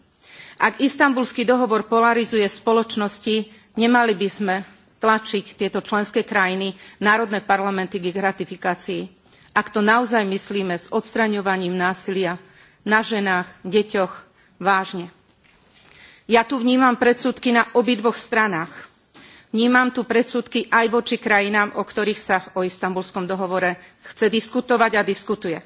Ak Istanbulský dohovor polarizuje spoločnosti, nemali by sme tlačiť tieto členské krajiny, národné parlamenty k ich ratifikácii. Ak to naozaj myslíme s odstraňovaním násilia na ženách, deťoch, vážne. Ja tu vnímam predsudky na obidvoch stranách. Vnímam tu predsudky aj voči krajinám, o ktorých sa o Istanbulskom dohovore chce diskutovať a diskutuje.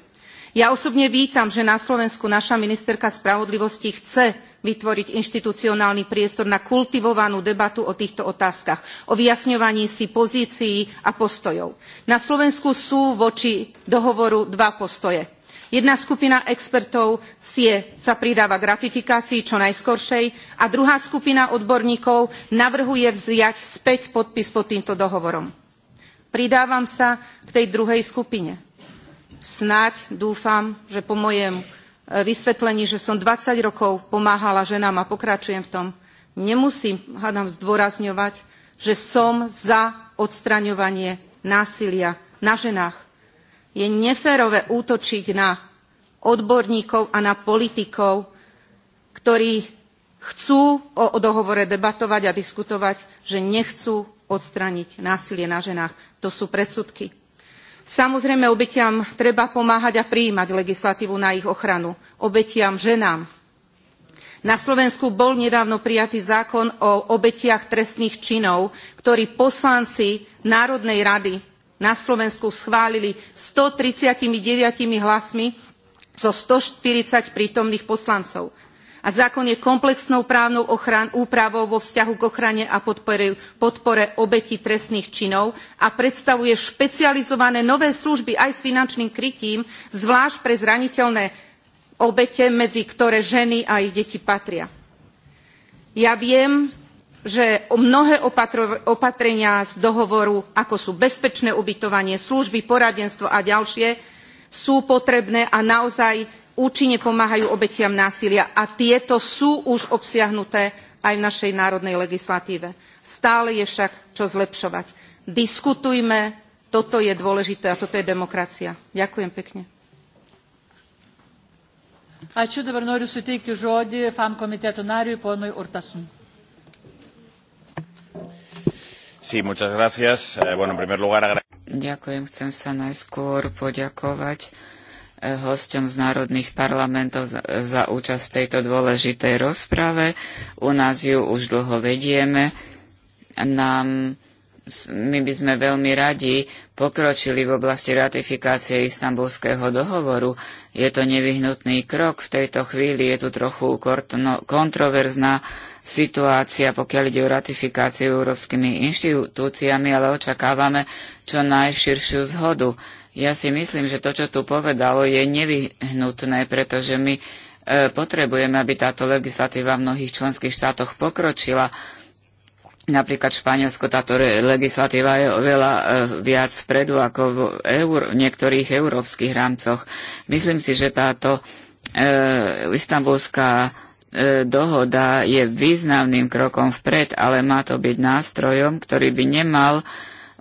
Ja osobne vítam, že na Slovensku naša ministerka spravodlivosti chce vytvoriť inštitucionálny priestor na kultivovanú debatu o týchto otázkach, o vyjasňovaní si pozícií a postojov. Na Slovensku sú voči dohovoru dva postoje. Jedna skupina expertov sa pridáva k ratifikácii čo najskoršej a druhá skupina odborníkov navrhuje vziať späť podpis pod týmto dohovorom. Pridávam sa k tej druhej skupine. Snáď dúfam, že po mojom E, vysvetlení, že som twenty rokov pomáhala ženám a pokračujem v tom, nemusím, hádam, zdôrazňovať, že som za odstraňovanie násilia na ženách. Je neférové útočiť na odborníkov a na politikov, ktorí chcú o dohovore debatovať a diskutovať, že nechcú odstrániť násilie na ženách. To sú predsudky. Samozrejme, obetiam treba pomáhať a prijímať legislatívu na ich ochranu. Obetiam ženám. Na Slovensku bol nedávno prijatý zákon o obetiach trestných činov, ktorý poslanci Národnej rady na Slovensku schválili 139 hlasmi zo 140 prítomných poslancov a zákon je komplexnou právnou úpravou vo vzťahu k ochrane a podpore, obetí trestných činov a predstavuje špecializované nové služby aj s finančným krytím, zvlášť pre zraniteľné obete, medzi ktoré ženy a ich deti patria. Ja viem, že mnohé opatrenia z dohovoru, ako sú bezpečné ubytovanie, služby, poradenstvo a ďalšie, sú potrebné a naozaj účinne pomáhajú obetiam násilia a tieto sú už obsiahnuté aj v našej národnej legislatíve. Stále je však čo zlepšovať. Diskutujme, toto je dôležité a toto je demokracia. Ďakujem pekne. Ačiū, dabar noriu suteikti žodį FAM komiteto nariui ponui Urtasun. Sí, muchas gracias. Eh, bueno, en primer lugar, Ďakujem, chcem sa najskôr poďakovať hosťom z národných parlamentov za, za účasť v tejto dôležitej rozprave. U nás ju už dlho vedieme. Nám, my by sme veľmi radi pokročili v oblasti ratifikácie istambulského dohovoru. Je to nevyhnutný krok. V tejto chvíli je tu trochu kontroverzná situácia, pokiaľ ide o ratifikáciu európskymi inštitúciami, ale očakávame čo najširšiu zhodu. Ja si myslím, že to, čo tu povedalo, je nevyhnutné, pretože my e, potrebujeme, aby táto legislatíva v mnohých členských štátoch pokročila. Napríklad v Španielsko táto legislatíva je oveľa e, viac vpredu ako v, eur, v niektorých európskych rámcoch. Myslím si, že táto e, istambulská e, dohoda je významným krokom vpred, ale má to byť nástrojom, ktorý by nemal e,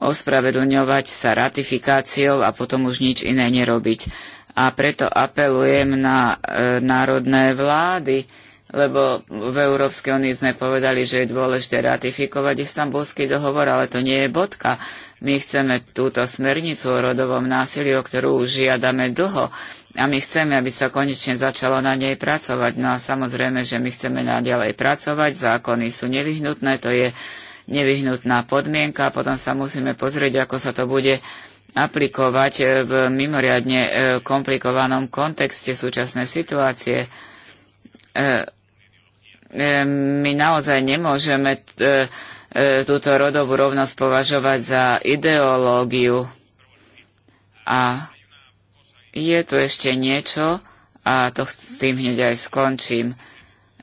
ospravedlňovať sa ratifikáciou a potom už nič iné nerobiť. A preto apelujem na e, národné vlády, lebo v Európskej únii sme povedali, že je dôležité ratifikovať istambulský dohovor, ale to nie je bodka. My chceme túto smernicu o rodovom násiliu, ktorú už žiadame dlho a my chceme, aby sa konečne začalo na nej pracovať. No a samozrejme, že my chceme naďalej pracovať, zákony sú nevyhnutné, to je nevyhnutná podmienka a potom sa musíme pozrieť, ako sa to bude aplikovať e, v mimoriadne e, komplikovanom kontexte súčasnej situácie. E, my naozaj nemôžeme túto rodovú rovnosť považovať za ideológiu. A je tu ešte niečo, a to s tým hneď aj skončím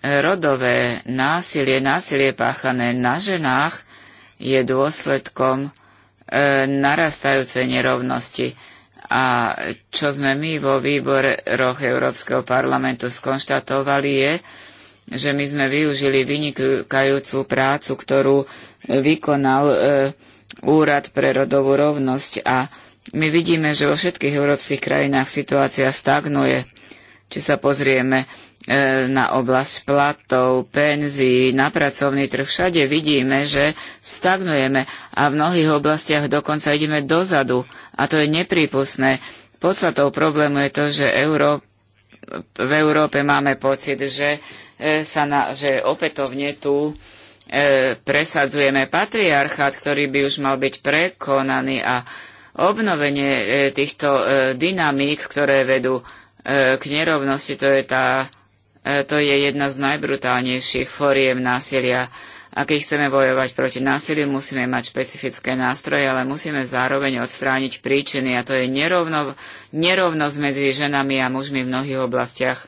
rodové násilie, násilie páchané na ženách je dôsledkom e, narastajúcej nerovnosti. A čo sme my vo výboroch Európskeho parlamentu skonštatovali je, že my sme využili vynikajúcu prácu, ktorú vykonal e, Úrad pre rodovú rovnosť a my vidíme, že vo všetkých európskych krajinách situácia stagnuje. Či sa pozrieme E, na oblasť platov, penzií, na pracovný trh. Všade vidíme, že stagnujeme a v mnohých oblastiach dokonca ideme dozadu. A to je neprípustné. Podstatou problému je to, že Euró- v Európe máme pocit, že, e, sa na, že opätovne tu e, presadzujeme patriarchát, ktorý by už mal byť prekonaný a obnovenie e, týchto e, dynamík, ktoré vedú e, k nerovnosti, to je tá E, to je jedna z najbrutálnejších foriem násilia. A keď chceme bojovať proti násiliu, musíme mať špecifické nástroje, ale musíme zároveň odstrániť príčiny a to je nerovno, nerovnosť medzi ženami a mužmi v mnohých oblastiach.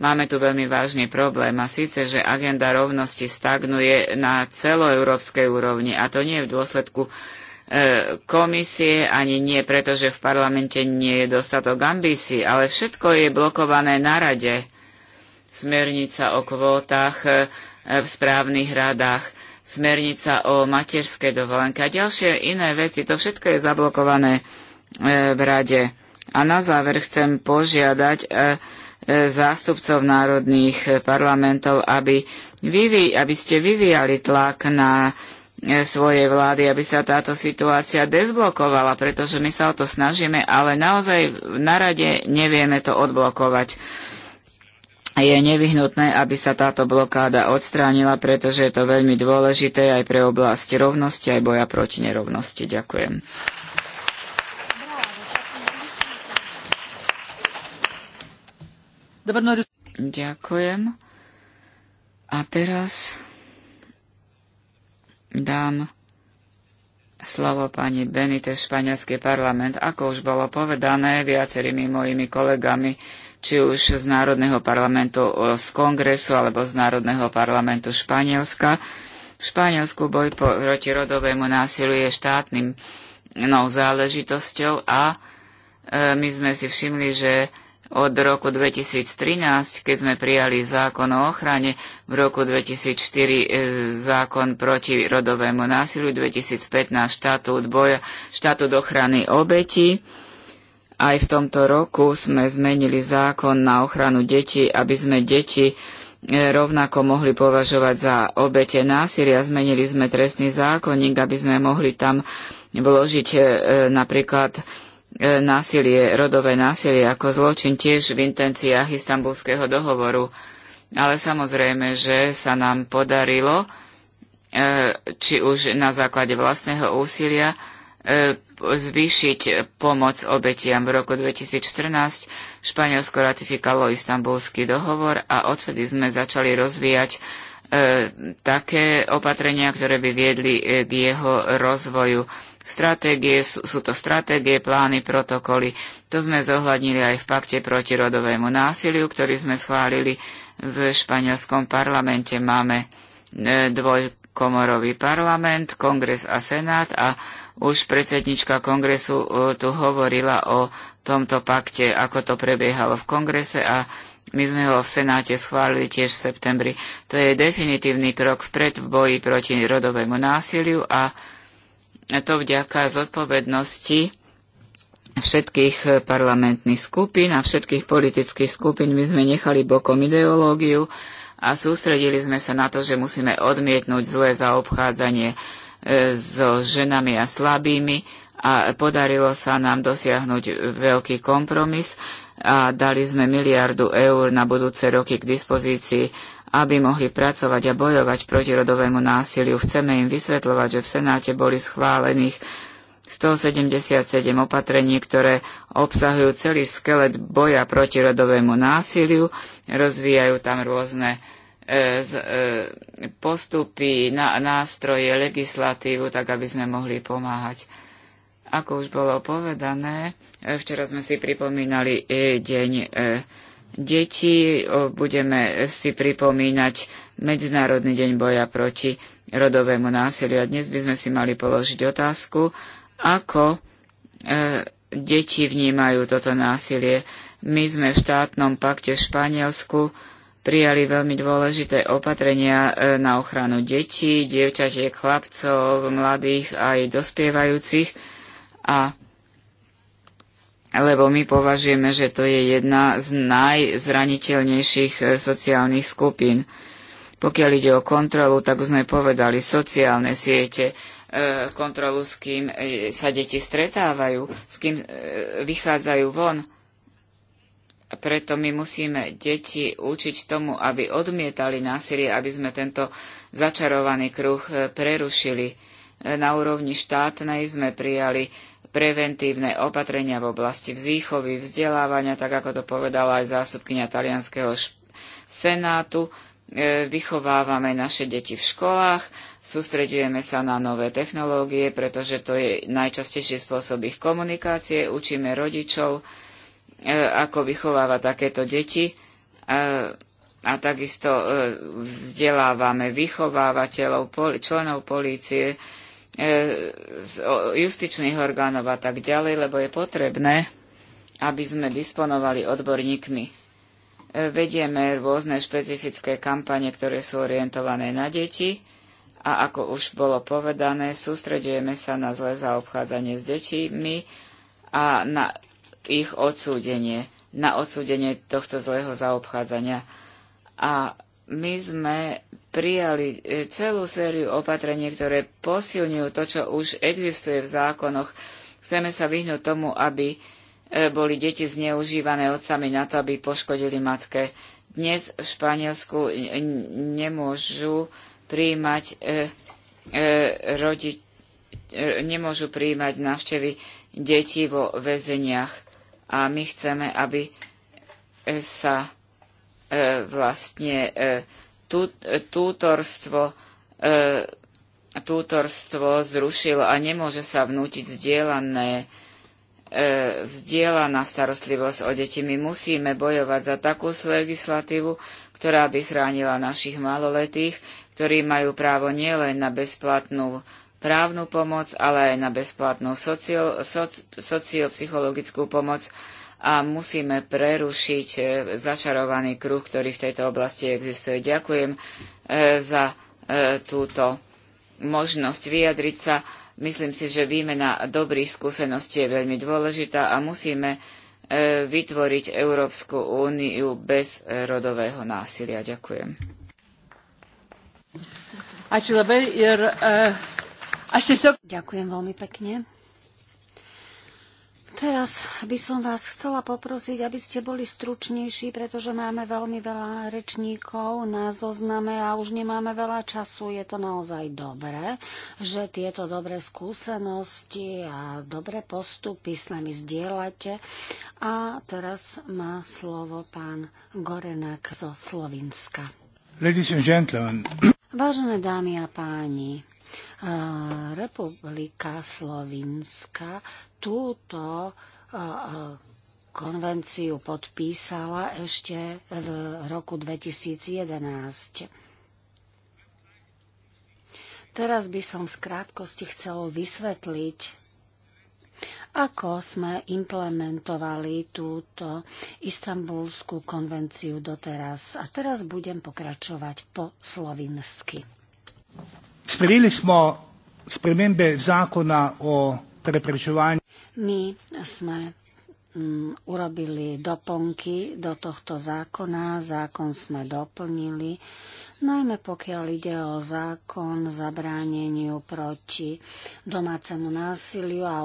Máme tu veľmi vážny problém a síce, že agenda rovnosti stagnuje na celoeurópskej úrovni a to nie je v dôsledku e, komisie, ani nie preto, že v parlamente nie je dostatok ambícií, ale všetko je blokované na rade smernica o kvótach e, v správnych radách, smernica o materskej dovolenke a ďalšie iné veci. To všetko je zablokované e, v rade. A na záver chcem požiadať e, zástupcov národných parlamentov, aby, vyvi, aby ste vyvíjali tlak na svojej vlády, aby sa táto situácia dezblokovala, pretože my sa o to snažíme, ale naozaj na rade nevieme to odblokovať je nevyhnutné, aby sa táto blokáda odstránila, pretože je to veľmi dôležité aj pre oblasti rovnosti, aj boja proti nerovnosti. Ďakujem. Ďakujem. A teraz dám slovo pani Benite, španielský parlament. Ako už bolo povedané viacerými mojimi kolegami, či už z Národného parlamentu z Kongresu alebo z Národného parlamentu Španielska. V Španielsku boj proti rodovému násilu je štátnym no, záležitosťou a e, my sme si všimli, že od roku 2013, keď sme prijali zákon o ochrane, v roku 2004 e, zákon proti rodovému násiliu, 2015 štatút boja, štatút ochrany obetí. Aj v tomto roku sme zmenili zákon na ochranu detí, aby sme deti e, rovnako mohli považovať za obete násilia. Zmenili sme trestný zákonník, aby sme mohli tam vložiť e, napríklad e, násilie, rodové násilie ako zločin tiež v intenciách istambulského dohovoru. Ale samozrejme, že sa nám podarilo, či už na základe vlastného úsilia, E, zvýšiť pomoc obetiam. V roku 2014 Španielsko ratifikalo istambulský dohovor a odvtedy sme začali rozvíjať e, také opatrenia, ktoré by viedli e, k jeho rozvoju. Stratégie, sú, sú to stratégie, plány, protokoly. To sme zohľadnili aj v pakte proti rodovému násiliu, ktorý sme schválili v španielskom parlamente. Máme dvoj, komorový parlament, kongres a senát a už predsednička kongresu e, tu hovorila o tomto pakte, ako to prebiehalo v kongrese a my sme ho v senáte schválili tiež v septembri. To je definitívny krok vpred v boji proti rodovému násiliu a to vďaka zodpovednosti všetkých parlamentných skupín a všetkých politických skupín. My sme nechali bokom ideológiu, a sústredili sme sa na to, že musíme odmietnúť zlé zaobchádzanie e, so ženami a slabými a podarilo sa nám dosiahnuť veľký kompromis a dali sme miliardu eur na budúce roky k dispozícii, aby mohli pracovať a bojovať proti rodovému násiliu. Chceme im vysvetľovať, že v Senáte boli schválených 177 opatrení, ktoré obsahujú celý skelet boja proti rodovému násiliu, rozvíjajú tam rôzne e, e, postupy, nástroje, legislatívu, tak aby sme mohli pomáhať. Ako už bolo povedané, e, včera sme si pripomínali deň detí, budeme si pripomínať Medzinárodný deň boja proti rodovému násiliu a dnes by sme si mali položiť otázku, ako e, deti vnímajú toto násilie. My sme v štátnom pakte v Španielsku prijali veľmi dôležité opatrenia e, na ochranu detí, dievčatiek, chlapcov, mladých aj dospievajúcich. A lebo my považujeme, že to je jedna z najzraniteľnejších e, sociálnych skupín. Pokiaľ ide o kontrolu, tak už sme povedali sociálne siete, E, kontrolu, s kým e, sa deti stretávajú, s kým e, vychádzajú von. Preto my musíme deti učiť tomu, aby odmietali násilie, aby sme tento začarovaný kruh prerušili. Na úrovni štátnej sme prijali preventívne opatrenia v oblasti vzýchovy, vzdelávania, tak ako to povedala aj zástupkynia talianského senátu. vychovávame naše deti v školách Sústredujeme sa na nové technológie, pretože to je najčastejší spôsob ich komunikácie. Učíme rodičov, e, ako vychovávať takéto deti e, a takisto e, vzdelávame vychovávateľov, členov polície, z justičných orgánov a tak ďalej, lebo je potrebné, aby sme disponovali odborníkmi. Vedieme rôzne špecifické kampane, ktoré sú orientované na deti a ako už bolo povedané, sústredujeme sa na zlé zaobchádzanie s deťmi a na ich odsúdenie, na odsúdenie tohto zlého zaobchádzania. A my sme prijali e, celú sériu opatrení, ktoré posilňujú to, čo už existuje v zákonoch. Chceme sa vyhnúť tomu, aby e, boli deti zneužívané otcami na to, aby poškodili matke. Dnes v Španielsku nemôžu príjmať e, e, rodi, e, nemôžu príjmať návštevy detí vo väzeniach. A my chceme, aby e, sa e, vlastne e, tú, e, tútorstvo, e, tútorstvo zrušilo a nemôže sa vnútiť vzdielané e, vzdielaná starostlivosť o deti. My musíme bojovať za takú legislatívu, ktorá by chránila našich maloletých, ktorí majú právo nielen na bezplatnú právnu pomoc, ale aj na bezplatnú socio, soci, sociopsychologickú pomoc a musíme prerušiť e, začarovaný kruh, ktorý v tejto oblasti existuje. Ďakujem e, za e, túto možnosť vyjadriť sa. Myslím si, že výmena dobrých skúseností je veľmi dôležitá a musíme vytvoriť Európsku úniu bez rodového násilia. Ďakujem. E, Ďakujem veľmi pekne. Teraz by som vás chcela poprosiť, aby ste boli stručnejší, pretože máme veľmi veľa rečníkov na zozname a už nemáme veľa času. Je to naozaj dobré, že tieto dobré skúsenosti a dobré postupy s nami zdieľate. A teraz má slovo pán Gorenak zo Slovinska. Vážené dámy a páni, eh, Republika Slovinska túto eh, konvenciu podpísala ešte v roku 2011. Teraz by som z krátkosti chcel vysvetliť ako sme implementovali túto istambulskú konvenciu doteraz. A teraz budem pokračovať po slovinsky. Sprejeli sme spremembe zákona o preprečovaní. My sme mm, urobili doplnky do tohto zákona. Zákon sme doplnili najmä pokiaľ ide o zákon zabráneniu proti domácemu násiliu a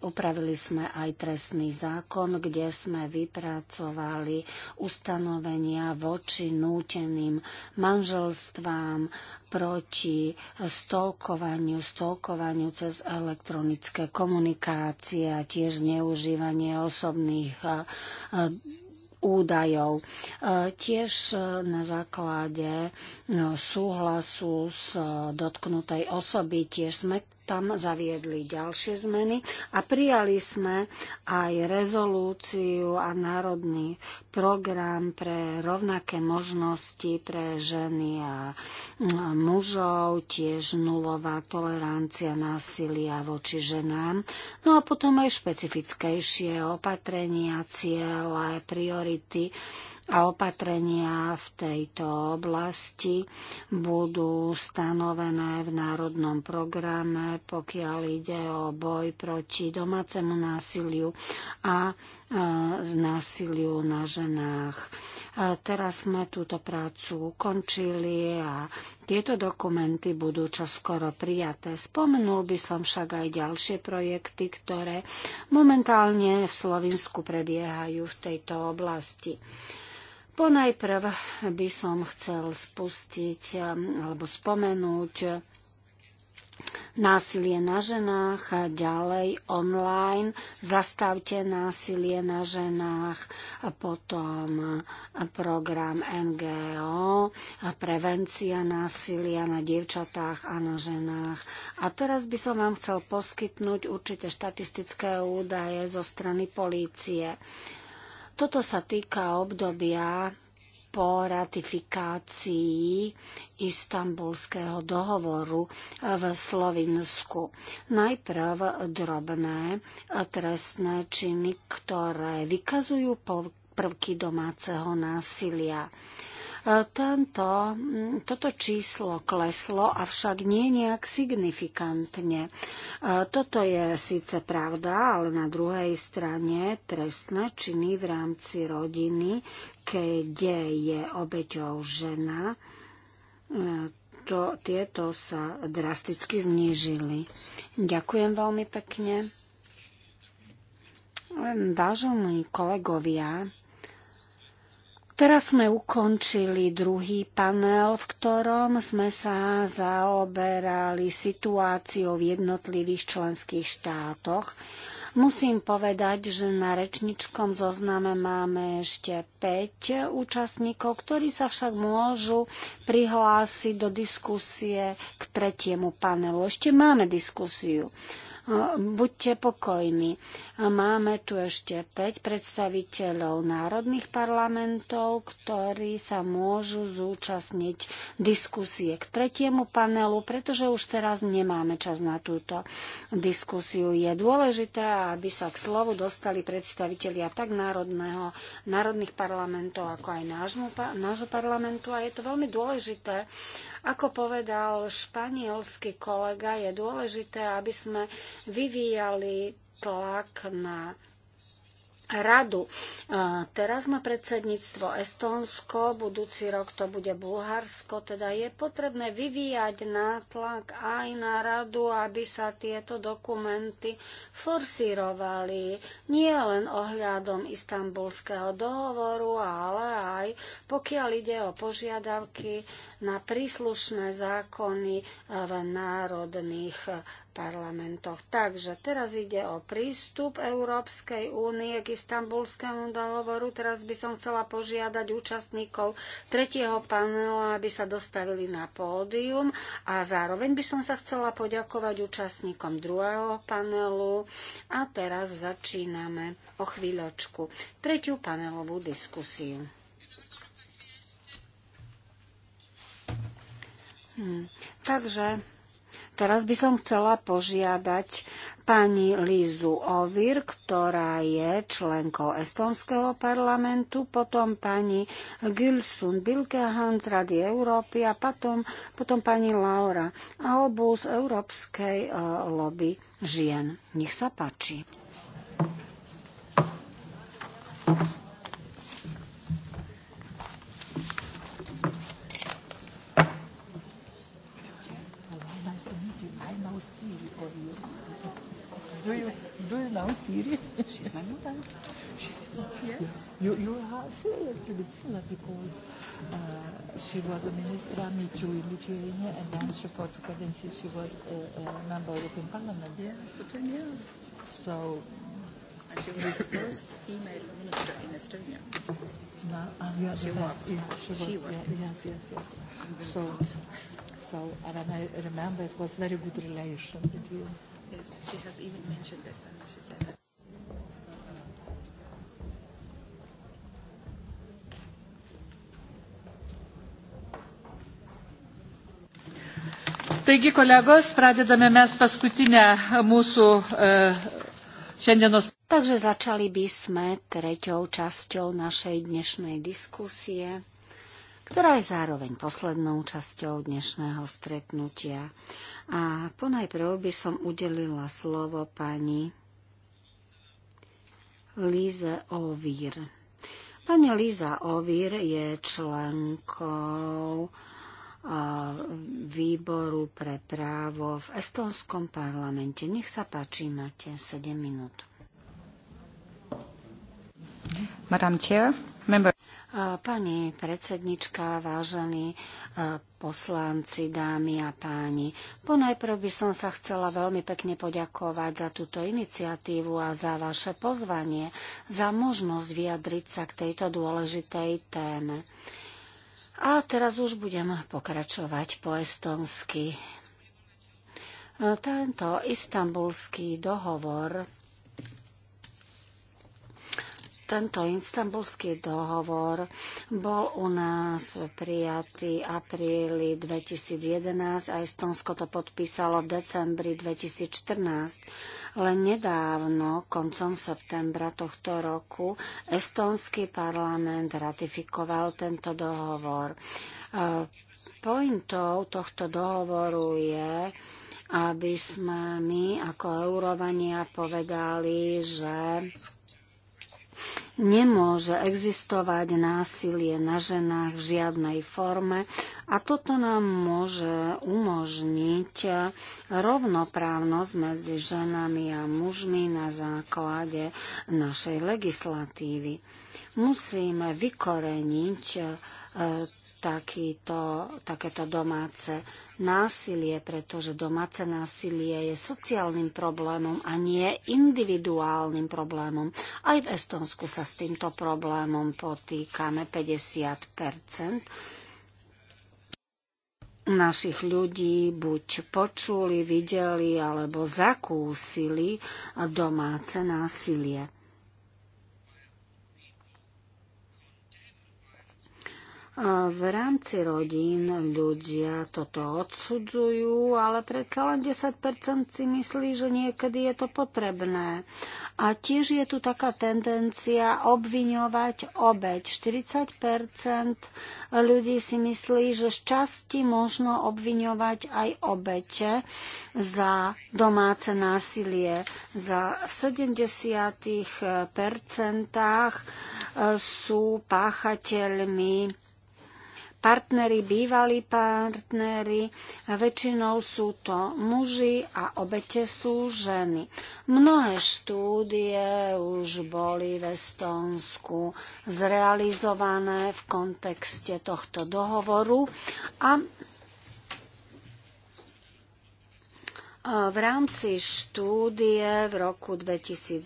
upravili, sme aj trestný zákon, kde sme vypracovali ustanovenia voči núteným manželstvám proti stolkovaniu, stolkovaniu cez elektronické komunikácie a tiež zneužívanie osobných údajov. E, tiež e, na základe no, súhlasu s dotknutej osoby tiež sme tam zaviedli ďalšie zmeny a prijali sme aj rezolúciu a národný program pre rovnaké možnosti pre ženy a mužov, tiež nulová tolerancia násilia voči ženám, no a potom aj špecifickejšie opatrenia, ciele, priority a opatrenia v tejto oblasti budú stanovené v národnom programe pokiaľ ide o boj proti domácemu násiliu a z násiliu na ženách. Teraz sme túto prácu ukončili a tieto dokumenty budú čoskoro prijaté. Spomenul by som však aj ďalšie projekty, ktoré momentálne v Slovensku prebiehajú v tejto oblasti. Ponajprv by som chcel spustiť alebo spomenúť násilie na ženách ďalej online, zastavte násilie na ženách, potom program NGO, prevencia násilia na dievčatách a na ženách. A teraz by som vám chcel poskytnúť určité štatistické údaje zo strany polície. Toto sa týka obdobia po ratifikácii istambulského dohovoru v Slovinsku. Najprv drobné trestné činy, ktoré vykazujú prvky domáceho násilia. Tento, mm, toto číslo kleslo, avšak nie nejak signifikantne. E, toto je síce pravda, ale na druhej strane trestné činy v rámci rodiny, keď je obeťou žena, e, to, tieto sa drasticky znížili. Ďakujem veľmi pekne. Vážení kolegovia, Teraz sme ukončili druhý panel, v ktorom sme sa zaoberali situáciou v jednotlivých členských štátoch. Musím povedať, že na rečničkom zozname máme ešte 5 účastníkov, ktorí sa však môžu prihlásiť do diskusie k tretiemu panelu. Ešte máme diskusiu. Buďte pokojní. Máme tu ešte 5 predstaviteľov národných parlamentov, ktorí sa môžu zúčastniť diskusie k tretiemu panelu, pretože už teraz nemáme čas na túto diskusiu. Je dôležité, aby sa k slovu dostali predstavitelia tak národného, národných parlamentov, ako aj nášmu, nášho parlamentu. A je to veľmi dôležité, ako povedal španielský kolega, je dôležité, aby sme vyvíjali tlak na radu. E, teraz má predsedníctvo Estónsko, budúci rok to bude Bulharsko, teda je potrebné vyvíjať nátlak aj na radu, aby sa tieto dokumenty forsírovali nie len ohľadom istambulského dohovoru, ale aj pokiaľ ide o požiadavky na príslušné zákony v národných parlamentoch. Takže teraz ide o prístup Európskej únie k istambulskému dohovoru. Teraz by som chcela požiadať účastníkov tretieho panela, aby sa dostavili na pódium a zároveň by som sa chcela poďakovať účastníkom druhého panelu a teraz začíname o chvíľočku tretiu panelovú diskusiu. Hmm. Takže Teraz by som chcela požiadať pani Lízu Ovir, ktorá je členkou Estonského parlamentu, potom pani Gülsun Bilkehan z Rady Európy a potom, potom pani Laura Albu z Európskej uh, lobby žien. Nech sa páči. Do you do you know Syria? She's my mother. She's yes. yes. You you are similar to the similar because uh, she was a minister me too in Lithuania and then she for two cadences she was a, a member of European Parliament. Yes, for ten years. So and she was the first female minister in Estonia. No, um, she, Yeah, she was. She was. Yeah, yes, yes. yes. So, so, and I remember it was very good relation between is she has even mentioned this time she said that. Taigi, kolegos, pradedame mes paskutinę mūsų e, šiandienos. Takže začali by sme treťou časťou našej dnešnej diskusie, ktorá je zároveň poslednou časťou dnešného stretnutia. A ponajprv by som udelila slovo pani Líze Ovír. Pani Líza Ovír je členkou výboru pre právo v estonskom parlamente. Nech sa páči, máte 7 minút. Madam Chair, member... Pani predsednička, vážení poslanci, dámy a páni. Ponajprv by som sa chcela veľmi pekne poďakovať za túto iniciatívu a za vaše pozvanie, za možnosť vyjadriť sa k tejto dôležitej téme. A teraz už budem pokračovať po estonsky. Tento istambulský dohovor tento istambulský dohovor bol u nás prijatý apríli 2011 a Estonsko to podpísalo v decembri 2014. Len nedávno, koncom septembra tohto roku, Estonský parlament ratifikoval tento dohovor. E, pointou tohto dohovoru je, aby sme my ako Eurovania povedali, že Nemôže existovať násilie na ženách v žiadnej forme a toto nám môže umožniť rovnoprávnosť medzi ženami a mužmi na základe našej legislatívy. Musíme vykoreniť e, takýto, takéto domáce násilie, pretože domáce násilie je sociálnym problémom a nie individuálnym problémom. Aj v Estonsku sa s týmto problémom potýkame 50 našich ľudí buď počuli, videli alebo zakúsili domáce násilie. V rámci rodín ľudia toto odsudzujú, ale predsa len 10% si myslí, že niekedy je to potrebné. A tiež je tu taká tendencia obviňovať obeď. 40% ľudí si myslí, že z časti možno obviňovať aj obete za domáce násilie. Za v 70% e, sú páchateľmi partnery, bývalí partnery, väčšinou sú to muži a obete sú ženy. Mnohé štúdie už boli v Estonsku zrealizované v kontexte tohto dohovoru a V rámci štúdie v roku 2011,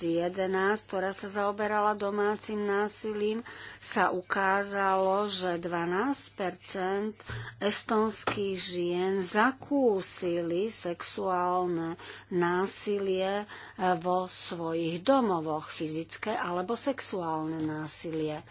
ktorá sa zaoberala domácim násilím, sa ukázalo, že 12 estonských žien zakúsili sexuálne násilie eh, vo svojich domovoch, fyzické alebo sexuálne násilie.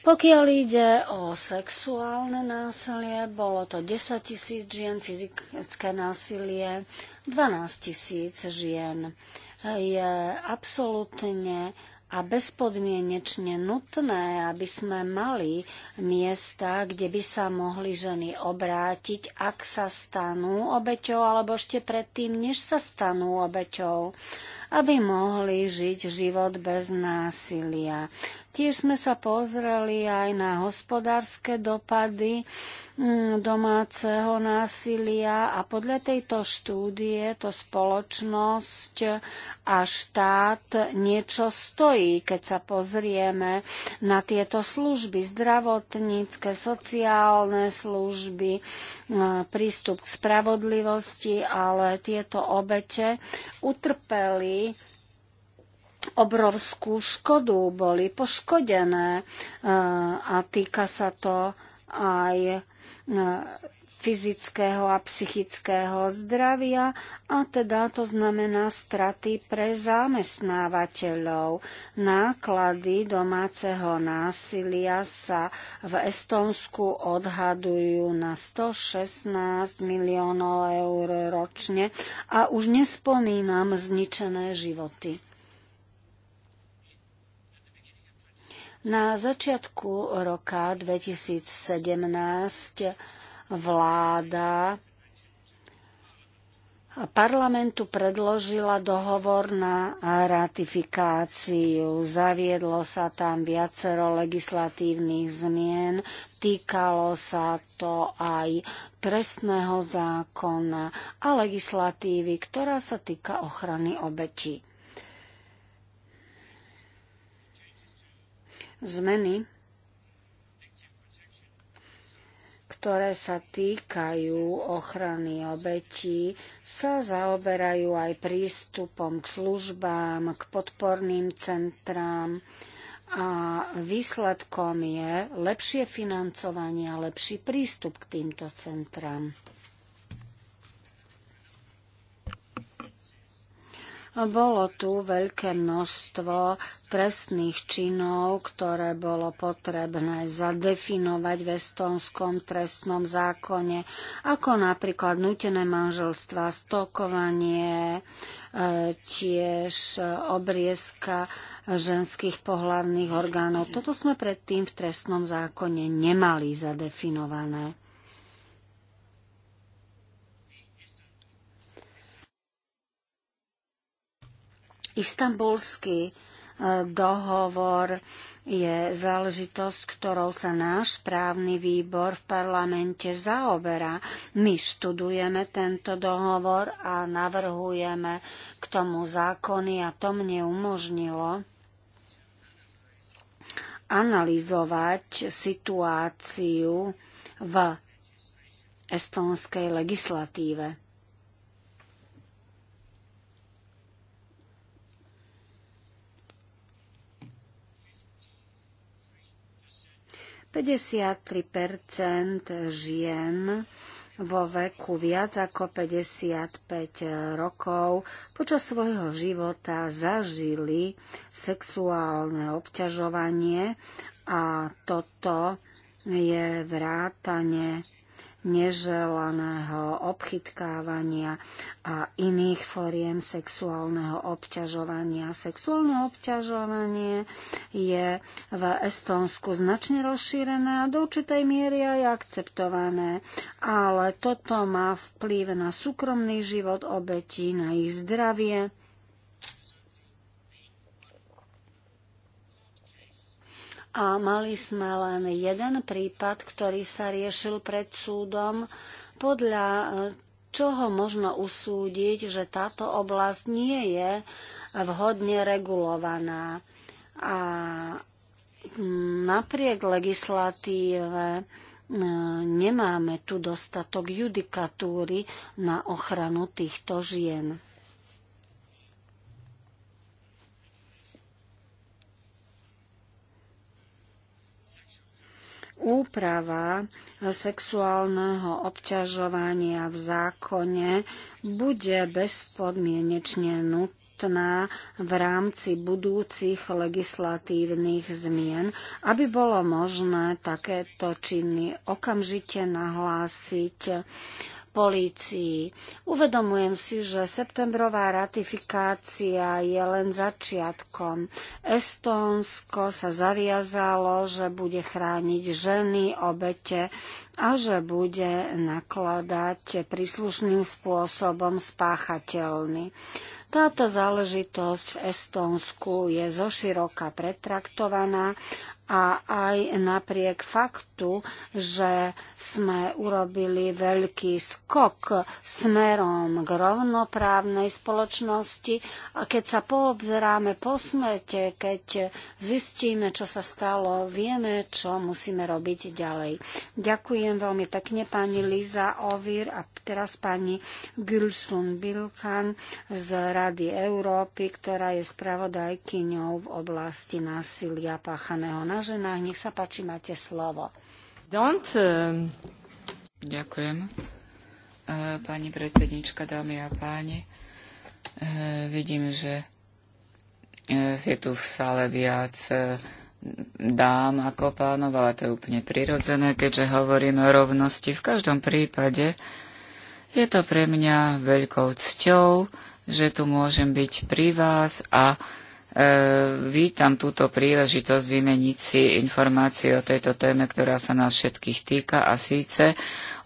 Pokiaľ ide o sexuálne násilie, bolo to 10 tisíc žien, fyzické násilie 12 tisíc žien. Je absolútne a bezpodmienečne nutné, aby sme mali miesta, kde by sa mohli ženy obrátiť, ak sa stanú obeťou, alebo ešte predtým, než sa stanú obeťou aby mohli žiť život bez násilia. Tiež sme sa pozreli aj na hospodárske dopady mm, domáceho násilia a podľa tejto štúdie to spoločnosť a štát niečo stojí, keď sa pozrieme na tieto služby, zdravotnícke, sociálne služby, mm, prístup k spravodlivosti, ale tieto obete utrpeli obrovskú škodu, boli poškodené e, a týka sa to aj e, fyzického a psychického zdravia a teda to znamená straty pre zamestnávateľov. Náklady domáceho násilia sa v Estonsku odhadujú na 116 miliónov eur ročne a už nespomínam zničené životy. Na začiatku roka 2017 vláda parlamentu predložila dohovor na ratifikáciu. Zaviedlo sa tam viacero legislatívnych zmien, týkalo sa to aj trestného zákona a legislatívy, ktorá sa týka ochrany obetí. zmeny, ktoré sa týkajú ochrany obetí, sa zaoberajú aj prístupom k službám, k podporným centrám a výsledkom je lepšie financovanie a lepší prístup k týmto centrám. Bolo tu veľké množstvo trestných činov, ktoré bolo potrebné zadefinovať v estonskom trestnom zákone, ako napríklad nutené manželstva, stokovanie, e, tiež obriezka ženských pohlavných orgánov. Toto sme predtým v trestnom zákone nemali zadefinované. Istanbulský e, dohovor je záležitosť, ktorou sa náš právny výbor v parlamente zaoberá. My študujeme tento dohovor a navrhujeme k tomu zákony a to mne umožnilo analyzovať situáciu v estonskej legislatíve. 53 žien vo veku viac ako 55 rokov počas svojho života zažili sexuálne obťažovanie a toto je vrátane neželaného obchytkávania a iných foriem sexuálneho obťažovania. Sexuálne obťažovanie je v Estonsku značne rozšírené a do určitej miery aj akceptované, ale toto má vplyv na súkromný život obetí, na ich zdravie a mali sme len jeden prípad, ktorý sa riešil pred súdom, podľa eh, čoho možno usúdiť, že táto oblasť nie je vhodne regulovaná. A hm, napriek legislatíve eh, nemáme tu dostatok judikatúry na ochranu týchto žien. úprava sexuálneho obťažovania v zákone bude bezpodmienečne nutná v rámci budúcich legislatívnych zmien, aby bolo možné takéto činy okamžite nahlásiť polícii. Uvedomujem si, že septembrová ratifikácia je len začiatkom. Estónsko sa zaviazalo, že bude chrániť ženy, obete a že bude nakladať príslušným spôsobom spáchateľný. Táto záležitosť v Estónsku je zoširoka pretraktovaná a aj napriek faktu, že sme urobili veľký skok smerom k rovnoprávnej spoločnosti a keď sa poobzeráme po smete, keď zistíme, čo sa stalo, vieme, čo musíme robiť ďalej. Ďakujem veľmi pekne pani Liza Ovir a teraz pani Gülsun Bilkan z Rady Európy, ktorá je spravodajkyňou v oblasti násilia páchaného na na Nech sa páči, máte slovo. Don't, um... Ďakujem. Uh, pani predsednička, dámy a páni, uh, vidím, že je tu v sále viac dám ako pánov, ale to je úplne prirodzené, keďže hovoríme o rovnosti. V každom prípade je to pre mňa veľkou cťou, že tu môžem byť pri vás a E, vítam túto príležitosť vymeniť si informácie o tejto téme, ktorá sa nás všetkých týka a síce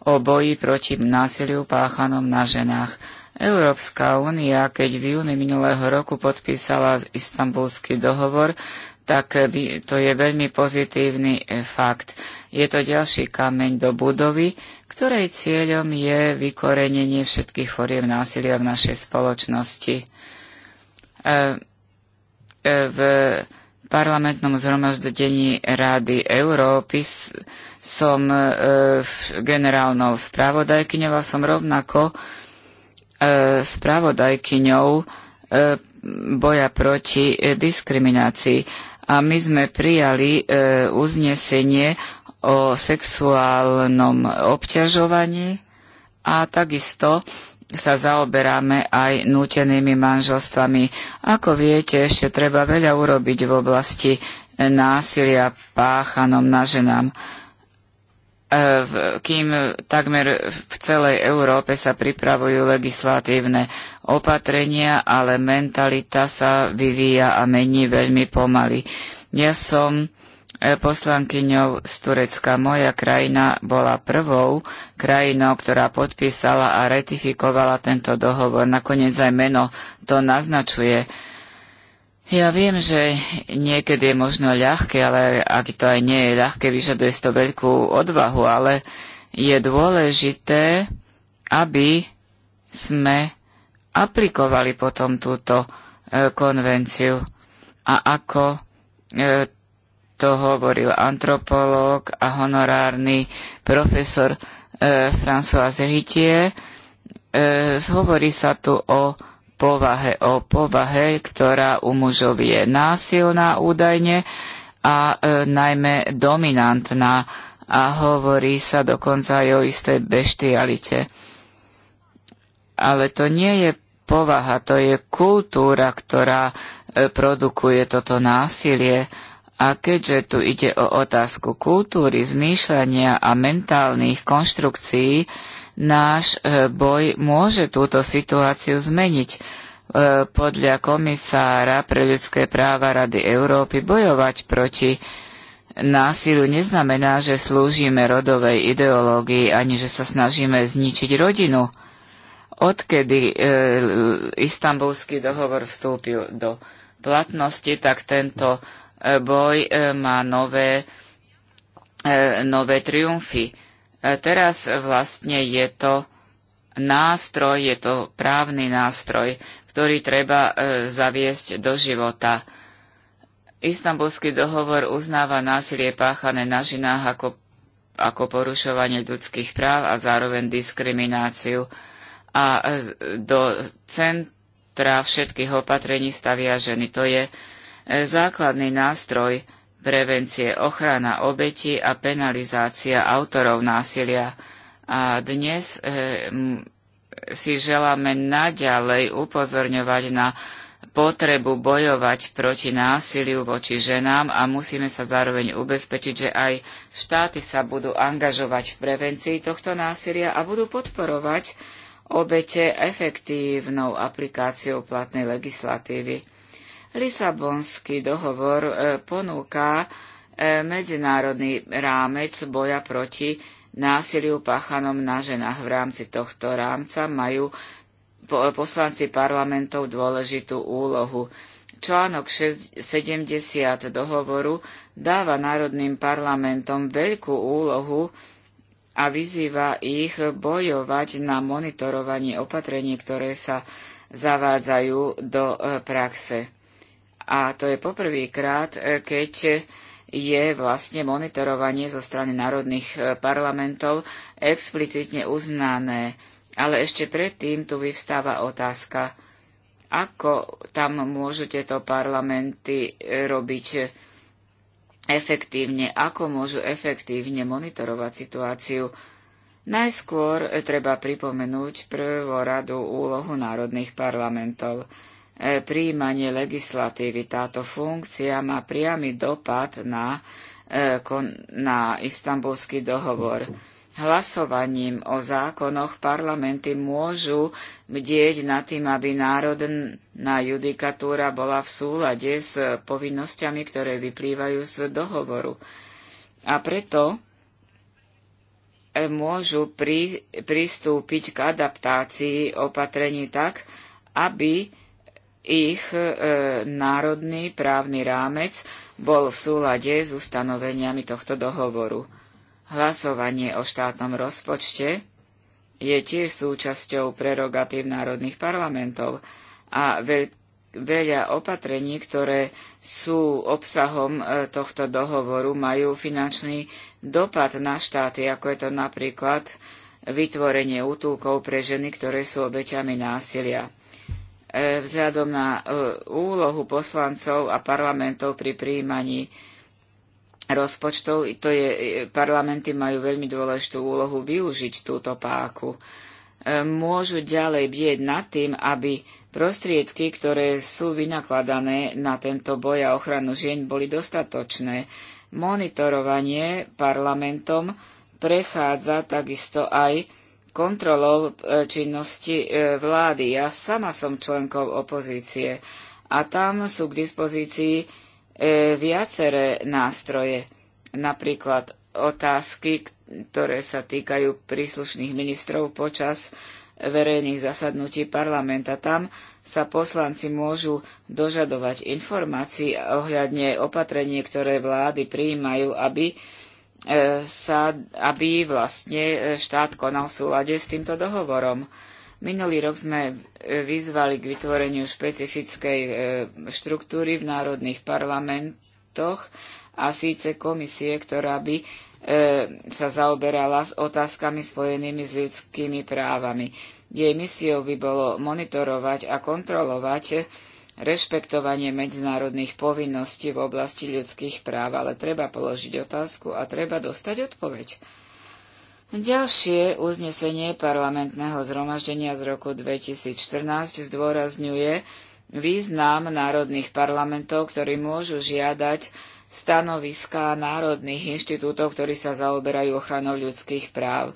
o boji proti násiliu páchanom na ženách. Európska únia, keď v júni minulého roku podpísala istambulský dohovor, tak to je veľmi pozitívny e, fakt. Je to ďalší kameň do budovy, ktorej cieľom je vykorenenie všetkých foriem násilia v našej spoločnosti. E v parlamentnom zhromaždení Rády Európy som e, generálnou spravodajkyňou a som rovnako e, spravodajkyňou e, boja proti diskriminácii. A my sme prijali uznesenie o sexuálnom obťažovaní a takisto sa zaoberáme aj nútenými manželstvami. Ako viete, ešte treba veľa urobiť v oblasti násilia páchanom na ženám. E, kým takmer v celej Európe sa pripravujú legislatívne opatrenia, ale mentalita sa vyvíja a mení veľmi pomaly. Ja som E, poslankyňou z Turecka. Moja krajina bola prvou krajinou, ktorá podpísala a ratifikovala tento dohovor. Nakoniec aj meno to naznačuje. Ja viem, že niekedy je možno ľahké, ale ak to aj nie je ľahké, vyžaduje to veľkú odvahu, ale je dôležité, aby sme aplikovali potom túto e, konvenciu. A ako e, to hovoril antropológ a honorárny profesor e, François Zritier. E, hovorí sa tu o povahe, o povahe, ktorá u mužov je násilná údajne a e, najmä dominantná a hovorí sa dokonca aj o istej beštialite. Ale to nie je povaha, to je kultúra, ktorá e, produkuje toto násilie a keďže tu ide o otázku kultúry, zmýšľania a mentálnych konštrukcií, náš e, boj môže túto situáciu zmeniť. E, podľa komisára pre ľudské práva Rady Európy bojovať proti násilu neznamená, že slúžime rodovej ideológii ani že sa snažíme zničiť rodinu. Odkedy e, istambulský dohovor vstúpil do platnosti, tak tento boj e, má nové, e, nové triumfy. E, teraz vlastne je to nástroj, je to právny nástroj, ktorý treba zaviesť do života. Istanbulský dohovor uznáva násilie páchané na žinách ako, ako porušovanie ľudských práv a zároveň diskrimináciu. A do centra všetkých opatrení stavia ženy. To je základný nástroj prevencie, ochrana obetí a penalizácia autorov násilia. A dnes eh, si želáme naďalej upozorňovať na potrebu bojovať proti násiliu voči ženám a musíme sa zároveň ubezpečiť, že aj štáty sa budú angažovať v prevencii tohto násilia a budú podporovať obete efektívnou aplikáciou platnej legislatívy. Lisabonský dohovor e, ponúka e, medzinárodný rámec boja proti násiliu páchanom na ženách. V rámci tohto rámca majú poslanci parlamentov dôležitú úlohu. Článok 70 dohovoru dáva národným parlamentom veľkú úlohu a vyzýva ich bojovať na monitorovanie opatrení, ktoré sa zavádzajú do e, praxe. A to je poprvýkrát, e, keď je vlastne monitorovanie zo strany národných e, parlamentov explicitne uznané. Ale ešte predtým tu vyvstáva otázka, ako tam môžu tieto parlamenty e, robiť efektívne, ako môžu efektívne monitorovať situáciu. Najskôr treba pripomenúť prvoradu úlohu národných parlamentov. E, príjmanie legislatívy. Táto funkcia má priamy dopad na, e, na istambulský dohovor. Hlasovaním o zákonoch parlamenty môžu bdieť nad tým, aby národná judikatúra bola v súlade s povinnosťami, ktoré vyplývajú z dohovoru. A preto e, môžu pri, pristúpiť k adaptácii opatrení tak, aby ich e, národný právny rámec bol v súlade s ustanoveniami tohto dohovoru. Hlasovanie o štátnom rozpočte je tiež súčasťou prerogatív národných parlamentov a veľ, veľa opatrení, ktoré sú obsahom e, tohto dohovoru, majú finančný dopad na štáty, ako je to napríklad vytvorenie útulkov pre ženy, ktoré sú obeťami násilia. E, vzhľadom na e, úlohu poslancov a parlamentov pri príjmaní rozpočtov. To je, e, parlamenty majú veľmi dôležitú úlohu využiť túto páku. Môžu ďalej bieť nad tým, aby prostriedky, ktoré sú vynakladané na tento boj a ochranu žien, boli dostatočné. Monitorovanie parlamentom prechádza takisto aj kontrolou e, činnosti e, vlády. Ja sama som členkou opozície a tam sú k dispozícii e, viaceré nástroje, napríklad otázky, ktoré sa týkajú príslušných ministrov počas verejných zasadnutí parlamenta. Tam sa poslanci môžu dožadovať informácií ohľadne opatrenie, ktoré vlády prijímajú, aby E, sa, aby vlastne e, štát konal v súlade s týmto dohovorom. Minulý rok sme e, vyzvali k vytvoreniu špecifickej štruktúry v národných parlamentoch a síce komisie, ktorá by sa zaoberala s otázkami spojenými s ľudskými právami. Jej misiou by bolo monitorovať a kontrolovať rešpektovanie medzinárodných povinností v oblasti ľudských práv, ale treba položiť otázku a treba dostať odpoveď. Ďalšie uznesenie parlamentného zhromaždenia z roku 2014 zdôrazňuje význam národných parlamentov, ktorí môžu žiadať stanoviská národných inštitútov, ktorí sa zaoberajú ochranou ľudských práv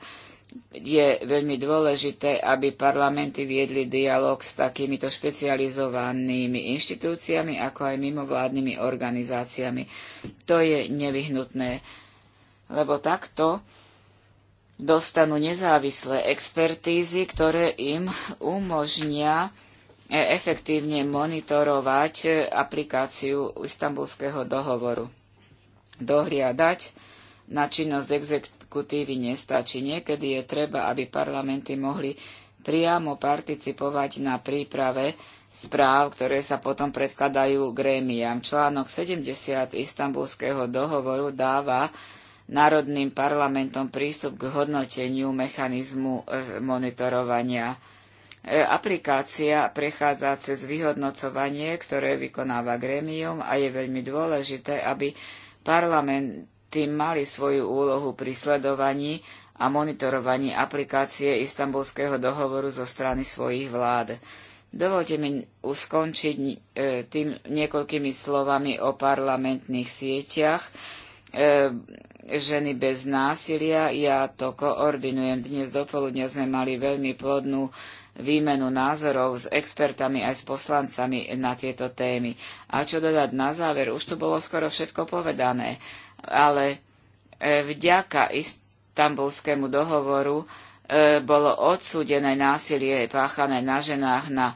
je veľmi dôležité, aby parlamenty viedli dialog s takýmito špecializovanými inštitúciami, ako aj mimovládnymi organizáciami. To je nevyhnutné, lebo takto dostanú nezávislé expertízy, ktoré im umožnia e, efektívne monitorovať e, aplikáciu Istanbulského dohovoru, dohliadať na činnosť exek- exekutívy nestačí. Niekedy je treba, aby parlamenty mohli priamo participovať na príprave správ, ktoré sa potom predkladajú grémiam. Článok 70 Istanbulského dohovoru dáva národným parlamentom prístup k hodnoteniu mechanizmu e, monitorovania. E, aplikácia prechádza cez vyhodnocovanie, ktoré vykonáva grémium a je veľmi dôležité, aby parlament tým mali svoju úlohu pri sledovaní a monitorovaní aplikácie istambulského dohovoru zo strany svojich vlád. Dovolte mi uskončiť e, tým niekoľkými slovami o parlamentných sieťach. E, ženy bez násilia, ja to koordinujem. Dnes dopoludne sme mali veľmi plodnú výmenu názorov s expertami aj s poslancami na tieto témy. A čo dodať na záver, už tu bolo skoro všetko povedané ale e, vďaka istambulskému dohovoru e, bolo odsúdené násilie páchané na ženách na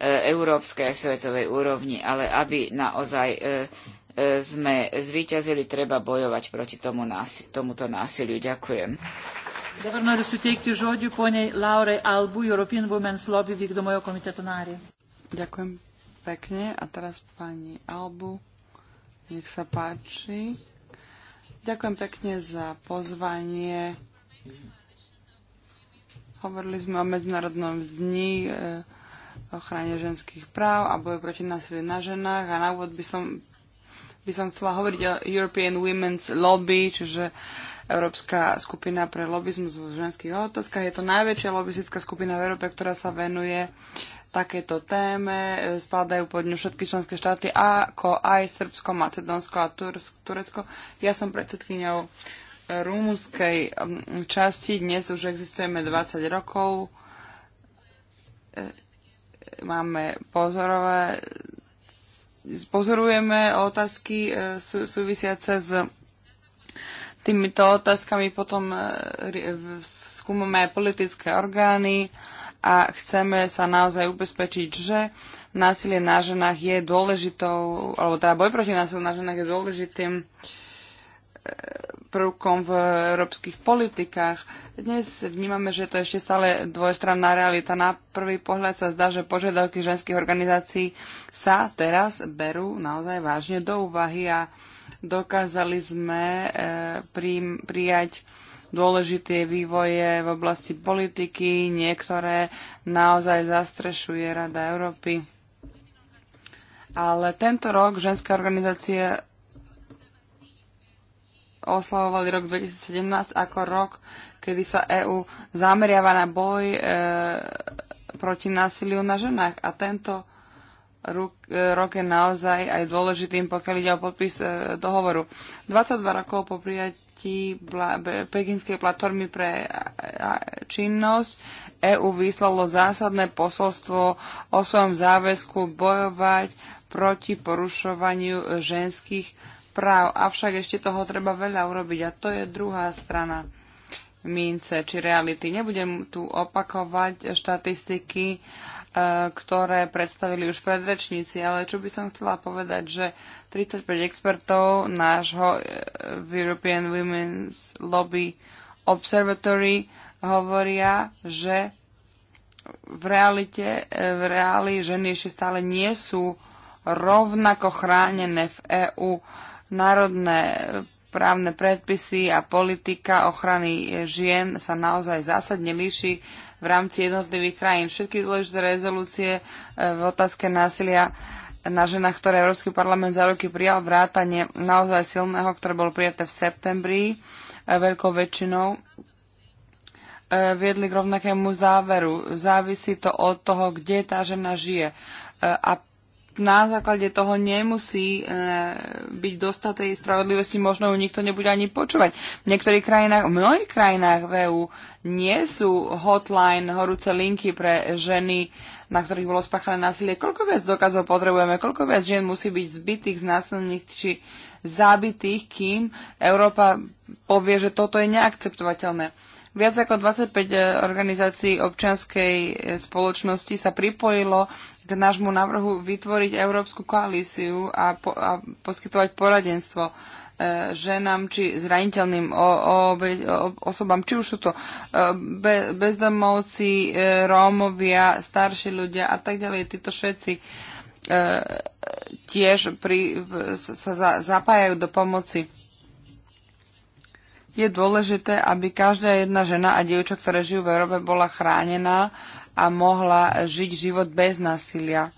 e, európskej a svetovej úrovni, ale aby naozaj sme zvíťazili, treba bojovať proti tomu násil tomuto násiliu. Ďakujem. Dabar noriu suteikti poniai Laurai Albu, European Women's Lobby vykdomojo komiteto narė. Ďakujem pekne. A teraz pani Albu, nech sa páči. Ďakujem pekne za pozvanie. Hovorili sme o Medzinárodnom dni eh, ochrane ženských práv a boju proti násiliu na ženách a na úvod by som, by som chcela hovoriť o European Women's Lobby, čiže Európska skupina pre lobizmus v ženských otázkach. Je to najväčšia lobbystická skupina v Európe, ktorá sa venuje uh, takéto téme. E, spadajú pod ňu všetky členské štáty, ako aj Srbsko, Macedónsko a Turecko. Ja som predsedkyňou e, rumúnskej časti. Dnes už existujeme 20 rokov. E, máme pozorové pozorujeme otázky súvisiace s týmito otázkami, potom skúmame aj politické orgány a chceme sa naozaj ubezpečiť, že násilie na ženách je dôležitou, alebo teda boj proti násiliu na ženách je dôležitým e, prvkom v európskych politikách. Dnes vnímame, že to je ešte stále dvojstranná realita. Na prvý pohľad sa zdá, že požiadavky ženských organizácií sa teraz berú naozaj vážne do úvahy a dokázali sme e, prijať dôležité vývoje v oblasti politiky, niektoré naozaj zastrešuje Rada Európy. Ale tento rok ženské organizácie oslavovali rok 2017 ako rok, kedy sa EÚ zameriava na boj e, proti násiliu na ženách. A tento E, roke naozaj aj dôležitým, pokiaľ ide o podpis e, dohovoru. 22 rokov po prijatí pekinskej platformy pre e, činnosť EÚ vyslalo zásadné posolstvo o svojom záväzku bojovať proti porušovaniu ženských práv. Avšak ešte toho treba veľa urobiť a to je druhá strana mince či reality. Nebudem tu opakovať štatistiky, Eh, ktoré predstavili už predrečníci, ale čo by som chcela povedať, že 35 expertov nášho eh, European Women's Lobby Observatory hovoria, že v realite, eh, v reáli ženy ešte stále nie sú rovnako chránené v EÚ. Národné právne predpisy a politika ochrany e, žien sa naozaj zásadne líši v rámci jednotlivých krajín. Všetky dôležité rezolúcie e, v otázke násilia na ženách, ktoré Európsky parlament za roky prijal vrátanie naozaj silného, ktoré bolo prijaté v septembri e, veľkou väčšinou, viedli k rovnakému záveru. Závisí to od toho, kde tá žena žije. A na základe toho nemusí e, byť dostatej spravodlivosti, možno ju nikto nebude ani počúvať. V niektorých krajinách, v mnohých krajinách v EU nie sú hotline, horúce linky pre ženy, na ktorých bolo spáchané násilie. Koľko viac dokazov potrebujeme, koľko viac žien musí byť zbytých, znásilných či zabitých, kým Európa povie, že toto je neakceptovateľné. Viac ako 25 e, organizácií občianskej e, spoločnosti sa pripojilo k nášmu návrhu vytvoriť európsku koalíciu a, po, a poskytovať poradenstvo e, ženám či zraniteľným o, o, o, osobám, či už sú to be, bezdomovci, Rómovia, starší ľudia a tak ďalej, títo všetci tiež pri, sa zapájajú do pomoci je dôležité, aby každá jedna žena a dievča, ktoré žijú v Európe, bola chránená a mohla žiť život bez násilia.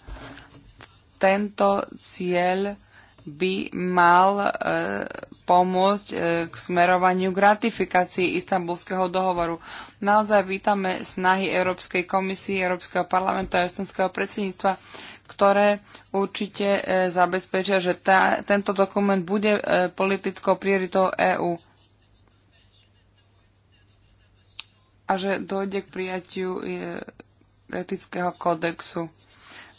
Tento cieľ by mal e, pomôcť e, k smerovaniu k ratifikácii istambulského dohovoru. Naozaj vítame snahy Európskej komisie, Európskeho parlamentu a estonského predsedníctva, ktoré určite e, zabezpečia, že ta, tento dokument bude e, politickou prioritou EÚ. a že dojde k prijatiu e, etického kodexu.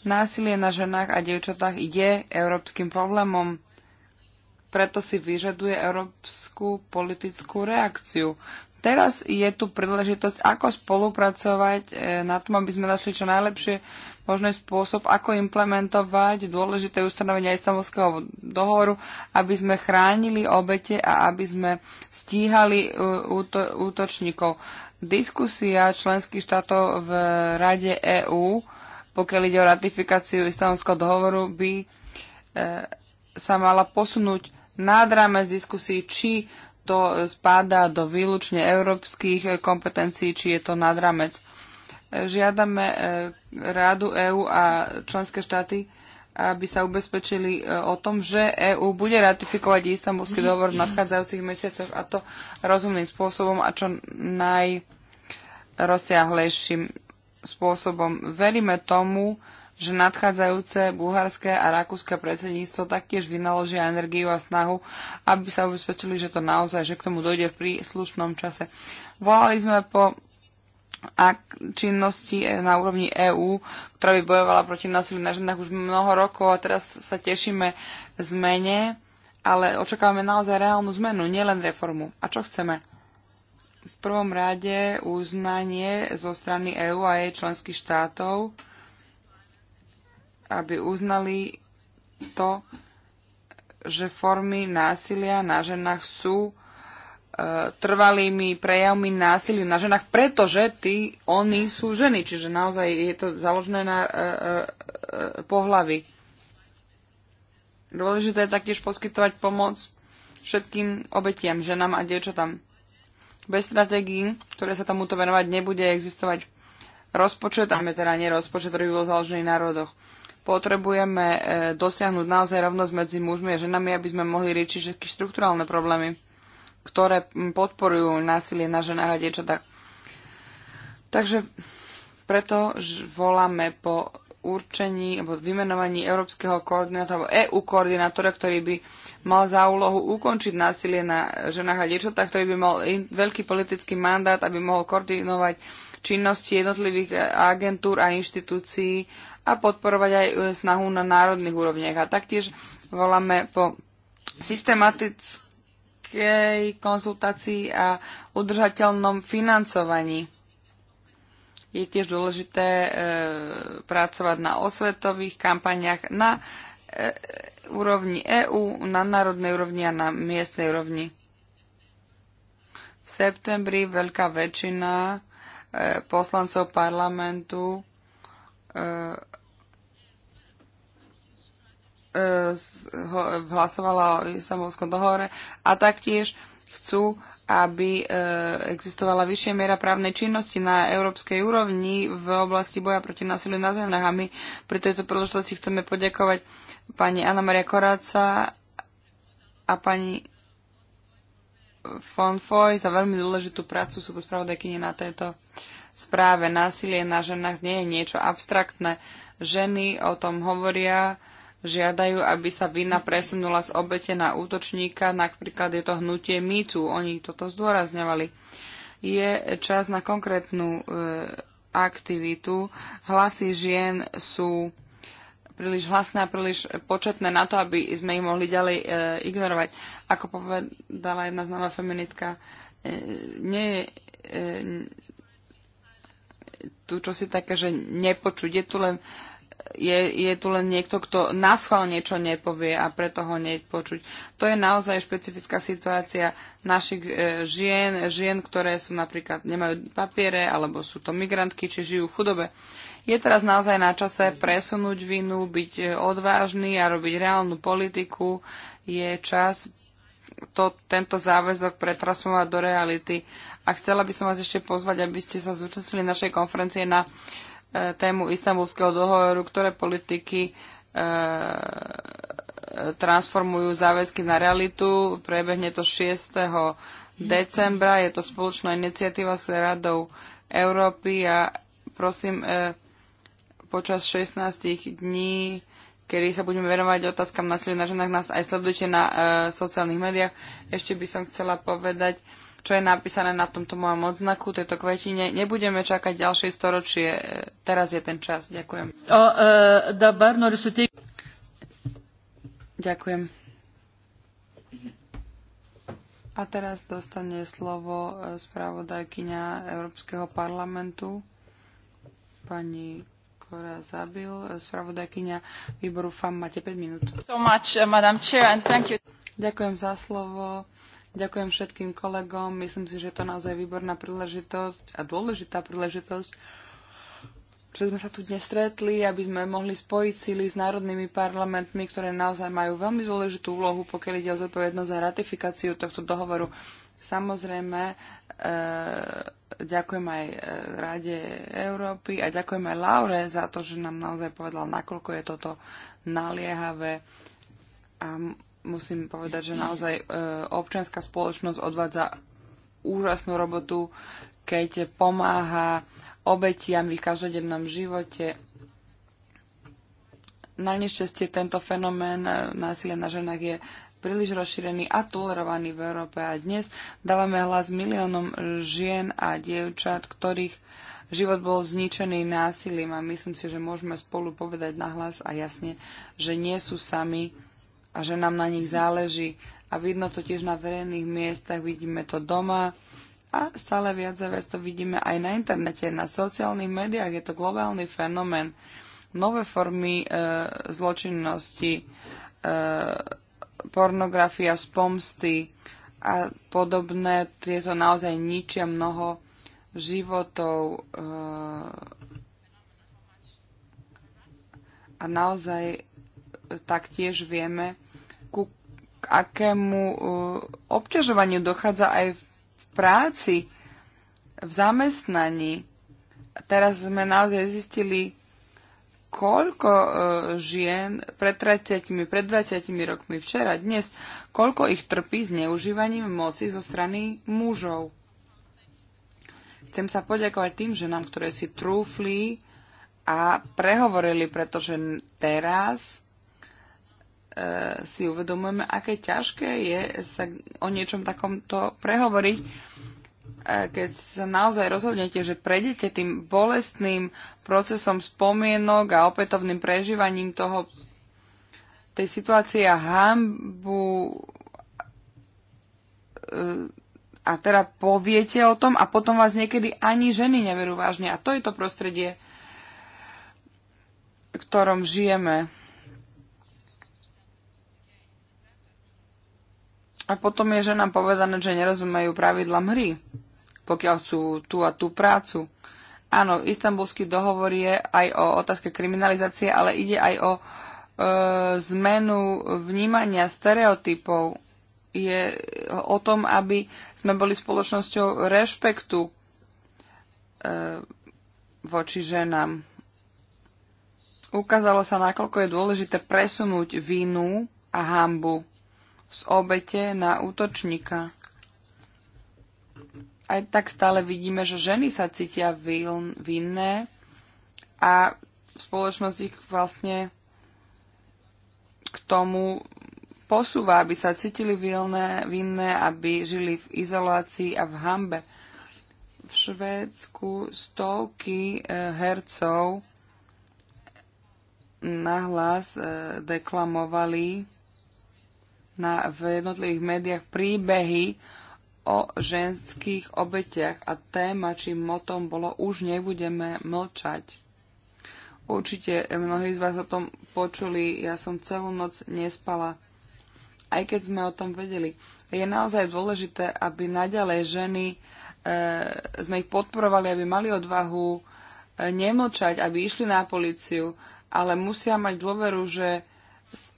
Násilie na ženách a dievčatách je európskym problémom, preto si vyžaduje európsku politickú reakciu. Teraz je tu príležitosť, ako spolupracovať e, na tom, aby sme našli čo najlepšie možný spôsob, ako implementovať dôležité ustanovenia istambulského dohovoru, aby sme chránili obete a aby sme stíhali e, útočníkov. Diskusia členských štátov v Rade EÚ, pokiaľ ide o ratifikáciu Istanbulského dohovoru, by e, sa mala posunúť nad rámec diskusí, či to spadá do výlučne európskych kompetencií, či je to nad rámec. Žiadame e, Rádu EÚ a členské štáty, aby sa ubezpečili e, o tom, že EÚ bude ratifikovať istambulský dohovor v nadchádzajúcich mesiacoch a to rozumným spôsobom a čo naj rozsiahlejším spôsobom. Veríme tomu, že nadchádzajúce bulharské a rakúske predsedníctvo taktiež vynaložia energiu a snahu, aby sa ubezpečili, že to naozaj, že k tomu dojde v príslušnom čase. Volali sme po ak činnosti na úrovni EÚ, ktorá by bojovala proti násiliu na ženách už mnoho rokov a teraz sa tešíme zmene, ale očakávame naozaj reálnu zmenu, nielen reformu. A čo chceme? prvom rade uznanie zo strany EÚ a jej členských štátov, aby uznali to, že formy násilia na ženách sú e, trvalými prejavmi násilia na ženách, pretože tí, oni sú ženy. Čiže naozaj je to založené na e, e, e pohlavy. Dôležité je taktiež poskytovať pomoc všetkým obetiam, ženám a dievčatám. Bez stratégií, ktoré sa tomuto venovať nebude existovať rozpočet, a teda nie rozpočet, ktorý by bol založený na rodoch. Potrebujeme e, dosiahnuť naozaj rovnosť medzi mužmi a ženami, aby sme mohli riešiť všetky štruktúrálne problémy, ktoré podporujú násilie na ženách a dievčatách. Takže preto voláme po určení alebo vymenovaní európskeho koordinátora alebo EU koordinátora, ktorý by mal za úlohu ukončiť násilie na ženách a dievčatách, ktorý by mal in, veľký politický mandát, aby mohol koordinovať činnosti jednotlivých agentúr a inštitúcií a podporovať aj snahu na národných úrovniach. A taktiež voláme po systematickej konzultácii a udržateľnom financovaní je tiež dôležité e, pracovať na osvetových kampaniach na e, úrovni EÚ, na národnej úrovni a na miestnej úrovni. V septembri veľká väčšina e, poslancov parlamentu e, e, hlasovala o istambulskom dohovore a taktiež chcú aby e, existovala vyššia miera právnej činnosti na európskej úrovni v oblasti boja proti násiliu na ženách. A my pri tejto príležitosti chceme poďakovať pani Anna Maria Koráca a pani von Foy za veľmi dôležitú prácu. Sú to spravodajkyne na tejto správe. Násilie na ženách nie je niečo abstraktné. Ženy o tom hovoria žiadajú, aby sa vina presunula z obete na útočníka, napríklad je to hnutie mýtu, oni toto zdôrazňovali. Je čas na konkrétnu e, aktivitu. Hlasy žien sú príliš hlasné a príliš početné na to, aby sme ich mohli ďalej e, ignorovať. Ako povedala jedna známa feministka, e, nie je e, tu čosi také, že nepočuť. Je tu len e, je, je tu len niekto, kto náschval niečo nepovie a preto ho nepočuť. To je naozaj špecifická situácia našich e, žien, žien, ktoré sú napríklad nemajú papiere, alebo sú to migrantky, či žijú v chudobe. Je teraz naozaj na čase presunúť vinu, byť e, odvážny a robiť reálnu politiku. Je čas to, tento záväzok pretransformovať do reality. A chcela by som vás ešte pozvať, aby ste sa zúčastnili našej konferencie na uh, E, tému istambulského dohovoru, ktoré politiky e, transformujú záväzky na realitu. Prebehne to 6. decembra. Je to spoločná iniciatíva s Radou Európy a prosím, e, počas 16 dní kedy sa budeme venovať otázkam násilia na ženách, nás aj sledujte na sociálnych médiách. Ešte by som chcela povedať, čo je napísané na tomto mojom odznaku, tejto kvetine. Nebudeme čakať ďalšie storočie. Teraz je ten čas. Ďakujem. O, e, bar, no, tie... Ďakujem. A teraz dostane slovo e, spravodajkyňa Európskeho parlamentu, pani Kora Zabil, e, spravodajkyňa výboru FAM. Máte 5 minút. So much, e, Madam Chair, and thank you. Ďakujem za slovo Ďakujem všetkým kolegom. Myslím si, že je to naozaj výborná príležitosť a dôležitá príležitosť, že sme sa tu dnes stretli, aby sme mohli spojiť síly s národnými parlamentmi, ktoré naozaj majú veľmi dôležitú úlohu, pokiaľ ide o zodpovednosť za ratifikáciu tohto dohovoru. Samozrejme, e, ďakujem aj e, Rade Európy a ďakujem aj Laure za to, že nám naozaj povedala, nakoľko je toto naliehavé. A musím povedať, že naozaj e, občianská spoločnosť odvádza úžasnú robotu, keď pomáha obetiam v každodennom živote. Na nešťastie tento fenomén e, násilia na ženách je príliš rozšírený a tolerovaný v Európe a dnes dávame hlas miliónom žien a dievčat, ktorých život bol zničený násilím a myslím si, že môžeme spolu povedať nahlas a jasne, že nie sú sami a že nám na nich záleží. A vidno to tiež na verejných miestach, vidíme to doma a stále viac a viac to vidíme aj na internete, na sociálnych médiách. Je to globálny fenomén. Nové formy e, zločinnosti, e, pornografia z pomsty a podobné, tieto naozaj ničia mnoho životov e, a naozaj taktiež vieme, k akému e, obťažovaniu dochádza aj v práci, v zamestnaní. Teraz sme naozaj zistili, koľko e, žien pred 30, pred 20 rokmi, včera, dnes, koľko ich trpí zneužívaním moci zo strany mužov. Chcem sa poďakovať tým ženám, ktoré si trúfli a prehovorili, pretože teraz E, si uvedomujeme, aké ťažké je sa o niečom takomto prehovoriť, e, keď sa naozaj rozhodnete, že prejdete tým bolestným procesom spomienok a opätovným prežívaním toho, tej situácie a hambu e, a teda poviete o tom a potom vás niekedy ani ženy neverú vážne. A to je to prostredie, v ktorom žijeme. A potom je ženám povedané, že nerozumejú pravidlám hry, pokiaľ chcú tú a tú prácu. Áno, istambulský dohovor je aj o otázke kriminalizácie, ale ide aj o e, zmenu vnímania stereotypov. Je o tom, aby sme boli spoločnosťou rešpektu e, voči ženám. Ukázalo sa, nakoľko je dôležité presunúť vinu a hambu z obete na útočníka. Aj tak stále vidíme, že ženy sa cítia vinné a spoločnosť ich vlastne k tomu posúva, aby sa cítili vilné, vinné, aby žili v izolácii a v hambe. V Švédsku stovky e, hercov nahlas e, deklamovali na, v jednotlivých médiách príbehy o ženských obetiach a téma či motom bolo už nebudeme mlčať. Určite mnohí z vás o tom počuli, ja som celú noc nespala, aj keď sme o tom vedeli. Je naozaj dôležité, aby naďalej ženy, e, sme ich podporovali, aby mali odvahu e, nemlčať, aby išli na policiu, ale musia mať dôveru, že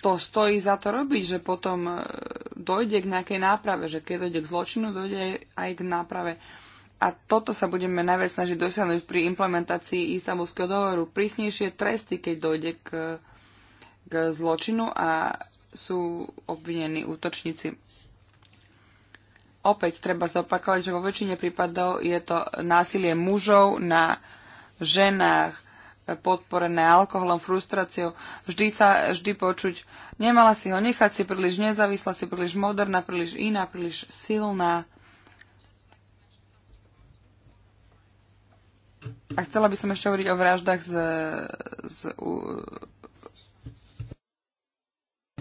to stojí za to robiť, že potom e, dojde k nejakej náprave, že keď dojde k zločinu, dojde aj k náprave. A toto sa budeme najviac snažiť dosiahnuť pri implementácii istambulského dohovoru. Prísnejšie tresty, keď dojde k, k zločinu a sú obvinení útočníci. Opäť treba zopakovať, že vo väčšine prípadov je to násilie mužov na ženách, podporené alkoholom, frustráciou. Vždy sa, vždy počuť, nemala si ho nechať si príliš nezávislá, si príliš moderná, príliš iná, príliš silná. A chcela by som ešte hovoriť o vraždách z, z, u,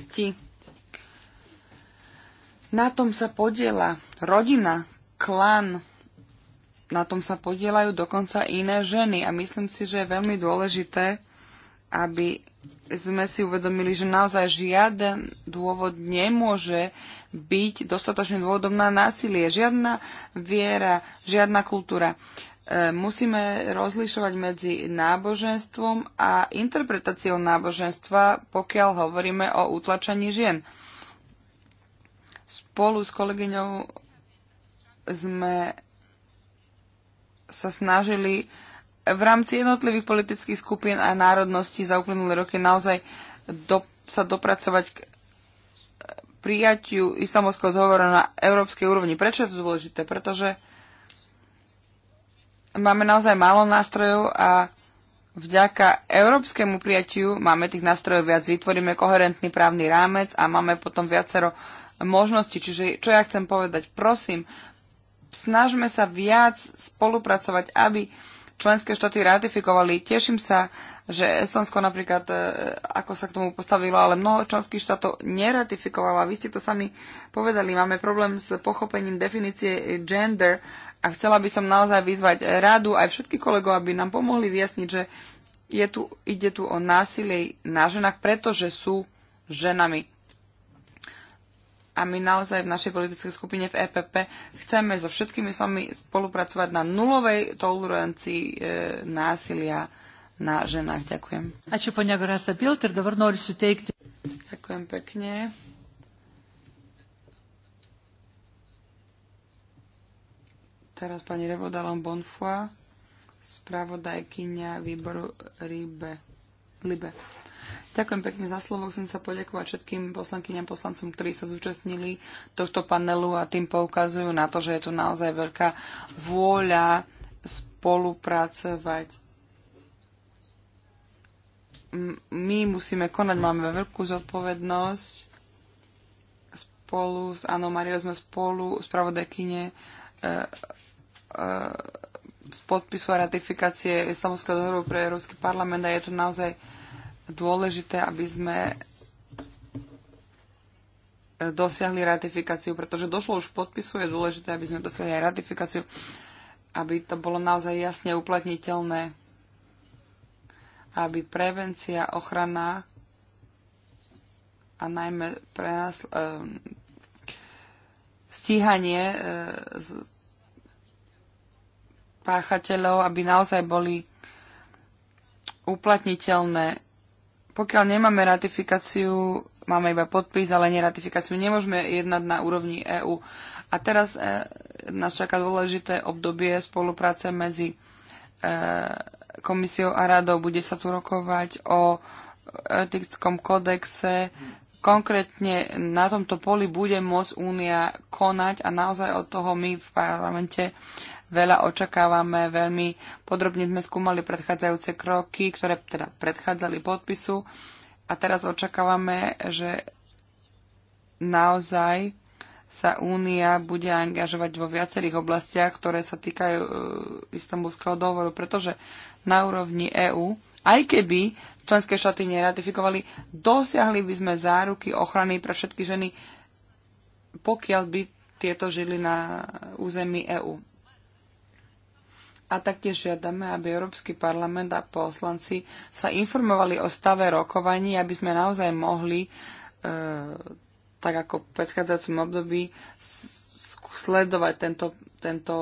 z Na tom sa podiela rodina, klan, na tom sa podielajú dokonca iné ženy a myslím si, že je veľmi dôležité, aby sme si uvedomili, že naozaj žiaden dôvod nemôže byť dostatočným dôvodom na násilie. Žiadna viera, žiadna kultúra. E, musíme rozlišovať medzi náboženstvom a interpretáciou náboženstva, pokiaľ hovoríme o utlačení žien. Spolu s kolegyňou sme sa snažili v rámci jednotlivých politických skupín a národností za uplynulé roky naozaj do, sa dopracovať k prijatiu islamovského dohovoru na európskej úrovni. Prečo je to dôležité? Pretože máme naozaj málo nástrojov a vďaka európskemu prijatiu máme tých nástrojov viac, vytvoríme koherentný právny rámec a máme potom viacero možností. Čiže čo ja chcem povedať? Prosím, snažme sa viac spolupracovať, aby členské štáty ratifikovali. Teším sa, že Estonsko napríklad, e, ako sa k tomu postavilo, ale mnoho členských štátov neratifikovalo. Vy ste to sami povedali, máme problém s pochopením definície gender a chcela by som naozaj vyzvať radu aj všetky kolegov, aby nám pomohli vyjasniť, že je tu, ide tu o násilie na ženách, pretože sú ženami a my naozaj v našej politickej skupine v EPP chceme so všetkými somi spolupracovať na nulovej tolerancii e, násilia na ženách. Ďakujem. A čo poňa sa Pilter, dovrnuli sú teikti. Ďakujem pekne. Teraz pani Revodalon Bonfoy, spravodajkynia výboru Ribe. Libe. Ďakujem pekne za slovo. Chcem sa poďakovať všetkým poslankyňam poslancom, ktorí sa zúčastnili tohto panelu a tým poukazujú na to, že je tu naozaj veľká vôľa spolupracovať. My musíme konať, máme veľkú zodpovednosť spolu s Anou Mariou sme spolu spravodajkyne e, e, z podpisu a ratifikácie Islamovského dohovoru pre Európsky parlament a je to naozaj dôležité, aby sme e, dosiahli ratifikáciu, pretože došlo už v podpisu, je dôležité, aby sme dosiahli aj ratifikáciu, aby to bolo naozaj jasne uplatniteľné, aby prevencia, ochrana a najmä pre nás e, stíhanie e, z, páchateľov, aby naozaj boli uplatniteľné pokiaľ nemáme ratifikáciu, máme iba podpis, ale neratifikáciu, nemôžeme jednať na úrovni EÚ. A teraz e, nás čaká dôležité obdobie spolupráce medzi e, komisiou a radou. Bude sa tu rokovať o etickom kodexe. Konkrétne na tomto poli bude môcť únia konať a naozaj od toho my v parlamente veľa očakávame, veľmi podrobne sme skúmali predchádzajúce kroky, ktoré teda predchádzali podpisu a teraz očakávame, že naozaj sa Únia bude angažovať vo viacerých oblastiach, ktoré sa týkajú e, istambulského dohovoru, pretože na úrovni EÚ, aj keby členské štáty neratifikovali, dosiahli by sme záruky ochrany pre všetky ženy, pokiaľ by tieto žili na území EÚ a taktiež žiadame, aby Európsky parlament a poslanci sa informovali o stave rokovaní, aby sme naozaj mohli, e, tak ako v predchádzajúcom období, sledovať tento, tento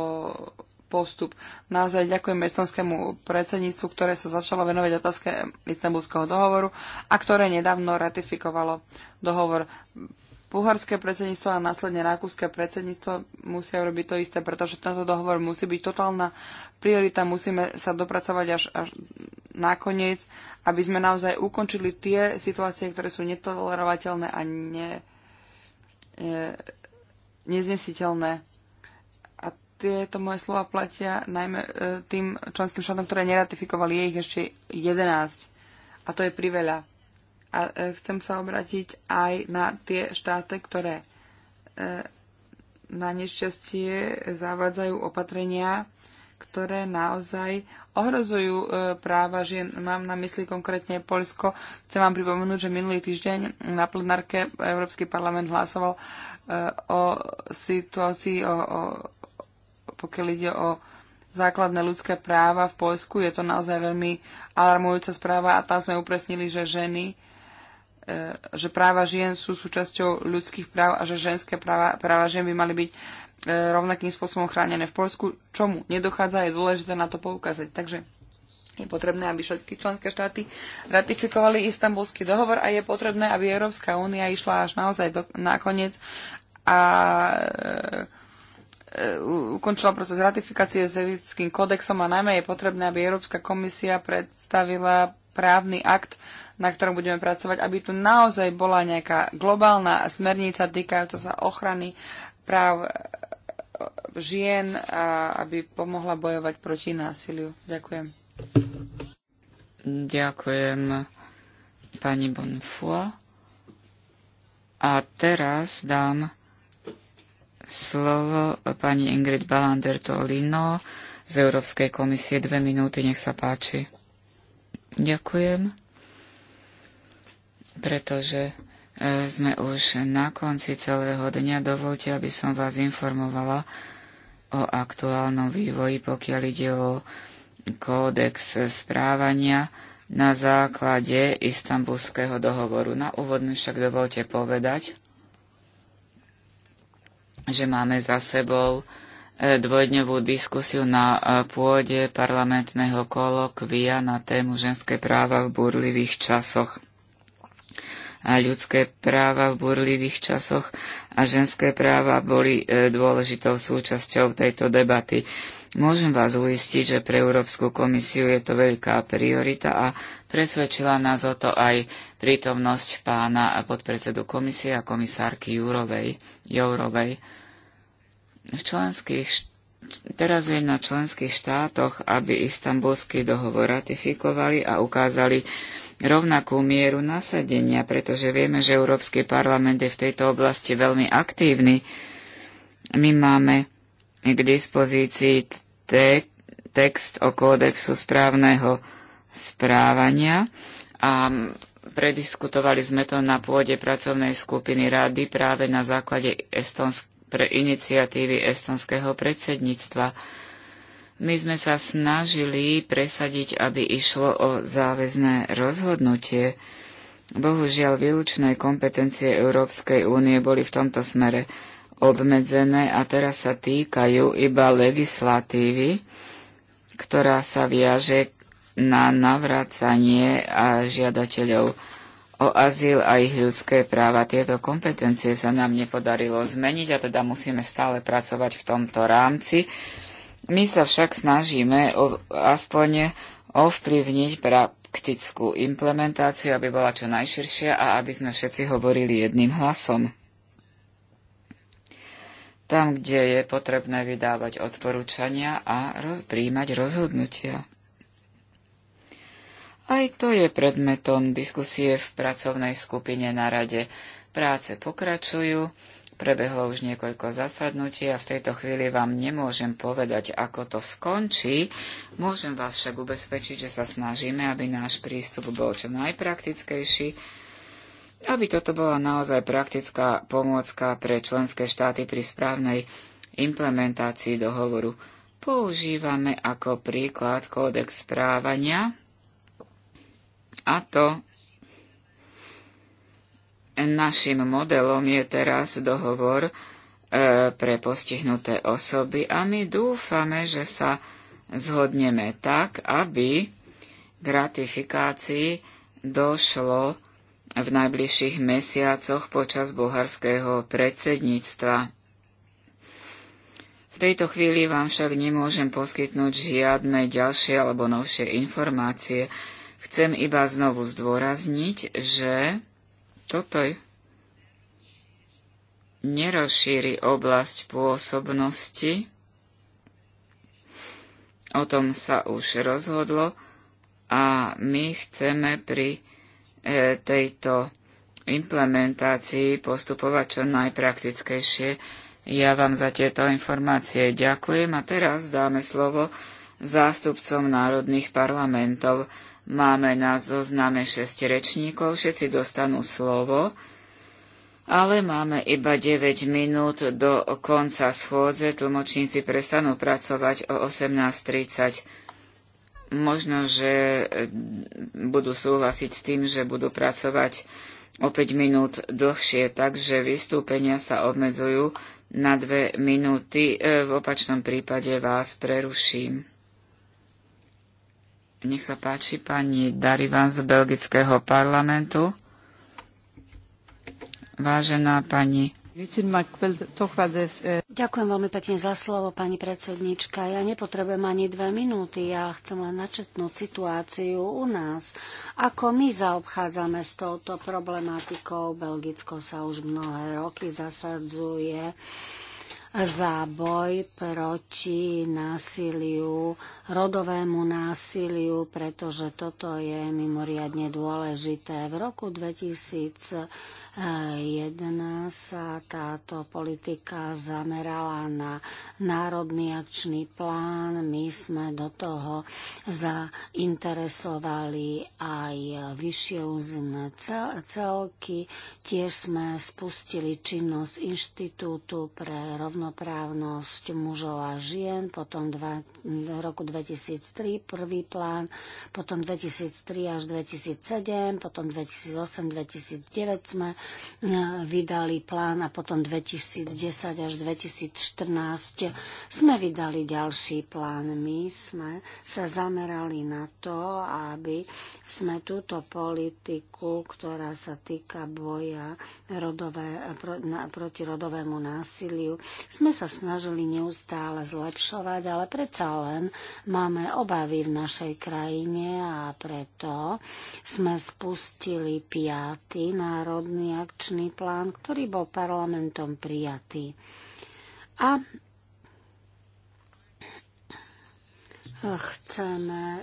postup. Naozaj ďakujem estonskému predsedníctvu, ktoré sa začalo venovať otázke istambulského dohovoru a ktoré nedávno ratifikovalo dohovor. Bulharské predsedníctvo a následne rakúske predsedníctvo musia urobiť to isté, pretože tento dohovor musí byť totálna priorita, musíme sa dopracovať až, až nakoniec, aby sme naozaj ukončili tie situácie, ktoré sú netolerovateľné a ne, e, neznesiteľné. A tieto moje slova platia najmä e, tým členským štátom, ktoré neratifikovali, je ich ešte 11. A to je priveľa. A e, chcem sa obrátiť aj na tie štáty, ktoré e, na nešťastie zavádzajú opatrenia, ktoré naozaj ohrozujú e, práva žien. Mám na mysli konkrétne Polsko. Chcem vám pripomenúť, že minulý týždeň na plenárke Európsky parlament hlasoval o situácii, o, o, pokiaľ ide o základné ľudské práva v Polsku. Je to naozaj veľmi alarmujúca správa a tam sme upresnili, že ženy E, že práva žien sú súčasťou ľudských práv a že ženské práva, práva žien by mali byť e, rovnakým spôsobom chránené v Polsku. Čomu nedochádza, je dôležité na to poukázať. Takže je potrebné, aby všetky členské štáty ratifikovali istambulský dohovor a je potrebné, aby Európska únia išla až naozaj do, koniec a e, ukončila proces ratifikácie s etickým kodexom a najmä je potrebné, aby Európska komisia predstavila právny akt, na ktorom budeme pracovať, aby tu naozaj bola nejaká globálna smernica týkajúca sa ochrany práv e, žien a aby pomohla bojovať proti násiliu. Ďakujem. Ďakujem pani Bonfoy. A teraz dám slovo pani Ingrid Balander-Tolino z Európskej komisie. Dve minúty, nech sa páči. Ďakujem, pretože e, sme už na konci celého dňa. Dovolte, aby som vás informovala o aktuálnom vývoji, pokiaľ ide o kódex správania na základe istambulského dohovoru. Na úvodne však dovolte povedať, že máme za sebou dvojdňovú diskusiu na e, pôde parlamentného kolokvia na tému ženské práva v burlivých časoch. A ľudské práva v burlivých časoch a ženské práva boli e, dôležitou súčasťou tejto debaty. Môžem vás uistiť, že pre Európsku komisiu je to veľká priorita a presvedčila nás o to aj prítomnosť pána podpredsedu komisie a komisárky Jourovej. Jourovej. V členských Teraz je na členských štátoch, aby istambulský dohovor ratifikovali a ukázali rovnakú mieru nasadenia, pretože vieme, že Európsky parlament je v tejto oblasti veľmi aktívny. My máme k dispozícii te- text o kódexu správneho správania a prediskutovali sme to na pôde pracovnej skupiny rady práve na základe estonsk- pre iniciatívy estonského predsedníctva. My sme sa snažili presadiť, aby išlo o záväzné rozhodnutie. Bohužiaľ, výlučné kompetencie Európskej únie boli v tomto smere obmedzené a teraz sa týkajú iba legislatívy, ktorá sa viaže na navracanie a žiadateľov o azyl a ich ľudské práva. Tieto kompetencie sa nám nepodarilo zmeniť a teda musíme stále pracovať v tomto rámci. My sa však snažíme o, aspoň ovplyvniť praktickú implementáciu, aby bola čo najširšia a aby sme všetci hovorili jedným hlasom. Tam, kde je potrebné vydávať odporúčania a roz, príjmať rozhodnutia. Aj to je predmetom diskusie v pracovnej skupine na rade. Práce pokračujú, prebehlo už niekoľko zasadnutí a v tejto chvíli vám nemôžem povedať, ako to skončí. Môžem vás však ubezpečiť, že sa snažíme, aby náš prístup bol čo najpraktickejší, aby toto bola naozaj praktická pomôcka pre členské štáty pri správnej implementácii dohovoru. Používame ako príklad kódex správania, a to našim modelom je teraz dohovor e, pre postihnuté osoby a my dúfame, že sa zhodneme tak, aby k ratifikácii došlo v najbližších mesiacoch počas bulharského predsedníctva. V tejto chvíli vám však nemôžem poskytnúť žiadne ďalšie alebo novšie informácie. Chcem iba znovu zdôrazniť, že toto nerozšíri oblasť pôsobnosti, o tom sa už rozhodlo a my chceme pri e, tejto implementácii postupovať čo najpraktickejšie. Ja vám za tieto informácie ďakujem a teraz dáme slovo zástupcom národných parlamentov. Máme na zozname šesť rečníkov, všetci dostanú slovo, ale máme iba 9 minút do konca schôdze. Tlmočníci prestanú pracovať o 18.30 možno, že mm, budú súhlasiť s tým, že budú pracovať o 5 minút dlhšie, takže vystúpenia sa obmedzujú na 2 minúty. E, v opačnom prípade vás preruším. Nech sa páči pani Darivan z Belgického parlamentu. Vážená pani Ďakujem veľmi pekne za slovo, pani predsednička. Ja nepotrebujem ani dve minúty. Ja chcem len načetnúť situáciu u nás. Ako my zaobchádzame s touto problematikou, Belgicko sa už mnohé roky zasadzuje za boj proti násiliu, rodovému násiliu, pretože toto je mimoriadne dôležité. V roku 2001 sa táto politika zamerala na národný akčný plán. My sme do toho zainteresovali aj vyššie územné celky. Tiež sme spustili činnosť Inštitútu pre rovnosť rovnoprávnosť mužov a žien, potom dva, roku 2003 prvý plán, potom 2003 až 2007, potom 2008-2009 sme e, vydali plán a potom 2010 až 2014 sme vydali ďalší plán. My sme sa zamerali na to, aby sme túto politiku, ktorá sa týka boja rodové, pro, na, proti rodovému násiliu, sme sa snažili neustále zlepšovať, ale predsa len máme obavy v našej krajine a preto sme spustili piaty národný akčný plán, ktorý bol parlamentom prijatý. A chceme e,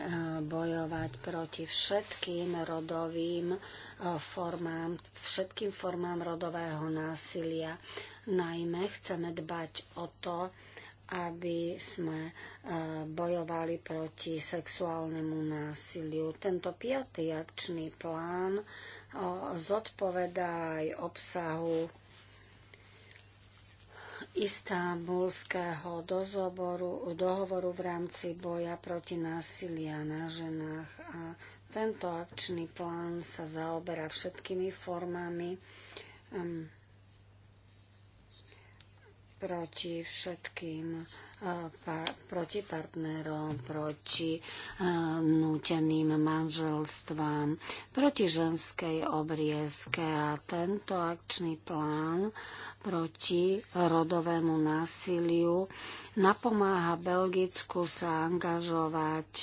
bojovať proti všetkým rodovým e, formám, všetkým formám rodového násilia. Najmä chceme dbať o to, aby sme e, bojovali proti sexuálnemu násiliu. Tento piatý akčný plán e, zodpovedá aj obsahu istambulského dozoboru, dohovoru v rámci boja proti násilia na ženách. A tento akčný plán sa zaoberá všetkými formami um, proti všetkým, proti partnerom, proti núteným manželstvám, proti ženskej obriezke a tento akčný plán proti rodovému násiliu, napomáha Belgicku sa angažovať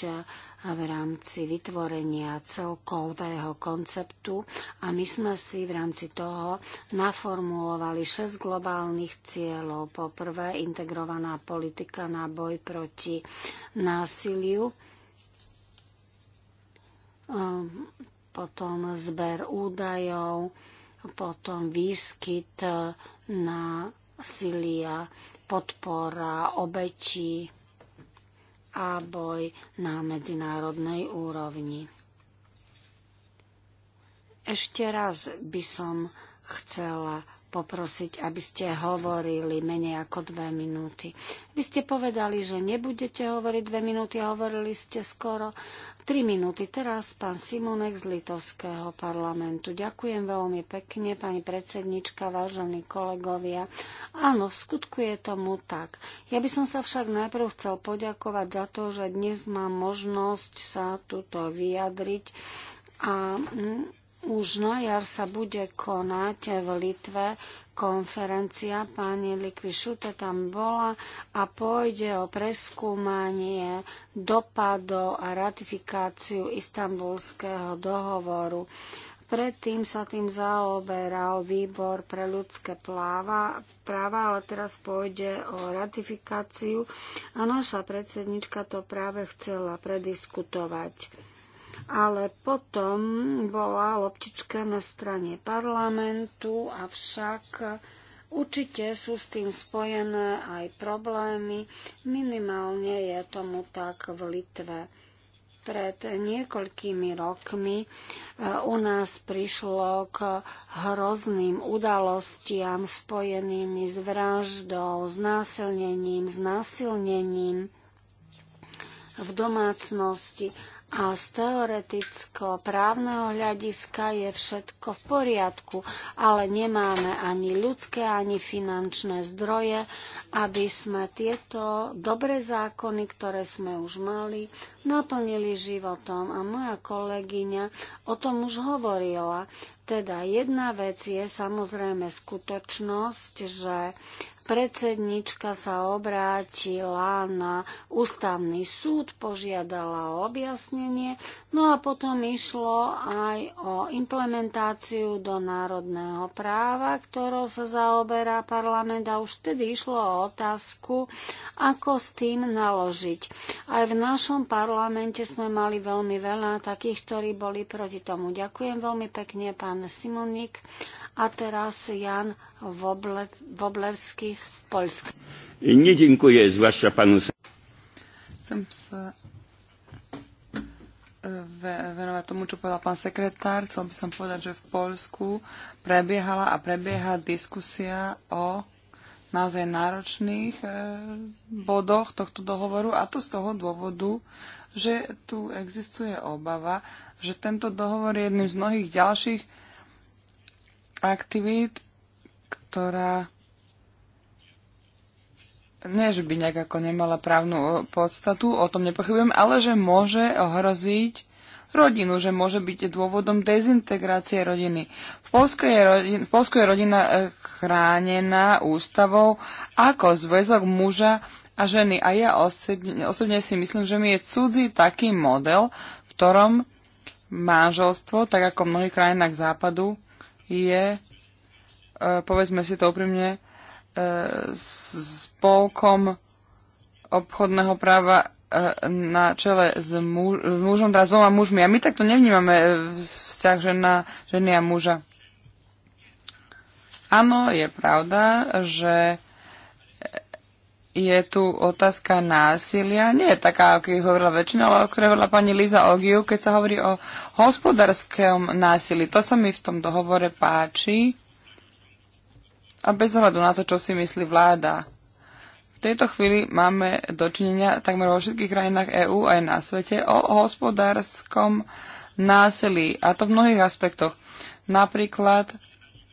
v rámci vytvorenia celkového konceptu a my sme si v rámci toho naformulovali 6 globálnych cieľov. Po prvé, integrovaná politika na boj proti násiliu. Ehm, potom zber údajov, potom výskyt e, na silia, podpora obetí a boj na medzinárodnej úrovni. Ešte raz by som chcela poprosiť, aby ste hovorili menej ako dve minúty. Vy ste povedali, že nebudete hovoriť dve minúty, hovorili ste skoro tri minúty. Teraz pán Simonek z Litovského parlamentu. Ďakujem veľmi pekne, pani predsednička, vážení kolegovia. Áno, v skutku je tomu tak. Ja by som sa však najprv chcel poďakovať za to, že dnes mám možnosť sa tuto vyjadriť a mm, už na jar sa bude konať v Litve konferencia. Pani Likvišute tam bola a pôjde o preskúmanie dopadov a ratifikáciu istambulského dohovoru. Predtým sa tým zaoberal výbor pre ľudské práva, práva, ale teraz pôjde o ratifikáciu a naša predsednička to práve chcela prediskutovať ale potom bola loptička na strane parlamentu, avšak Určite sú s tým spojené aj problémy. Minimálne je tomu tak v Litve. Pred niekoľkými rokmi e, u nás prišlo k hrozným udalostiam spojeným s vraždou, s násilnením, s násilnením v domácnosti a z teoreticko-právneho hľadiska je všetko v poriadku, ale nemáme ani ľudské, ani finančné zdroje, aby sme tieto dobré zákony, ktoré sme už mali, naplnili životom. A moja kolegyňa o tom už hovorila. Teda jedna vec je samozrejme skutočnosť, že Predsednička sa obrátila na ústavný súd, požiadala o objasnenie, no a potom išlo aj o implementáciu do národného práva, ktorou sa zaoberá parlament a už vtedy išlo o otázku, ako s tým naložiť. Aj v našom parlamente sme mali veľmi veľa takých, ktorí boli proti tomu. Ďakujem veľmi pekne, pán Simonik. A teraz Jan Woble, Woblewski z Polski. Nie dziękuję, zwłaszcza panu... Chcem sa e, venovať tomu, čo povedal pán sekretár. Chcel by som povedať, že v Polsku prebiehala a prebieha diskusia o naozaj náročných e, bodoch tohto dohovoru a to z toho dôvodu, že tu existuje obava, že tento dohovor je jedným z mnohých ďalších aktivít, ktorá nie, že by nejakako nemala právnu podstatu, o tom nepochybujem, ale že môže ohroziť rodinu, že môže byť dôvodom dezintegrácie rodiny. V Polsku je, rodin, v Polsku je rodina e, chránená ústavou ako zväzok muža a ženy. A ja osobne, osobne si myslím, že mi je cudzí taký model, v ktorom manželstvo, tak ako v mnohých krajinách západu, je, e, povedzme si to úprimne, e, spolkom obchodného práva e, na čele s, muž, s mužom, teda s dvoma mužmi. A my takto nevnímame vzťah žena, ženy a muža. Áno, je pravda, že je tu otázka násilia. Nie je taká, o ktorej hovorila väčšina, ale o ktorej hovorila pani Liza Ogiu, keď sa hovorí o hospodárskom násilí. To sa mi v tom dohovore páči. A bez ohľadu na to, čo si myslí vláda. V tejto chvíli máme dočinenia takmer vo všetkých krajinách EÚ aj na svete o hospodárskom násilí. A to v mnohých aspektoch. Napríklad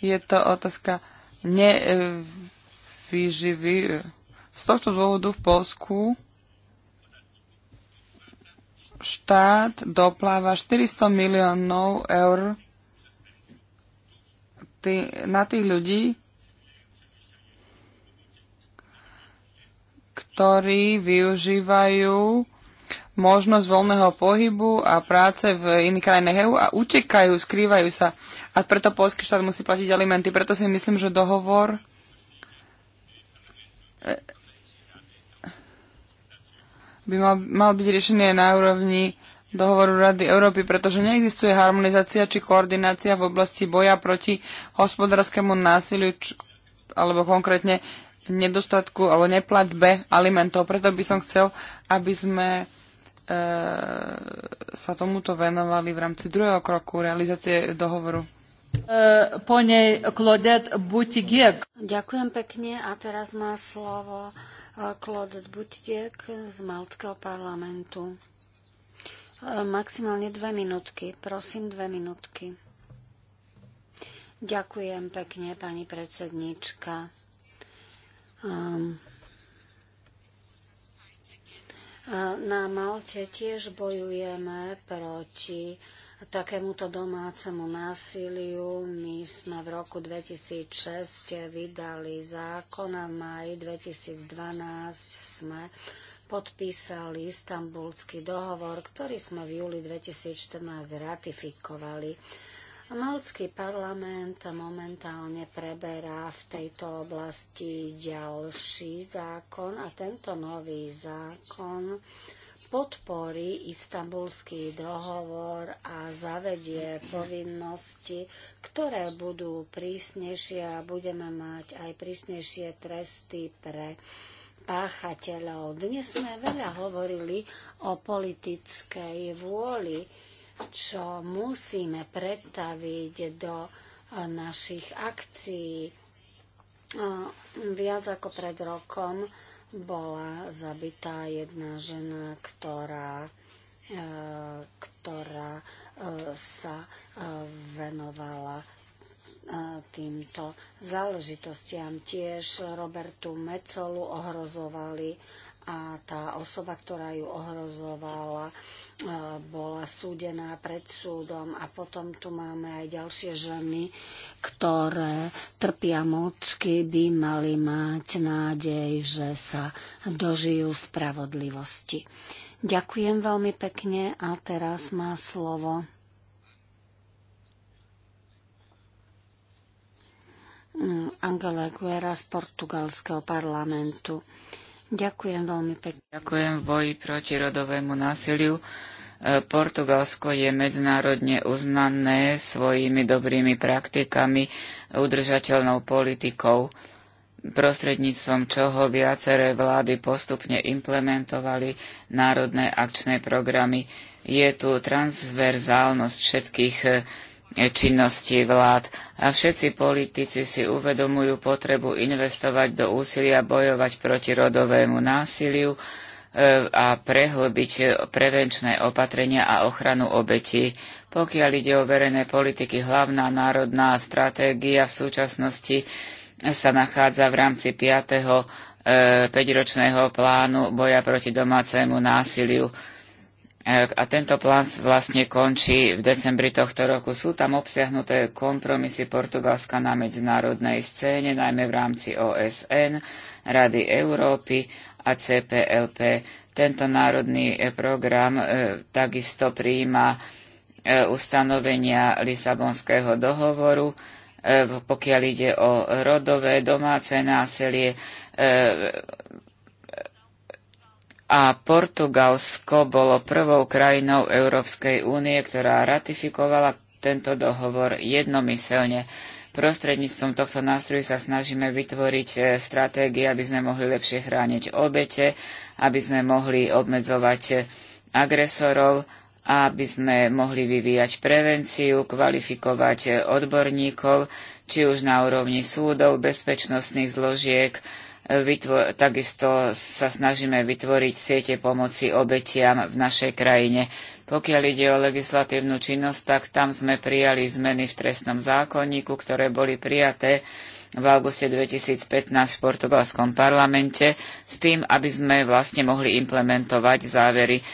je to otázka nevýživy, e, z tohto dôvodu v Polsku štát dopláva 400 miliónov eur tý, na tých ľudí, ktorí využívajú možnosť voľného pohybu a práce v iných krajinách EU a utekajú, skrývajú sa. A preto polský štát musí platiť alimenty. Preto si myslím, že dohovor by mal, mal byť riešený aj na úrovni dohovoru Rady Európy, pretože neexistuje harmonizácia či koordinácia v oblasti boja proti hospodárskému násiliu či, alebo konkrétne nedostatku alebo neplatbe alimentov. Preto by som chcel, aby sme e, sa tomuto venovali v rámci druhého kroku realizácie dohovoru. E, pone Butigiek. Ďakujem pekne a teraz má slovo Claude Butiek z Maltského parlamentu. Maximálne dve minútky. Prosím, dve minútky. Ďakujem pekne, pani predsednička. Um, na Malte tiež bojujeme proti takémuto domácemu násiliu. My sme v roku 2006 vydali zákon a v maji 2012 sme podpísali istambulský dohovor, ktorý sme v júli 2014 ratifikovali. Malcký parlament momentálne preberá v tejto oblasti ďalší zákon a tento nový zákon podporí istambulský dohovor a zavedie povinnosti, ktoré budú prísnejšie a budeme mať aj prísnejšie tresty pre páchateľov. Dnes sme veľa hovorili o politickej vôli, čo musíme pretaviť do našich akcií. Viac ako pred rokom bola zabitá jedna žena, ktorá, e, ktorá e, sa e, venovala týmto záležitostiam. Tiež Robertu Mecolu ohrozovali a tá osoba, ktorá ju ohrozovala, e, bola súdená pred súdom a potom tu máme aj ďalšie ženy, ktoré trpia mocky, by mali mať nádej, že sa dožijú spravodlivosti. Ďakujem veľmi pekne a teraz má slovo Angela Guerra z portugalského parlamentu. Ďakujem veľmi pekne. Ďakujem v boji proti rodovému násiliu. E, Portugalsko je medzinárodne uznané svojimi dobrými praktikami, udržateľnou politikou, prostredníctvom čoho viaceré vlády postupne implementovali národné akčné programy. Je tu transverzálnosť všetkých e, činnosti vlád. A všetci politici si uvedomujú potrebu investovať do úsilia bojovať proti rodovému násiliu e, a prehlbiť e, prevenčné opatrenia a ochranu obetí. Pokiaľ ide o verejné politiky, hlavná národná stratégia v súčasnosti sa nachádza v rámci 5. 5-ročného e, plánu boja proti domácemu násiliu a tento plán vlastne končí v decembri tohto roku. Sú tam obsiahnuté kompromisy Portugalska na medzinárodnej scéne, najmä v rámci OSN, Rady Európy a CPLP. Tento národný e, program e, takisto prijíma e, ustanovenia Lisabonského dohovoru, pokiaľ ide o rodové, domáce násilie, a Portugalsko bolo prvou krajinou Európskej únie, ktorá ratifikovala tento dohovor jednomyselne. Prostredníctvom tohto nástroju sa snažíme vytvoriť e, stratégie, aby sme mohli lepšie chrániť obete, aby sme mohli obmedzovať e, agresorov, aby sme mohli vyvíjať prevenciu, kvalifikovať e, odborníkov, či už na úrovni súdov, bezpečnostných zložiek, takisto sa snažíme vytvoriť siete pomoci obetiam v našej krajine. Pokiaľ ide o legislatívnu činnosť, tak tam sme prijali zmeny v trestnom zákonníku, ktoré boli prijaté v auguste 2015 v portugalskom parlamente s tým, aby sme vlastne mohli implementovať závery e,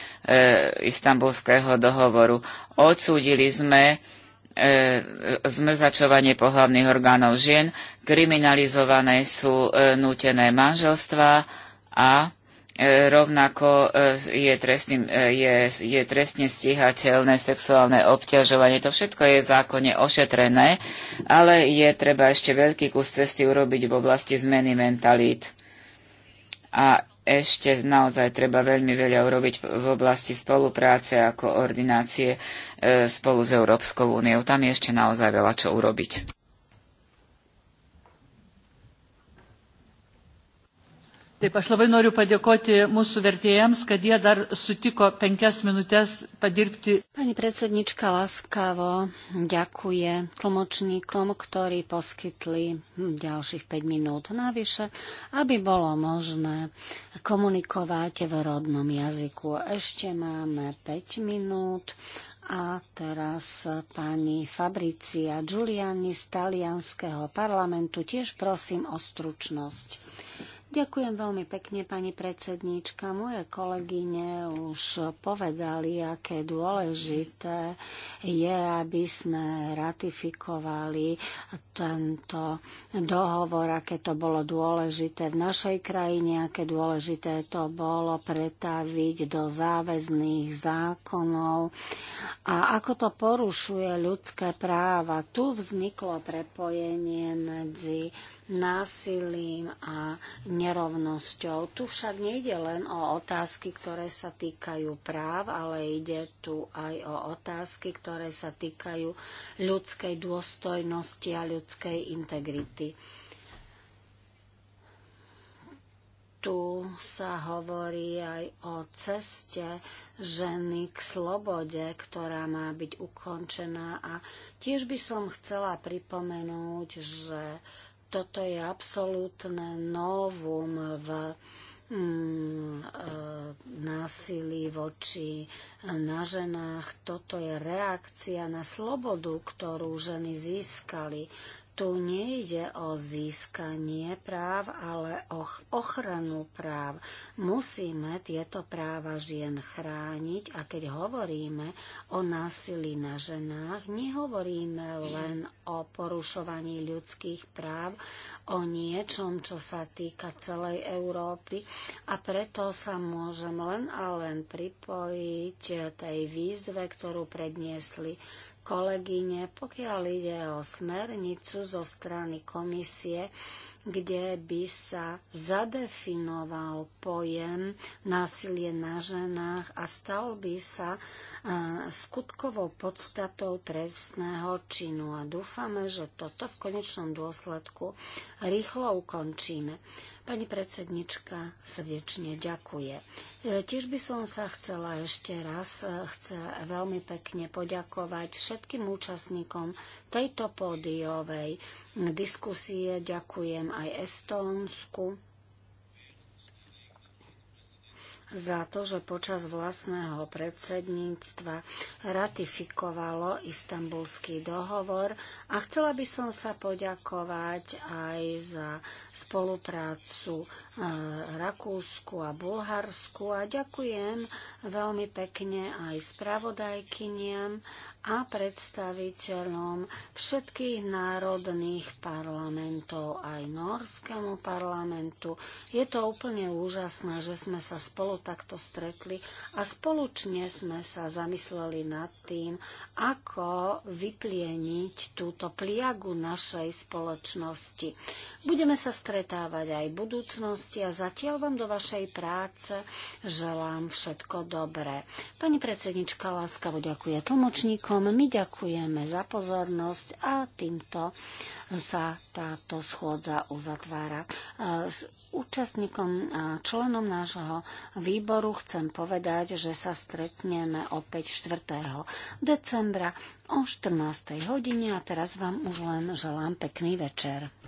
istambulského dohovoru. Odsúdili sme E, zmrzačovanie pohlavných orgánov žien, kriminalizované sú e, nútené manželstvá a e, rovnako je, trestným, je, je trestne stíhateľné sexuálne obťažovanie. To všetko je v zákone ošetrené, ale je treba ešte veľký kus cesty urobiť v oblasti zmeny mentalít. A ešte naozaj treba veľmi veľa urobiť v oblasti spolupráce a koordinácie e, spolu s Európskou úniou. Tam je ešte naozaj veľa čo urobiť. Taip, aš labai noriu padėkoti mūsų vertėjams, kad jie dar sutiko penkias minutės padirbti. Pani predsednička laskavo ďakuje tlmočníkom, ktorí poskytli ďalších 5 minút navyše, aby bolo možné komunikovať v rodnom jazyku. Ešte máme 5 minút a teraz pani Fabricia Giuliani z talianského parlamentu. Tiež prosím o stručnosť. Ďakujem veľmi pekne, pani predsedníčka. Moje kolegyne už povedali, aké dôležité je, aby sme ratifikovali tento dohovor, aké to bolo dôležité v našej krajine, aké dôležité to bolo pretaviť do záväzných zákonov a ako to porušuje ľudské práva. Tu vzniklo prepojenie medzi násilím a nerovnosťou. Tu však nejde len o otázky, ktoré sa týkajú práv, ale ide tu aj o otázky, ktoré sa týkajú ľudskej dôstojnosti a ľudskej integrity. tu sa hovorí aj o ceste ženy k slobode, ktorá má byť ukončená. A tiež by som chcela pripomenúť, že toto je absolútne novum v mm, e, násilí voči e, na ženách. Toto je reakcia na slobodu, ktorú ženy získali tu nejde o získanie práv, ale o ochranu práv. Musíme tieto práva žien chrániť a keď hovoríme o násilí na ženách, nehovoríme len o porušovaní ľudských práv, o niečom, čo sa týka celej Európy a preto sa môžem len a len pripojiť tej výzve, ktorú predniesli kolegyne, pokiaľ ide o smernicu zo strany komisie, kde by sa zadefinoval pojem násilie na ženách a stal by sa e, skutkovou podstatou trestného činu. A dúfame, že toto v konečnom dôsledku rýchlo ukončíme. Pani predsednička, srdečne ďakuje. E, tiež by som sa chcela ešte raz e, chce veľmi pekne poďakovať všetkým účastníkom tejto pódiovej diskusie. Ďakujem aj Estónsku za to, že počas vlastného predsedníctva ratifikovalo istambulský dohovor a chcela by som sa poďakovať aj za spoluprácu Rakúsku a Bulharsku a ďakujem veľmi pekne aj spravodajkyniam a predstaviteľom všetkých národných parlamentov, aj norskému parlamentu. Je to úplne úžasné, že sme sa spolu takto stretli a spoločne sme sa zamysleli nad tým, ako vyplieniť túto pliagu našej spoločnosti. Budeme sa stretávať aj v budúcnosti, udalosti a zatiaľ vám do vašej práce želám všetko dobré. Pani predsednička láskavo ďakuje tlmočníkom, my ďakujeme za pozornosť a týmto sa táto schôdza uzatvára. E, s účastníkom a členom nášho výboru chcem povedať, že sa stretneme opäť 4. decembra o 14. hodine a teraz vám už len želám pekný večer.